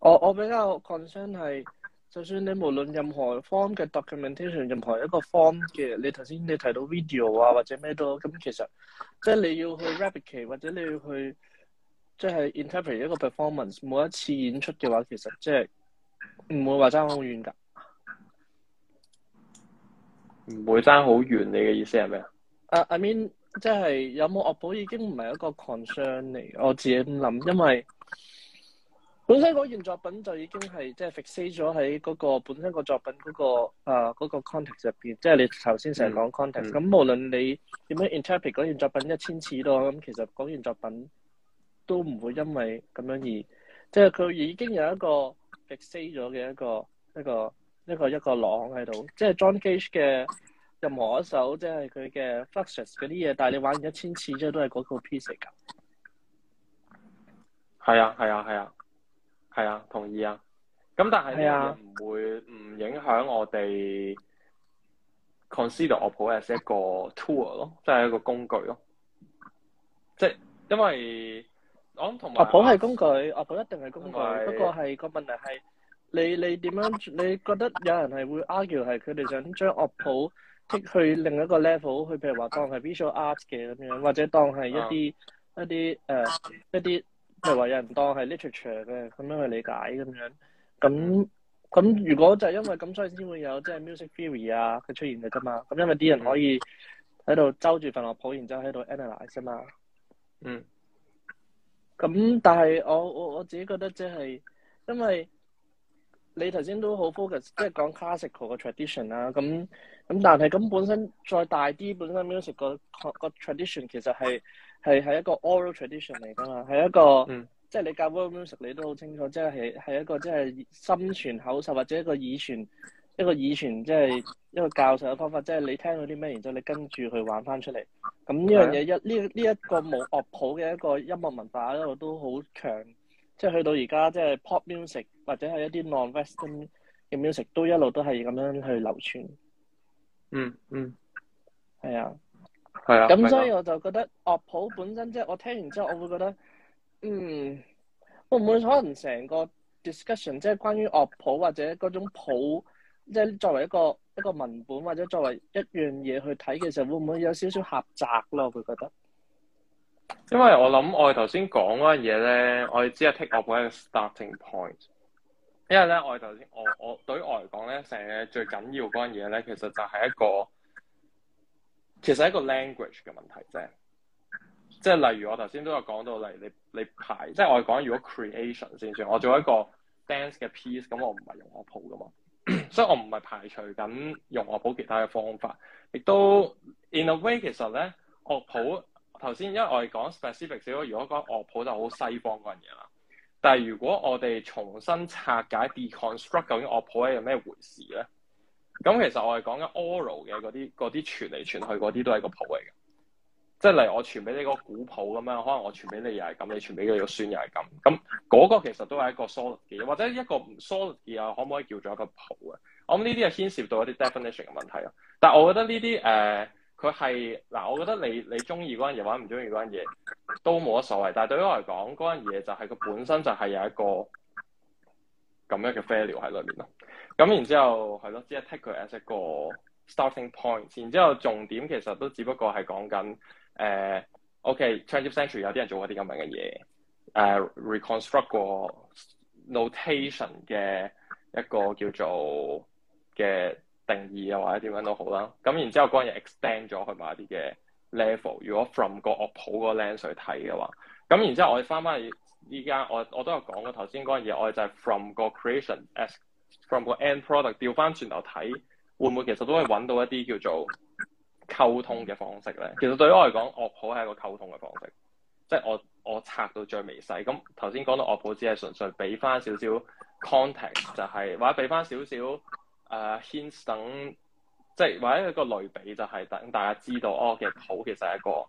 我我比較 concern 係，就算你無論任何 form 嘅 documentation，任何一個 form 嘅，你頭先你提到 video 啊或者咩都，咁其實即係、就是、你要去 replicate 或者你要去即係、就是、interpret 一個 performance，每一次演出嘅話，其實即係唔會話爭好遠㗎，唔會爭好遠。你嘅意思係咩啊？啊、uh，I mean，即係有冇樂譜已經唔係一個 concern 嚟，我自己咁諗，因為。本身嗰件作品就已經係即係 fix 咗喺嗰個本身個作品嗰、嗰個啊、嗰個、context 入邊，即係你頭先成日講 context、嗯。咁、嗯、無論你點樣 interpret 嗰件作品一千次咯，咁其實講件作品都唔會因為咁樣而，即係佢已經有一個 fix 咗嘅一個一個一個一個，一個籠喺度。即係 John Cage 嘅任何一首，即係佢嘅 Fluxus 嗰啲嘢，但係你玩完一千次之後都係嗰個 piece 㗎。係啊，係啊，係啊。係啊，同意啊。咁但係係啊，唔會唔影響我哋 consider 樂譜 as 一個 tool 咯，即係一個工具咯。即係因為我諗同樂譜係工具，樂譜一定係工具。不過係個問題係你你點樣？你覺得有人係會 argue 係佢哋想將樂譜 take 去另一個 level，去譬如話當係 visual art 嘅咁樣，或者當係一啲一啲誒一啲。即係話有人當係 literature 嘅咁樣去理解咁樣，咁咁如果就係因為咁，所以先會有即係 music theory 啊佢出現嘅啫嘛。咁因為啲人可以喺度周住份樂譜，然之後喺度 analyse 啊嘛。嗯。咁但係我我我自己覺得即係因為你頭先都好 focus，即係講 classical 嘅 tradition 啦。咁咁但係咁本身再大啲，本身 music 個 tradition 其實係。係係一個 oral tradition 嚟㗎嘛，係一個、嗯、即係你教 world music 你都好清楚，即係係係一個即係心傳口授，或者一個耳傳一個耳傳即係一個教授嘅方法，即係你聽到啲咩，然之後你跟住去玩翻出嚟。咁呢樣嘢、啊、一呢呢一個冇樂譜嘅一個音樂文化一路都好強，即係去到而家即係 pop music 或者係一啲 non western 嘅 music 都一路都係咁樣去流傳、嗯。嗯嗯，係啊。係啊，咁所以我就覺得樂譜本身即係我聽完之後我會覺得，嗯，會唔會可能成個 discussion 即係關於樂譜或者嗰種譜，即係作為一個一個文本或者作為一樣嘢去睇嘅時候，會唔會有少少狹窄咯，我會覺得，因為我諗，我哋頭先講嗰樣嘢咧，我哋只係 take up 一個 starting point，因為咧我哋頭先我我對於我嚟講咧，成日最緊要嗰樣嘢咧，其實就係一個。其實係一個 language 嘅問題啫，即係例如我頭先都有講到，例如你你排，即係我哋講如果 creation 先算，我做一個 dance 嘅 piece，咁我唔係用樂譜㗎嘛， <coughs> 所以我唔係排除緊用樂譜其他嘅方法，亦都 in a way 其實咧樂譜頭先因為我哋講 specific 少少，如果講樂譜就好西方嗰樣嘢啦，但係如果我哋重新拆解 deconstruct 究竟樂譜係有咩回事咧？咁其實我係講緊 oral 嘅嗰啲啲傳嚟傳去嗰啲都係個譜嚟嘅，即係例如我傳俾你個古譜咁樣，可能我傳俾你又係咁，你傳俾佢個孫又係咁，咁嗰個其實都係一個 solid，或者一個 solid 啊，可唔可以叫做一個譜啊？我諗呢啲係牽涉到一啲 definition 嘅問題咯。但係我覺得呢啲誒，佢係嗱，我覺得你你中意嗰樣嘢，或者唔中意嗰樣嘢都冇乜所謂。但係對於我嚟講，嗰樣嘢就係、是、佢本身就係有一個。咁樣嘅 failure 喺裏面咯，咁然之後係咯，只係、就是、take 佢 as 一個 starting point。然之後重點其實都只不過係講緊誒，OK，twentieth century 有啲人做過啲咁樣嘅嘢，誒、呃、reconstruct 個 notation 嘅一個叫做嘅定義啊，或者點樣都好啦。咁然之後嗰樣嘢 extend 咗去埋啲嘅 level。如果 from、那個樂譜個 lens 去睇嘅話，咁然之後我哋翻翻去。依家我我都有講過頭先樣嘢，我哋就係 from 個 creation as from 個 end product，調翻轉頭睇會唔會其實都可以揾到一啲叫做溝通嘅方式咧。其實對於我嚟講，樂譜係一個溝通嘅方式，即係我我拆到最微細，咁頭先講到樂譜只係純粹俾翻少少 context，就係、是、或者俾翻少少誒 hints 等，即係或者一個類比、就是，就係等大家知道哦，嘅譜其實係一個。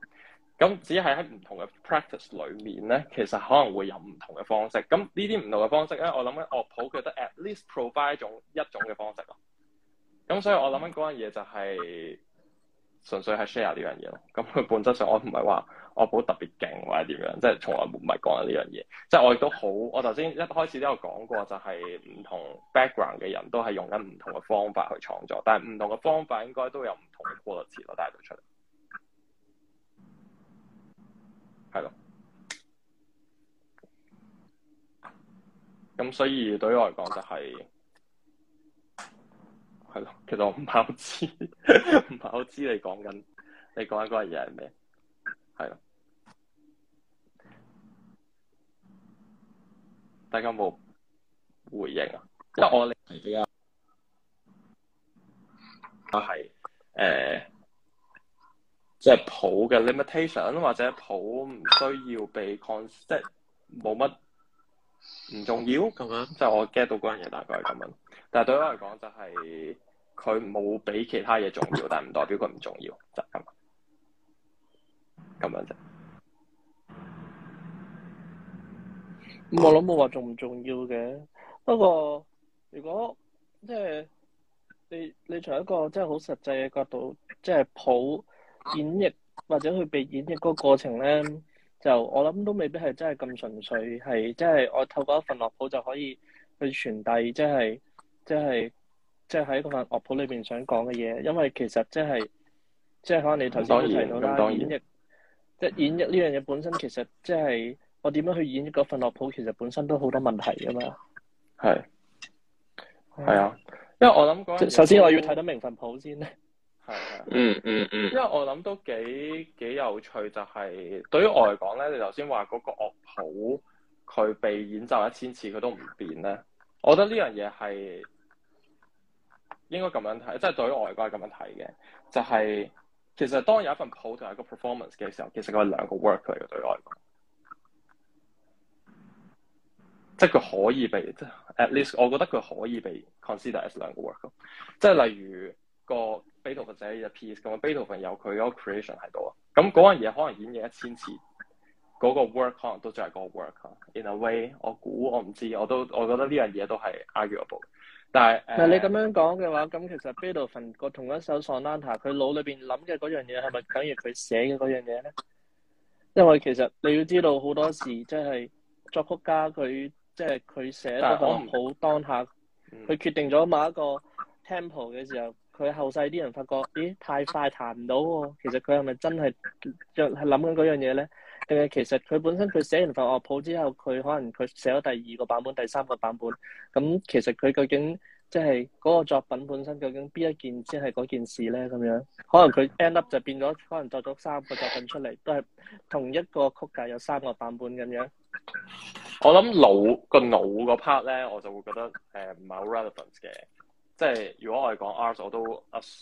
咁只係喺唔同嘅 practice 裏面咧，其實可能會有唔同嘅方式。咁呢啲唔同嘅方式咧，我諗咧，樂譜覺得 at least provide one，一種一種嘅方式咯。咁所以我諗緊嗰樣嘢就係純粹係 share 呢樣嘢咯。咁佢本質上我唔係話樂譜特別勁或者點樣，即係從來冇唔係講緊呢樣嘢。即係我亦都好，我頭先一開始都有講過，就係唔同 background 嘅人都係用緊唔同嘅方法去創作，但係唔同嘅方法應該都有唔同嘅 quality 咯，帶到出嚟。係咯，咁所以對於我嚟講就係、係，係咯，其實我唔係好知，唔 <laughs> 係好知你講緊，你講緊嗰樣嘢係咩？係咯，大家冇回應、哦、因為啊？即係我哋係比較，都係誒。即係譜嘅 limitation，或者譜唔需要被 cons，即係冇乜唔重要咁樣。即係我 get 到嗰樣嘢，大概係咁樣。但係對我嚟講，就係佢冇比其他嘢重要，但係唔代表佢唔重要，就係咁。咁樣啫。我諗冇話重唔重要嘅。不過如果即係你你從一個即係好實際嘅角度，即係譜。演繹或者佢被演繹嗰個過程咧，就我諗都未必係真係咁純粹，係即係我透過一份樂譜就可以去傳遞，即係即係即係喺嗰份樂譜裏邊想講嘅嘢。因為其實即係即係可能你頭先提到啦，咁講，演繹即係演繹呢樣嘢本身其實即係我點樣去演繹嗰份樂譜，其實本身都好多問題噶嘛。係係啊，因為我諗嗰首先我要睇到名份譜先咧。係啊、嗯，嗯嗯嗯，因為我諗都幾幾有趣，就係、是、對於我嚟講咧，你頭先話嗰個樂譜佢被演奏一千次佢都唔變咧，我覺得呢樣嘢係應該咁樣睇，即、就、係、是、對於外國係咁樣睇嘅，就係、是、其實當有一份譜同一個 performance 嘅時候，其實佢係兩個 work 嚟嘅，對於外國，即係佢可以被即係 at least，我覺得佢可以被 consider as 兩個 work，即係例如。個貝多芬嘅 piece，咁貝多芬有佢嗰、那個 creation 喺度啊，咁嗰樣嘢可能演繹一千次，嗰、那個 work 可能都就係個 work。In a way，我估我唔知，我都我覺得呢樣嘢都係 arguable。但係，uh，但你咁樣講嘅話，咁其實貝多芬個同一首 sonata，an 佢腦裏邊諗嘅嗰樣嘢係咪等於佢寫嘅嗰樣嘢咧？因為其實你要知道好多時，即係作曲家佢即係佢寫得咁好我當下，佢決定咗某一個 tempo 嘅時候。佢後世啲人發覺，咦，太快彈唔到喎。其實佢係咪真係就係諗緊嗰樣嘢咧？定係其實佢本身佢寫完份樂譜之後，佢可能佢寫咗第二個版本、第三個版本。咁、嗯、其實佢究竟即係嗰個作品本身究竟邊一件先係嗰件事咧？咁樣可能佢 end up 就變咗，可能作咗三個作品出嚟，都係同一個曲架有三個版本咁樣。我諗腦個腦嗰 part 咧，我就會覺得誒唔係好 relevant 嘅。呃即係如果我哋講 arts，我都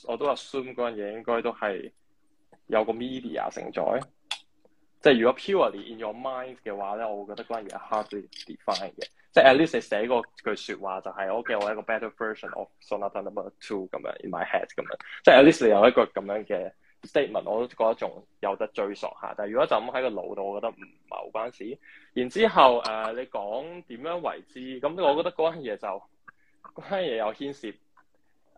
我都 assume 嗰樣嘢應該都係有個 media 承載。即係如果 purely in your mind 嘅話咧，我會覺得嗰樣嘢係 hardly defined 嘅。即係 at least 你寫句説話就係、是、我記得我一個 better version of Sonata Number Two 咁樣 in my head 咁樣。即係 at least 你有一個咁樣嘅 statement，我都覺得仲有得追索下。但係如果就咁喺個腦度，我覺得唔係好關事。然之後誒、呃，你講點樣為之？咁我覺得嗰樣嘢就嗰樣嘢有牽涉。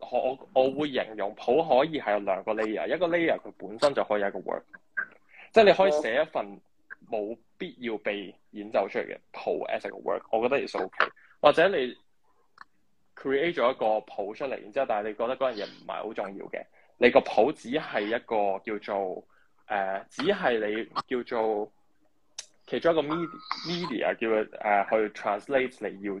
我我會形容譜可以係有兩個 layer，一個 layer 佢本身就可以有一個 work，即係你可以寫一份冇必要被演奏出嚟嘅譜 as 一個 work，我覺得亦都 OK。或者你 create 咗一個譜出嚟，然之後但係你覺得樣嘢唔係好重要嘅，你個譜只係一個叫做誒、呃、只係你叫做其中一個 media media 叫做誒、呃、去 translate 你要。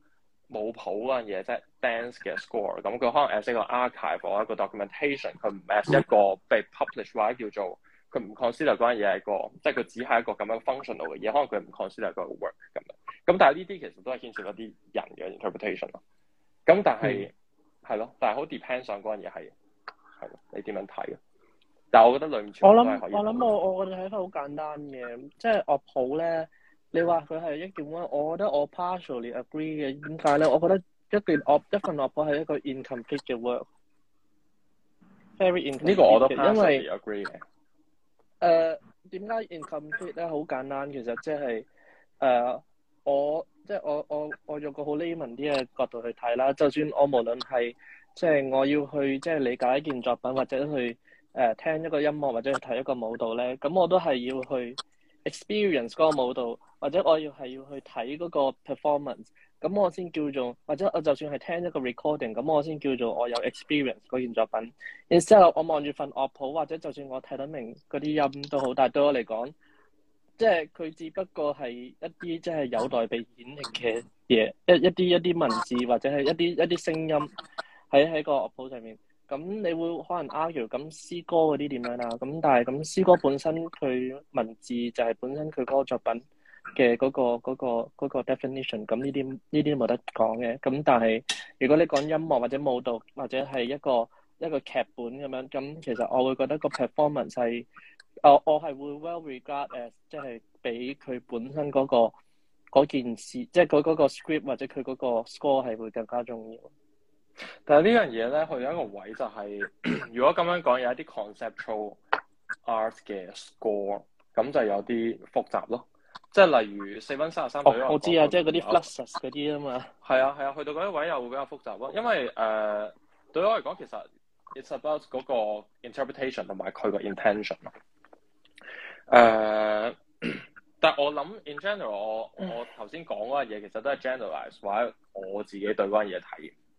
舞譜嗰樣嘢即係、就是、dance 嘅 score，咁佢可能 as 一個 archive 或者一個 documentation，佢唔 as 一個被 publish，或者叫做佢唔 consider 嗰樣嘢係一個，即係佢只係一個咁樣 functional 嘅嘢，可能佢唔 consider 一個 work 咁樣。咁但係呢啲其實都係牽涉到啲人嘅 interpretation 咯。咁但係係咯，但係好 depends 上嗰樣嘢係係咯，你點樣睇？但係我覺得兩全我諗我諗我我我哋睇翻好簡單嘅，即係樂譜咧。你話佢係一件 work，我覺得我 partially agree 嘅。點解咧？我覺得一段 o 一份樂譜係一個 in work, incomplete 嘅 work。very incomplete。呢個我都 partially 因為 agree 嘅的。誒點解 incomplete 咧？好簡單，其實即係誒我即係、就是、我我我用個好 layman 啲嘅角度去睇啦。就算我無論係即係我要去即係、就是、理解一件作品，或者去誒、呃、聽一個音樂，或者去睇一個舞蹈咧，咁我都係要去。experience 個舞蹈，或者我要係要去睇個 performance，咁我先叫做，或者我就算係聽一個 recording，咁我先叫做我有 experience 件作品。instead 我望住份樂譜，或者就算我睇得明啲音都好，但係對我嚟講，即係佢只不過係一啲即係有待被演繹嘅嘢，一一啲一啲文字或者係一啲一啲聲音喺喺個樂譜上面。咁你會可能 argue 咁詩歌啲點樣啦？咁但係咁詩歌本身佢文字就係本身佢個作品嘅、嗰個、嗰個、嗰個嗰個 definition。咁呢啲呢啲冇得講嘅。咁但係如果你講音樂或者舞蹈或者係一個一個劇本咁樣，咁其實我會覺得個 performance 係、呃、我我係會 well regard as 誒，即係比佢本身、嗰件事，即係佢個、嗰個、script 或者佢個 score 係會更加重要。但係呢樣嘢咧，去到一個位就係、是， <coughs> 如果咁樣講，有一啲 conceptual art 嘅 score，咁就有啲複雜咯。即係例如四分三十三秒。哦，我知啊，有即係嗰啲 Fluxus 嗰啲啊嘛。係啊係啊，去到嗰一位又會比較複雜咯。因為誒、呃，對我嚟講，其實 it's about 嗰個 interpretation 同埋佢個 intention 咯。誒、呃，嗯、但係我諗 in general，我我頭先講嗰樣嘢其實都係 generalize，或者我自己對嗰樣嘢嘅體驗。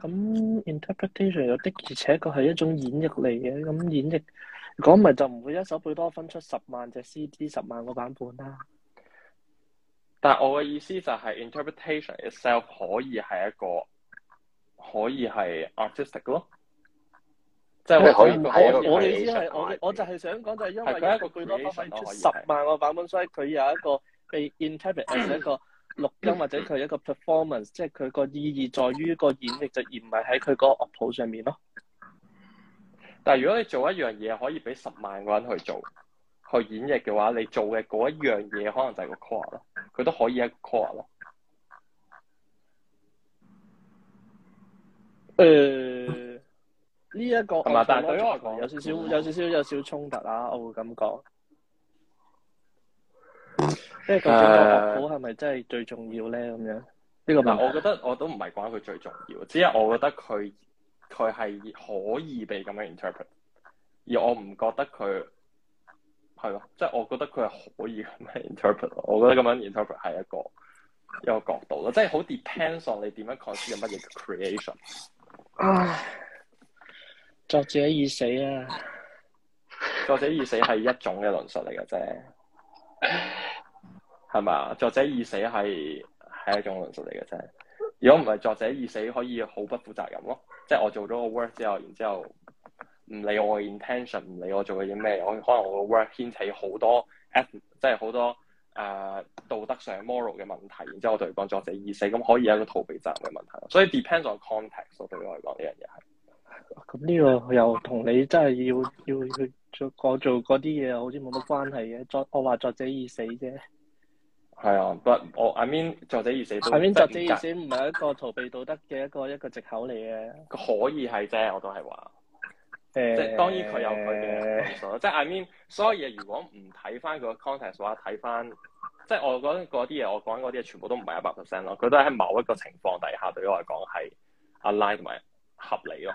咁 interpretation 的而且確係一種演繹嚟嘅。咁演繹講埋就唔會一首貝多芬出十萬隻 CD，十萬個版本啦。但係我嘅意思就係、是、interpretation itself 可以係一個可以係 artistic 咯。就係可以係我嘅意思係我我就係想講就係因為為一個貝多芬出十萬個版本，以所以佢有一個被 interpret as 一個。 <coughs> 錄音或者佢一個 performance，即係佢個意義在於個演繹，就而唔係喺佢個樂譜上面咯。但係如果你做一樣嘢可以俾十萬個人去做，去演繹嘅話，你做嘅嗰一樣嘢可能就係個 core 咯，佢都可以係一個 core 咯。誒，呢一個同埋但係佢有少少有少少有少衝突啦，我會咁講。即係嗰個樂譜係咪真係最重要咧？咁樣？呢個唔係，我覺得我都唔係話佢最重要，只係我覺得佢佢係可以被咁樣 interpret，而我唔覺得佢係咯，即係我覺得佢係可以咁樣 interpret。我覺得咁樣 interpret 係一個一個角度咯，即係好 depends on 你點樣 conceive 乜嘢 creation。唉，作者已死啊！作者已死係一種嘅論述嚟嘅啫。係咪？作者已死係係一種論述嚟嘅啫。如果唔係作者已死，可以好不負責任咯。即係我做咗個 work 之後，然之後唔理我嘅 intention，唔理我做嘅啲咩，我可能我個 work 掀起好多 ne, 即係好多誒、呃、道德上的 moral 嘅問題。然之後我同佢講作者已死，咁可以有一個逃避責任嘅問題。所以 depends on context，所以對我嚟講呢樣嘢係。咁呢、嗯，這個又同你真係要要去講做嗰啲嘢，好似冇乜關係嘅。作我話作者已死啫。係啊，不， <noise> 但我 I mean 作者已死都唔係一個逃避道德嘅一個一個藉口嚟嘅。佢可以係啫，我都係話，即係當然佢有佢嘅因素。即係 I mean，所以如果唔睇翻個 context 話，睇翻即係我講嗰啲嘢，我講嗰啲嘢全部都唔係一百 percent 咯。佢都係喺某一個情況底下，對於我嚟講係 align 同埋合理咯。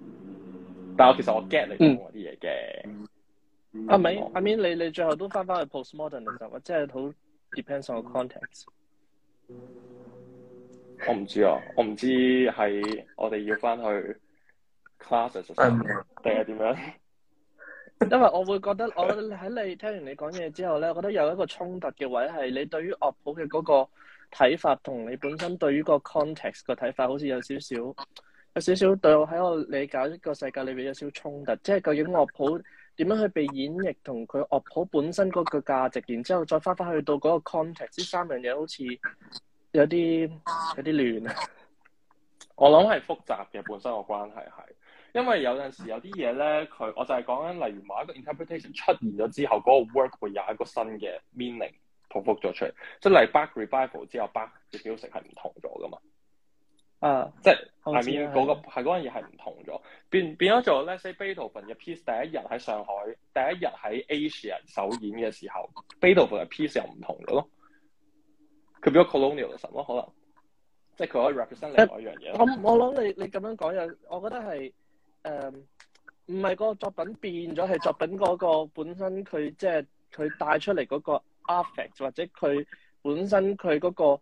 嗱，但其實我 get、嗯、你講嗰啲嘢嘅。阿敏，阿敏，你你最後都翻翻去 postmodern 嚟執，即係好 depends on 個 context。我唔知啊，我唔知係我哋要翻去 classes 定係點樣。因為我會覺得我，我喺你聽完你講嘢之後咧，我覺得有一個衝突嘅位係你對於樂譜嘅嗰個睇法，同你本身對於個 context 個睇法好，好似有少少。有少少對我喺我理解一個世界裏面有少衝突，即係究竟樂譜點樣去被演繹，同佢樂譜本身嗰個價值，然之後再翻翻去到嗰個 context，呢三樣嘢好似有啲有啲亂啊！ <laughs> 我諗係複雜嘅本身個關係係，因為有陣時有啲嘢咧，佢我就係講緊，例如某一個 interpretation 出現咗之後，嗰、那個 work 會有一個新嘅 meaning 重複咗出嚟，即係嚟 back revival 之後，back 嘅 music 係唔同咗噶嘛。啊，uh, 即係，I mean, 嗰、嗯嗰個係嗰樣嘢係唔同咗，變變咗做，let's say，Beethoven 嘅 piece，第一日喺上海，第一日喺 Asia 首演嘅時候，Beethoven 嘅 piece 又唔同咗咯，佢變咗 colonial 咯，可能，即係佢可以 represent 另外一、嗯、樣嘢。咁我諗你你咁樣講又，我覺得係，誒、嗯，唔係個作品變咗，係作品嗰個本身佢即係佢帶出嚟嗰個 affect，或者佢本身佢嗰、嗰個。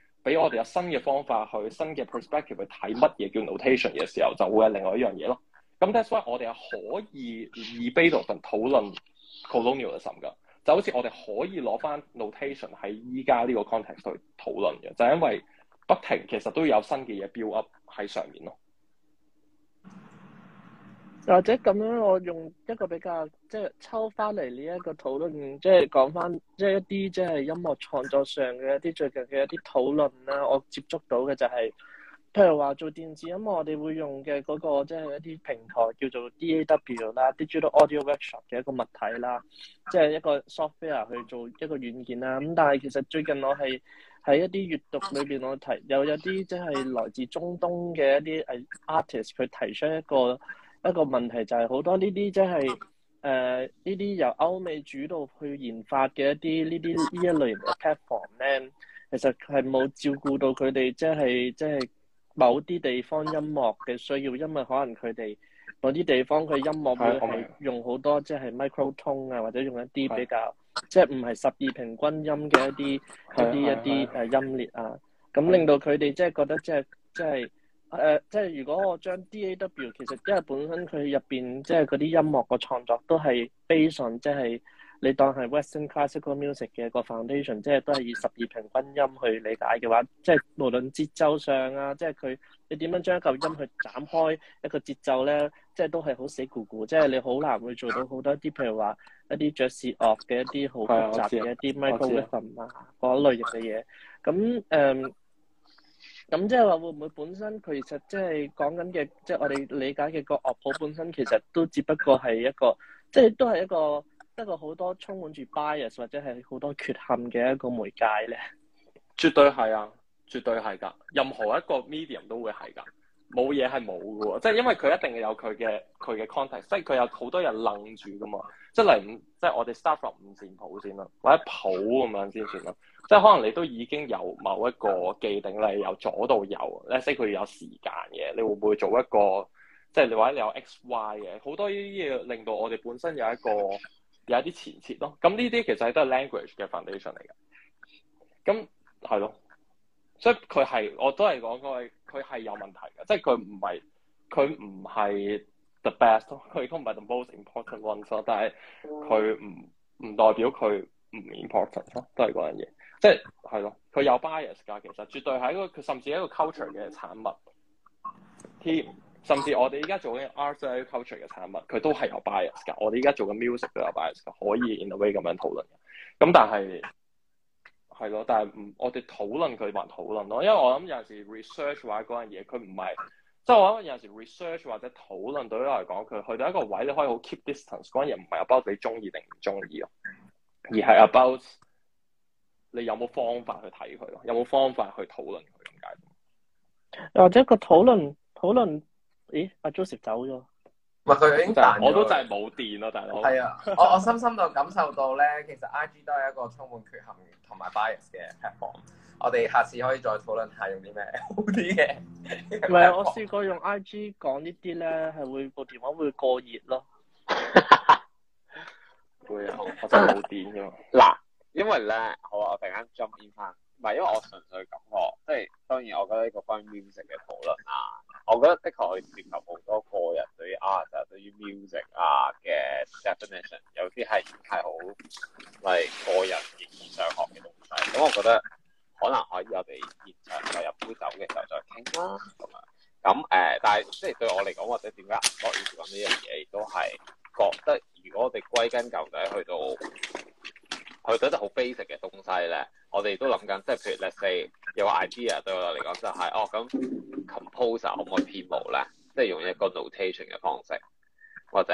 俾我哋有新嘅方法去新嘅 perspective 去睇乜嘢叫 notation 嘅時候，就會有另外一樣嘢咯。咁 that's why 我哋係可以 debate 同討論 colonialism 噶，就好似我哋可以攞翻 notation 喺依家呢個 context 去討論嘅，就係因為不停其實都要有新嘅嘢 build up 喺上面咯。或者咁樣，我用一個比較即係、就是、抽翻嚟呢一個討論，即係講翻即係一啲即係音樂創作上嘅一啲最近嘅一啲討論啦。我接觸到嘅就係、是，譬如話做電子音樂，我哋會用嘅嗰、那個即係、就是、一啲平台叫做 DAW 啦，Digital Audio Workshop 嘅一個物體啦，即、就、係、是、一個 software 去做一個軟件啦。咁但係其實最近我係喺一啲閱讀裏邊，我提有有啲即係來自中東嘅一啲 artist 去提出一個。一個問題就係好多呢啲即係誒呢啲由歐美主導去研發嘅一啲呢啲呢一類型嘅 platform 咧，其實係冇照顧到佢哋即係即係某啲地方音樂嘅需要，因為可能佢哋某啲地方佢音樂會對用好多即係、即係、microtone 啊，或者用一啲比較即係唔係十二平均音嘅一啲對一啲些一啲誒音列啊，咁令到佢哋即係覺得即係即係。即係即係即係誒、呃，即係如果我將 D A W，其實因為本身佢入邊即係嗰啲音樂個創作都係 based 即係你當係 Western classical music 嘅個 foundation，即係都係以十二平均音去理解嘅話，即係無論節奏上啊，即係佢你點樣將一嚿音去斬開一個節奏咧，即係都係好死咕咕，即係你好難會做到好多啲，譬如話一啲爵士樂嘅一啲好複雜嘅一啲 microton 啊嗰類型嘅嘢，咁誒。嗯。咁即係話會唔會本身佢其實即係講緊嘅，即係我哋理解嘅個樂譜本身，其實都只不過係一個，即係都係一個，一個好多充滿住 bias 或者係好多缺陷嘅一個媒介咧。絕對係啊，絕對係噶，任何一個 medium 都會係噶。冇嘢係冇嘅喎，即係因為佢一定有佢嘅佢嘅 context，即係佢有好多人愣住㗎嘛。即係例如，即係我哋 start from 五線譜先啦，或者譜咁樣先算啦。即係可能你都已經有某一個既定，例如由左到右，你識佢有時間嘅，你會唔會做一個？即係你或者你有 x y 嘅，好多呢啲嘢令到我哋本身有一個有一啲前設咯。咁呢啲其實都係 language 嘅 foundation 嚟嘅。咁係咯。即以佢係，我都係講佢，佢係有問題嘅，即係佢唔係，佢唔係 the best，佢都唔係 the most important one 咯。但係佢唔唔代表佢唔 important 咯，都係嗰樣嘢。即係係咯，佢有 bias 㗎。其實絕對係一個，佢甚至一個 culture 嘅產物。t 甚至我哋依家做緊 art 咧，culture 嘅產物，佢都係有 bias 㗎。我哋依家做嘅 music 都有 bias，可以 i n a w a y 咁樣討論嘅。咁、like, 但係。係咯，但係唔，我哋討論佢話討論咯，因為我諗有陣時 research 或者嗰樣嘢，佢唔係即係我諗有陣時 research 或者討論，者討論對於我嚟講，佢去到一個位，你可以好 keep distance。嗰樣嘢唔係 about 你中意定唔中意咯，而係 about 你有冇方法去睇佢咯，有冇方法去討論佢咁解。或者個討論討論，咦，阿、啊、Joseph 走咗。唔佢已經 <noise> 我都就係冇電咯，大佬。係啊，我我深深就感受到咧，其實 I G 都係一個充滿缺陷同埋 bias 嘅 platform，我哋下次可以再討論下用啲咩好啲嘅。唔 <laughs> 係喂， <noise> 我試過用 I G 講呢啲咧，係會部電話會過熱咯。會啊， <laughs> <laughs> <laughs> 我真係冇電嘅。嗱，因為咧，好啊，我突然間 jump in 翻。唔係，因為我純粹感覺，即係當然，我覺得呢個關於 music 嘅討論啊，我覺得的確可以涉及好多個人對於啊，就係對於 music 啊嘅 definition，有啲係唔太好係個人形而上學嘅東西。咁、嗯、我覺得可能可以我哋現場就入杯酒嘅時候再傾啦，咁啊，咁、嗯、誒、呃，但係即係對我嚟講或者點解我要講呢樣嘢，都係覺得如果我哋歸根究底去到。佢覺得好 basic 嘅東西咧，我哋都諗緊，即係譬如 Let's say 有 idea 對我嚟講就係、是，哦咁 composer 可唔可以編舞咧？即係用一個 notation 嘅方式，或者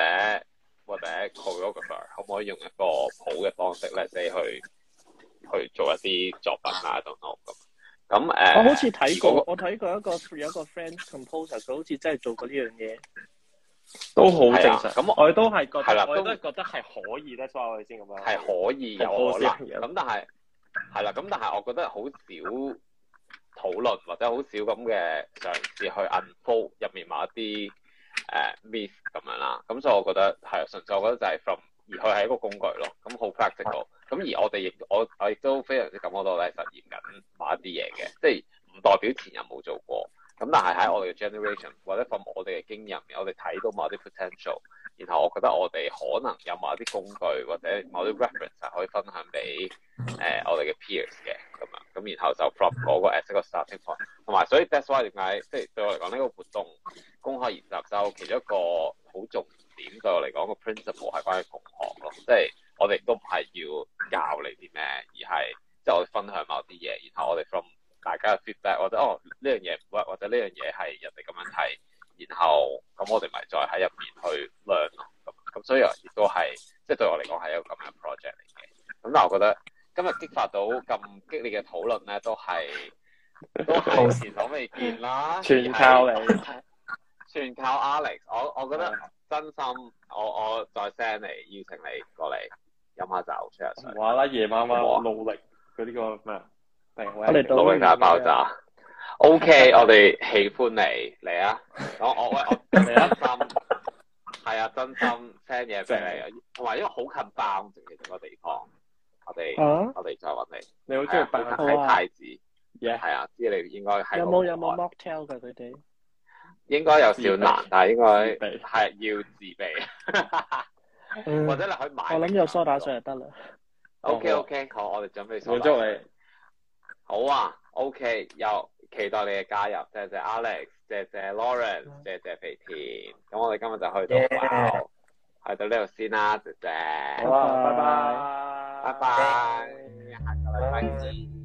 或者 choreographer 可唔可以用一個好嘅方式咧，say 去去做一啲作品啊，等等咁。咁誒，我好似睇過，我睇過一個有一個 friend composer，佢好似真係做過呢樣嘢。都好正常，咁我都係覺，我都覺得係的可以咧，所以先咁樣係可以嘅，我呢樣咁，但係係啦，咁但係我覺得好少討論或者好少咁嘅嘗試去 unfold 入面某一啲誒 myth 咁樣啦，咁所以我覺得係純粹，我覺得就係 from 而佢係一個工具咯，咁好 practical，咁而我哋亦我我亦都非常之感覺到咧係實驗緊某一啲嘢嘅，即係唔代表前人冇做過。咁但係喺我哋嘅 generation 或者 from 我哋嘅經驗入面，我哋睇到某啲 potential，然後我覺得我哋可能有某啲工具或者某啲 reference 可以分享俾誒、呃、我哋嘅 peers 嘅咁樣，咁然後就 from 我、嗰個 as 一個 starting point，同埋所以 that's why 點解即係對我嚟講呢個活動公開研習，就其中一個好重點對我嚟講、這個 principle 係關於共學咯，即係我哋都唔係要教你啲咩，而係即係我哋分享某啲嘢，然後我哋 from 大家 feedback 或者哦呢樣嘢，或或者呢樣嘢係人哋咁樣睇，然後咁我哋咪再喺入邊去量咯，咁咁所以啊亦都係，即係對我嚟講係一個咁樣 project 嚟嘅。咁但係我覺得今日激發到咁激烈嘅討論咧，都係都係前所未見啦， <laughs> 全靠你，全靠 Alex。我我覺得真心，我我再 send 你邀請你過嚟飲下酒，吹下水。話啦，夜媽媽我努力佢呢個咩啊？我哋到，老人家爆炸，OK，我哋喜歡你，嚟啊！我我我，真心係啊，真心聽嘢俾你，同埋因為好近爆，其實個地方，我哋我哋再搵你。你好中意睇太子，係啊，知你應該係有冇有冇 mocktail 噶佢哋？應該有少難，但係應該係要自備，或者你可以買。我諗有梳打水就得啦。OK OK，好，我哋準備蘇打水，祝你。好啊，OK，又期待你嘅加入，謝謝 Alex，謝謝 Lawrence，Okay. 謝謝肥田，咁我哋今日就去到呢度，Yeah. 去到呢度先啦，啊，謝謝，好，Okay. 拜拜，Okay. 拜拜，下個禮 Bye. 拜見。